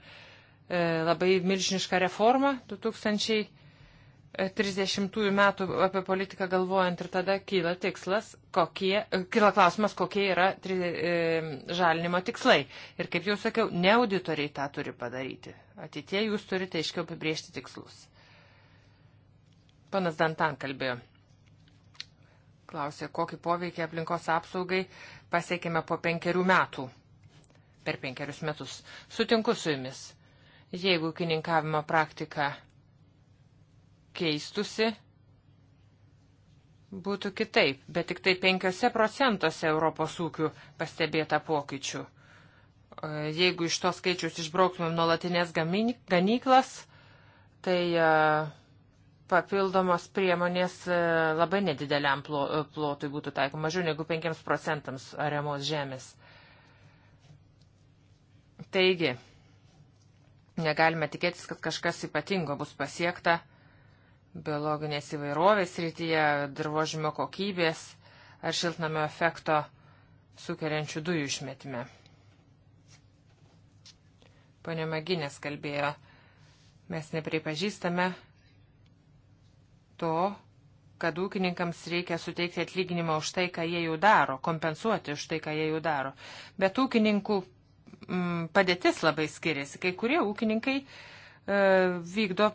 labai milžiniška reforma 2000. 30 metų apie politiką galvojant ir tada kyla tikslas, kokie, kyla klausimas, kokie yra tri, e, žalinimo tikslai. Ir kaip jau sakiau, ne auditoriai tą turi padaryti. Ateitie jūs turite aiškiau apibriežti tikslus. Panas Dantan kalbėjo. Klausė, kokį poveikį aplinkos apsaugai pasiekėme po penkerių metų. Per penkerius metus. Sutinku su jumis. Jeigu ūkininkavimo praktika keistusi, būtų kitaip, bet tik tai 5 procentuose Europos ūkių pastebėta pokyčių. E, jeigu iš to skaičius išbrauktumėm nuolatinės ganyklas, tai e, papildomos priemonės e, labai nedideliam plotui būtų taikoma, mažiau negu 5 procentams ariamos žemės. Taigi, negalime tikėtis, kad kažkas ypatingo bus pasiekta biologinės įvairovės rytyje, dirbožymio kokybės ar šiltnamio efekto sukeliančių dujų išmetime. Pone Maginės kalbėjo, mes nepripažįstame to, kad ūkininkams reikia suteikti atlyginimą už tai, ką jie jau daro, kompensuoti už tai, ką jie jau daro. Bet ūkininkų m, mm, padėtis labai skiriasi. Kai kurie ūkininkai e, vykdo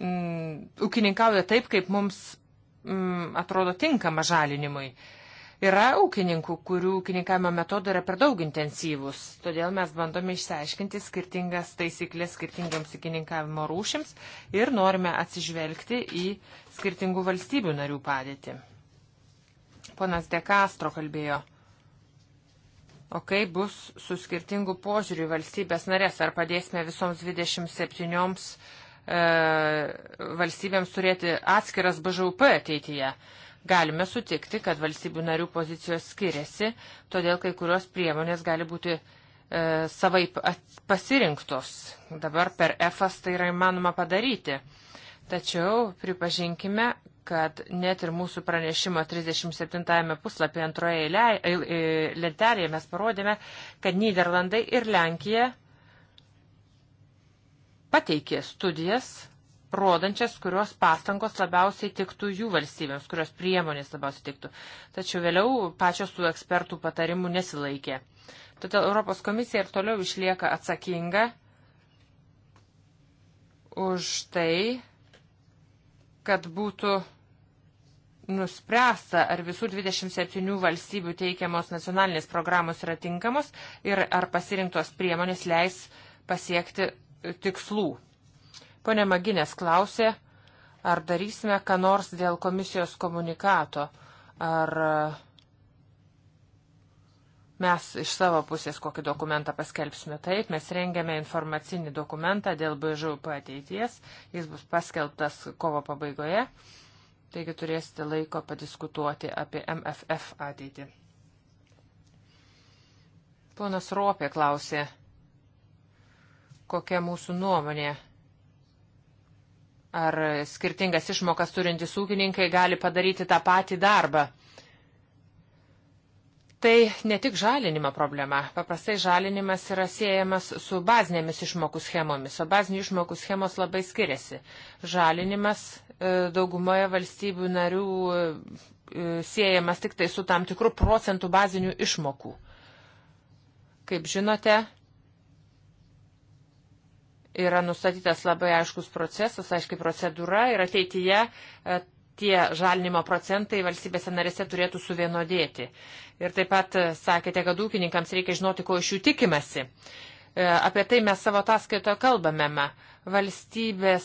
mm, ūkininkauja taip, kaip mums mm, atrodo tinkama žalinimui. Yra ūkininkų, kurių ūkininkavimo metodai yra per daug intensyvūs, todėl mes bandome išsiaiškinti skirtingas taisyklės skirtingiams ūkininkavimo rūšims ir norime atsižvelgti į skirtingų valstybių narių padėtį. Ponas Dekastro kalbėjo. O kaip bus su skirtingu požiūriu valstybės narės, ar padėsime visoms 27 E, valstybėms turėti atskiras BŽUP ateityje. Galime sutikti, kad valstybių narių pozicijos skiriasi, todėl kai kurios priemonės gali būti e, savaip pasirinktos. Dabar per EFAS tai yra įmanoma padaryti. Tačiau pripažinkime, kad net ir mūsų pranešimo 37 puslapį antroje e, lentelėje mes parodėme, kad Niderlandai ir Lenkija pateikė studijas, rodančias, kurios pastangos labiausiai tiktų jų valstybėms, kurios priemonės labiausiai tiktų. Tačiau vėliau pačios tų ekspertų patarimų nesilaikė. Todėl Europos komisija ir toliau išlieka atsakinga už tai, kad būtų nuspręsta, ar visų 27 valstybių teikiamos nacionalinės programos yra tinkamos ir ar pasirinktos priemonės leis pasiekti tikslų. Pone Maginės klausė, ar darysime ką nors dėl komisijos komunikato, ar e, mes iš savo pusės kokį dokumentą paskelbsime. Taip, mes rengiame informacinį dokumentą dėl BŽUP ateities, jis bus paskelbtas kovo pabaigoje, taigi turėsite laiko padiskutuoti apie MFF ateitį. Ponas Ropė klausė kokia mūsų nuomonė. Ar skirtingas išmokas turintys ūkininkai gali padaryti tą patį darbą? Tai ne tik žalinimo problema. Paprastai žalinimas yra siejamas su bazinėmis išmokų schemomis, o bazinių išmokų schemos labai skiriasi. Žalinimas e, daugumoje valstybių narių e, e, siejamas tik tai su tam tikru procentu bazinių išmokų. Kaip žinote, Yra nustatytas labai aiškus procesas, aiški procedūra ir ateityje e, tie žalinimo procentai valstybėse narėse turėtų suvienodėti. Ir taip pat e, sakėte, kad ūkininkams reikia žinoti, ko iš jų tikimasi. E, apie tai mes savo ataskaitoje kalbame. Valstybės,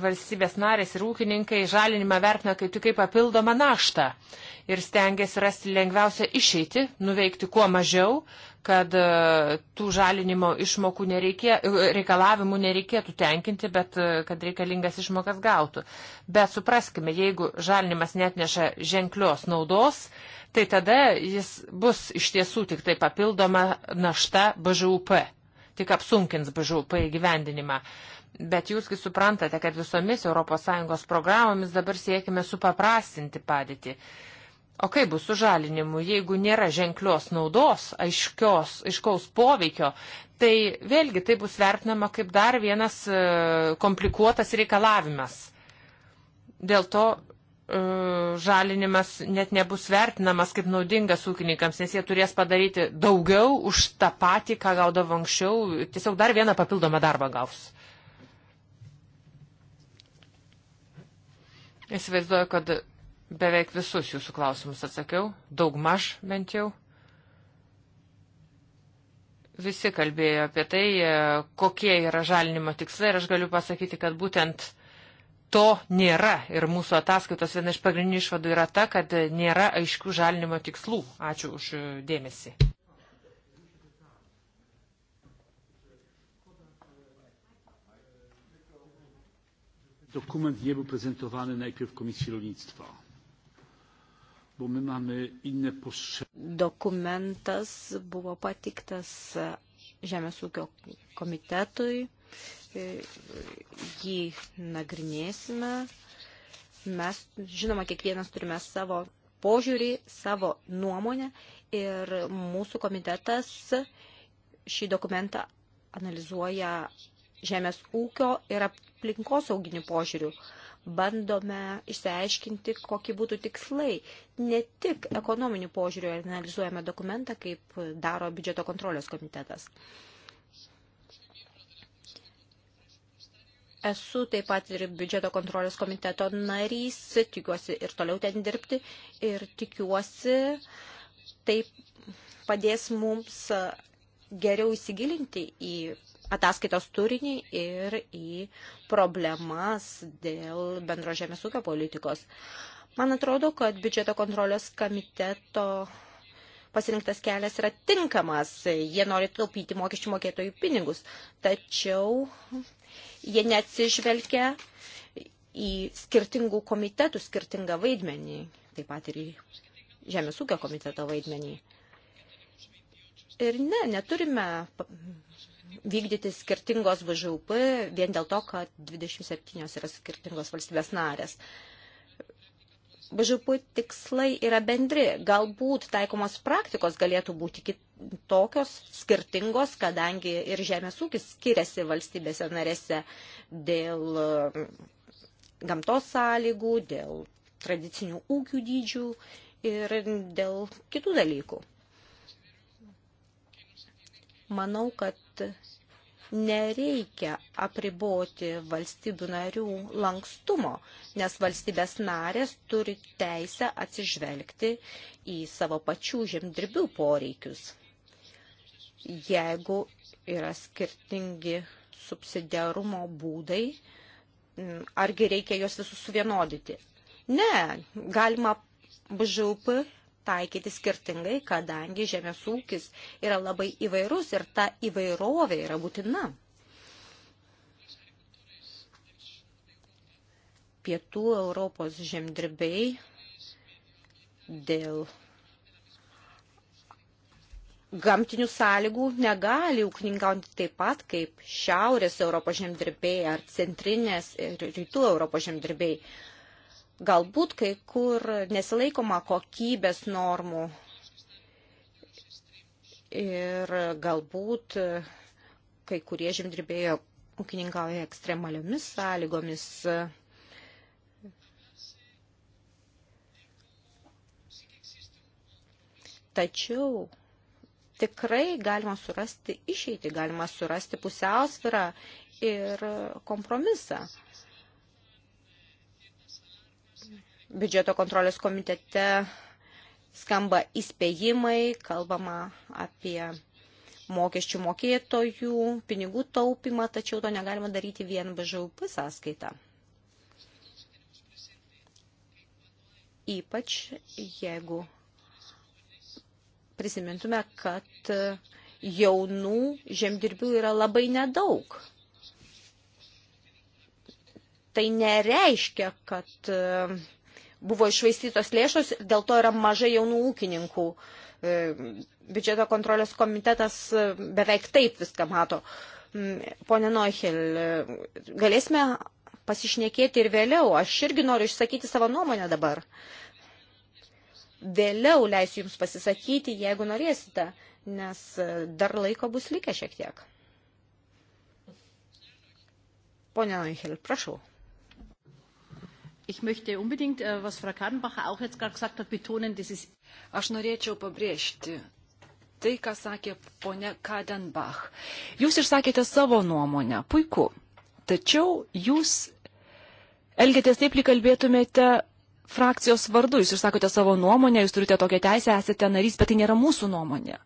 valstybės narės ir ūkininkai žalinimą vertina kaip tik kaip papildomą naštą ir stengiasi rasti lengviausią išeitį, nuveikti kuo mažiau, kad e, tų žalinimo išmokų nereikė, e, reikalavimų nereikėtų tenkinti, bet e, kad reikalingas išmokas gautų. Bet supraskime, jeigu žalinimas net neša ženklios naudos, tai tada jis bus iš tiesų tik tai papildoma našta BŽUP, tik apsunkins BŽUP įgyvendinimą. Bet jūsgi suprantate, kad visomis ES programomis dabar siekime supaprastinti padėtį. O kaip bus su žalinimu, jeigu nėra ženklios naudos, aiškios, aiškaus poveikio, tai vėlgi tai bus vertinama kaip dar vienas e, komplikuotas reikalavimas. Dėl to e, žalinimas net nebus vertinamas kaip naudingas ūkininkams, nes jie turės padaryti daugiau už tą patį, ką gaudavo anksčiau, tiesiog dar vieną papildomą darbą gaus. Įsivaizduoju, kad beveik visus jūsų klausimus atsakiau, daug maž bent jau. Visi kalbėjo apie tai, e, kokie yra žalinimo tikslai ir aš galiu pasakyti, kad būtent to nėra ir mūsų ataskaitos viena iš pagrindinių išvadų yra ta, kad nėra aiškių žalinimo tikslų. Ačiū už e, dėmesį. Dokument nie był prezentowany najpierw Komisji Rolnictwa bo my mamy inne postrzeganie. Dokumentas buvo patiktas Žemės ūkio komitetui, e, jį nagrinėsime. Mes, žinoma, kiekvienas turime savo požiūrį, savo nuomonę ir mūsų komitetas šį dokumentą analizuoja žemės ūkio ir aplinkosauginių požiūrių bandome išsiaiškinti, kokie būtų tikslai. Ne tik ekonominių požiūrių analizuojame dokumentą, kaip daro biudžeto kontrolės komitetas. Esu taip pat ir biudžeto kontrolės komiteto narys, tikiuosi ir toliau ten dirbti ir tikiuosi taip padės mums geriau įsigilinti į ataskaitos turinį ir į problemas dėl bendro žemės ūkio politikos. Man atrodo, kad biudžeto kontrolės komiteto pasirinktas kelias yra tinkamas. Jie nori taupyti mokesčių mokėtojų pinigus, tačiau jie neatsižvelgia į skirtingų komitetų skirtingą vaidmenį, taip pat ir į Žemės ūkio komiteto vaidmenį. Ir ne, neturime vykdyti skirtingos BŽUP vien dėl to, kad 27 yra skirtingos valstybės narės. BŽUP tikslai yra bendri. Galbūt taikomos praktikos galėtų būti kitokios, skirtingos, kadangi ir žemės ūkis skiriasi valstybėse narėse dėl um, gamtos sąlygų, dėl tradicinių ūkių dydžių ir dėl kitų dalykų. Manau, kad kad nereikia apriboti valstybių narių lankstumo, nes valstybės narės turi teisę atsižvelgti į savo pačių žemdirbių poreikius. Jeigu yra skirtingi subsidiarumo būdai, argi reikia juos visus suvienodyti? Ne, galima BŽUP taikyti skirtingai, kadangi žemės ūkis yra labai įvairus ir ta įvairovė yra būtina. Pietų Europos žemdirbiai dėl gamtinių sąlygų negali ūkininkauti taip pat kaip Šiaurės Europos žemdirbiai ar Centrinės ir Rytų Europos žemdirbiai. Galbūt kai kur nesilaikoma kokybės normų ir galbūt kai kurie žemdirbėjo ūkininkauja ekstremaliomis sąlygomis. Tačiau tikrai galima surasti išeitį, galima surasti pusiausvirą ir kompromisą. biudžeto kontrolės komitete skamba įspėjimai, kalbama apie mokesčių mokėtojų, pinigų taupimą, tačiau to negalima daryti vien BŽUP sąskaitą. Ypač jeigu prisimintume, kad jaunų žemdirbių yra labai nedaug. Tai nereiškia, kad uh, buvo išvaistytos lėšos, dėl to yra mažai jaunų ūkininkų. E, biudžeto kontrolės komitetas e, beveik taip viską mato. Mm, pone Noichel, e, galėsime pasišnekėti ir vėliau. Aš irgi noriu išsakyti savo nuomonę dabar. Vėliau leisiu Jums pasisakyti, jeigu norėsite, nes dar laiko bus likę šiek tiek. Pone Noichel, prašau. Ich möchte unbedingt, äh, was Frau Kadenbacher auch jetzt gerade gesagt hat, betonen, das ist. Aš norėčiau pabrėžti tai, ką sakė ponia Kadenbach. Jūs išsakėte savo nuomonę, puiku. Tačiau jūs elgėtės taip, lyg kalbėtumėte frakcijos vardu. Jūs išsakote savo nuomonę, jūs turite tokią teisę, esate narys, bet tai nėra mūsų nuomonė.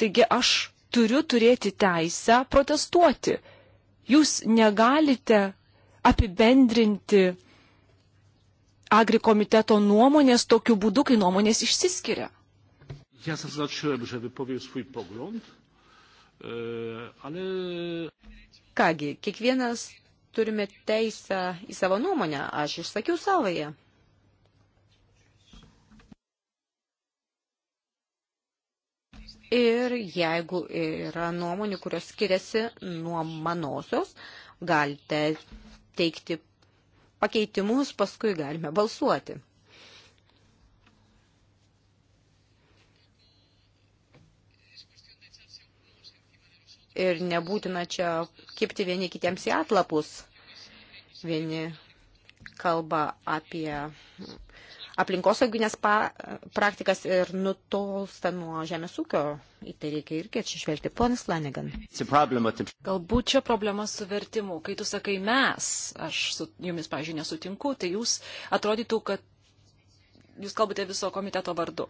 Taigi aš turiu turėti teisę protestuoti. Jūs negalite apibendrinti agri komiteto nuomonės tokiu būdu, kai nuomonės išsiskiria. Ja zaznaczyłem, że wypowiem swój pogląd, e, ale... Kągi, kiekvienas turime teisę į savo nuomonę, aš išsakiau savoje. Ir jeigu yra nuomonių, kurios skiriasi nuo manosios, galite teikti pakeitimus, paskui galime balsuoti. Ir nebūtina čia kipti vieni kitiems į atlapus. Vieni kalba apie aplinkosauginės praktikas ir nutolsta nuo žemės ūkio. Į tai reikia irgi atsižvelgti. Ponas Lanigan. Galbūt čia problema su vertimu. Kai tu sakai mes, aš su jumis, pažiūrėjau, nesutinku, tai jūs atrodytų, kad jūs kalbate viso komiteto vardu.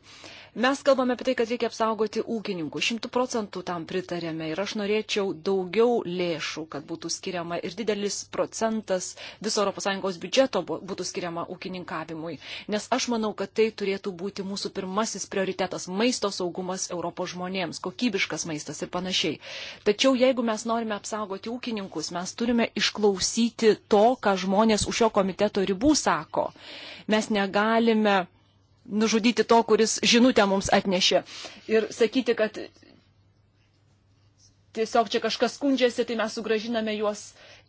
Mes kalbame apie tai, kad reikia apsaugoti ūkininkų. Šimtų procentų tam pritarėme ir aš norėčiau daugiau lėšų, kad būtų skiriama ir didelis procentas viso ES biudžeto būtų skiriama ūkininkavimui. Nes aš manau, kad tai turėtų būti mūsų pirmasis prioritetas - maisto saugumas Europos žmonėms, kokybiškas maistas ir panašiai. Tačiau jeigu mes norime apsaugoti ūkininkus, mes turime išklausyti to, ką žmonės už šio komiteto ribų sako. Mes negalime nužudyti to, kuris žinutę mums atnešė. Ir sakyti, kad tiesiog čia kažkas skundžiasi, tai mes sugražiname juos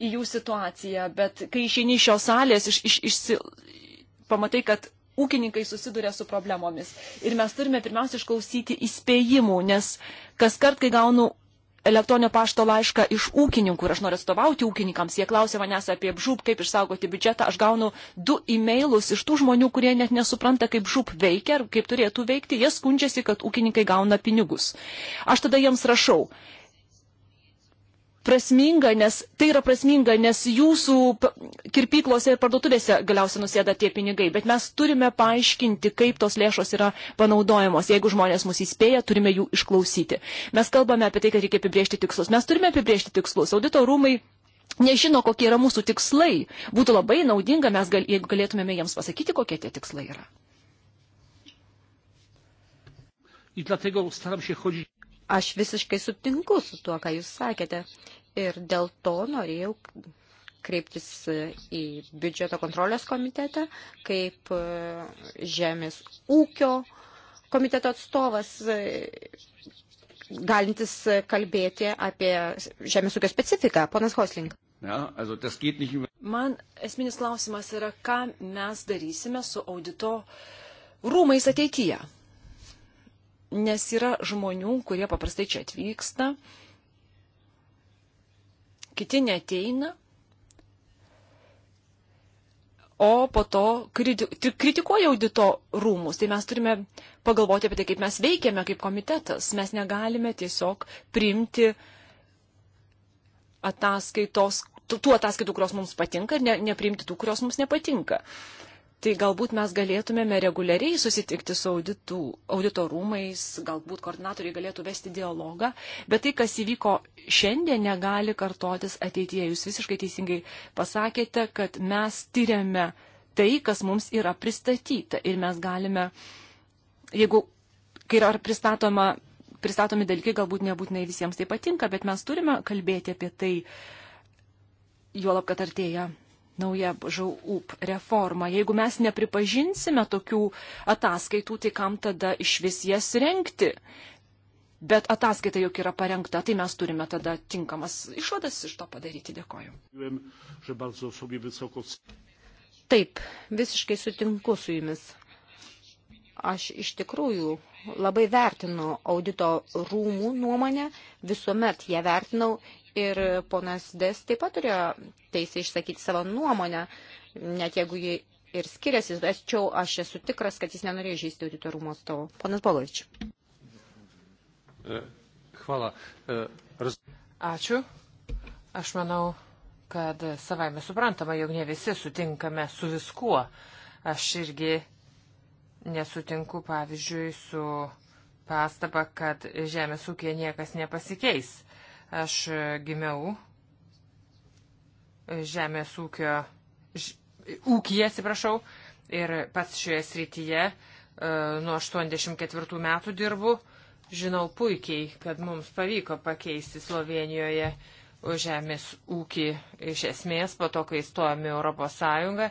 į jų situaciją. Bet kai išeini iš šios salės, iš, iš, iš, pamatai, kad ūkininkai susiduria su problemomis. Ir mes turime pirmiausia išklausyti įspėjimų, nes kas kart, kai gaunu elektroninio pašto laišką iš ūkininkų ir aš noriu atstovauti ūkininkams. Jie klausia manęs apie žūp, kaip išsaugoti biudžetą. Aš gaunu du e-mailus iš tų žmonių, kurie net nesupranta, kaip žūp veikia ir kaip turėtų veikti. Jie skundžiasi, kad ūkininkai gauna pinigus. Aš tada jiems rašau prasminga, nes tai yra prasminga, nes jūsų kirpyklose ir parduotuvėse galiausiai nusėda tie pinigai, bet mes turime paaiškinti, kaip tos lėšos yra panaudojamos. Jeigu žmonės mus įspėja, turime jų išklausyti. Mes kalbame apie tai, kad reikia apibriežti tikslus. Mes turime apibriežti tikslus. Audito rūmai nežino, kokie yra mūsų tikslai. Būtų labai naudinga, mes gal, jeigu galėtumėme jiems pasakyti, kokie tie tikslai yra. Aš visiškai sutinku su tuo, ką jūs sakėte. Ir dėl to norėjau kreiptis į biudžeto kontrolės komitetą kaip e, žemės ūkio komiteto atstovas, e, galintis kalbėti apie žemės ūkio specifiką. Ponas Hosling. Man esminis klausimas yra, ką mes darysime su audito rūmais ateityje. Nes yra žmonių, kurie paprastai čia atvyksta, uh, kiti neteina, o po to kritikuoja audito rūmus. Tai mes turime pagalvoti apie tai, kaip mes veikiame kaip komitetas. Mes negalime tiesiog priimti ataskaitos, tų ataskaitų, kurios mums patinka ir ne, nepriimti tų, kurios mums nepatinka tai galbūt mes galėtumėme reguliariai susitikti su auditų, audito rūmais, galbūt koordinatoriai galėtų vesti dialogą, bet tai, kas įvyko šiandien, negali kartotis ateityje. Jūs visiškai teisingai pasakėte, kad mes tyriame tai, kas mums yra pristatyta ir mes galime, jeigu, kai yra pristatoma, pristatomi dalykai, galbūt nebūtinai visiems tai patinka, bet mes turime kalbėti apie tai, juolab, kad artėja nauja ŽUP reforma. Jeigu mes nepripažinsime tokių ataskaitų, tai kam tada iš vis jas renkti? Bet ataskaita juk yra parengta, tai mes turime tada tinkamas išvadas iš to padaryti. Dėkoju. Taip, visiškai sutinku su jumis. Aš iš tikrųjų labai vertinu audito rūmų nuomonę, visuomet ją vertinau Ir ponas Des taip pat turėjo teisę išsakyti savo nuomonę, net jeigu ji ir skiriasi, tačiau aš esu tikras, kad jis nenorėjo žaisti auditorumo atstovo. Ponas Bolovič. E, hvala. E, Ačiū. Aš manau, kad savai mes suprantama, jog ne visi sutinkame su viskuo. Aš irgi nesutinku, pavyzdžiui, su pastaba, kad žemės ūkė niekas nepasikeis. Aš gimiau žemės ūkio, ž, ūkija, atsiprašau, ir pats šioje srityje e, nuo 84 metų dirbu. Žinau puikiai, kad mums pavyko pakeisti Slovenijoje žemės ūkį iš esmės po to, kai įstojame Europos Sąjungą.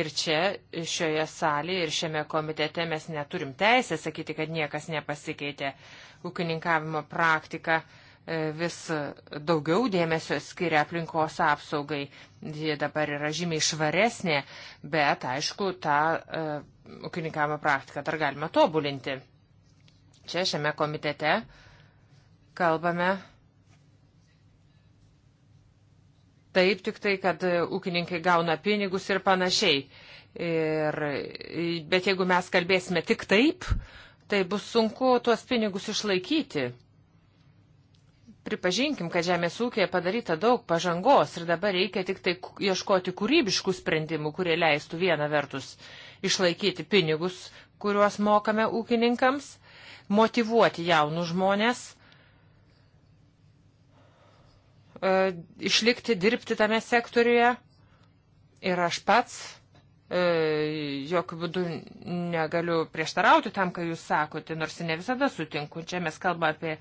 Ir čia, šioje salėje ir šiame komitete mes neturim teisę sakyti, kad niekas nepasikeitė. Ūkininkavimo praktika uh, vis daugiau dėmesio skiria aplinkos apsaugai. Ji dabar yra žymiai švaresnė, bet aišku, tą e, ūkininkavimo praktiką dar galima tobulinti. Čia šiame komitete kalbame taip tik tai, kad ūkininkai gauna pinigus ir panašiai. Ir, bet jeigu mes kalbėsime tik taip, tai bus sunku tuos pinigus išlaikyti. Pripažinkim, kad žemės ūkėje padaryta daug pažangos ir dabar reikia tik tai ieškoti kūrybiškų sprendimų, kurie leistų viena vertus išlaikyti pinigus, kuriuos mokame ūkininkams, motivuoti jaunų žmonės, e, išlikti, dirbti tame sektoriuje. Ir aš pats e, jokių būdų negaliu prieštarauti tam, ką jūs sakote, nors ne visada sutinku. Čia mes kalbame apie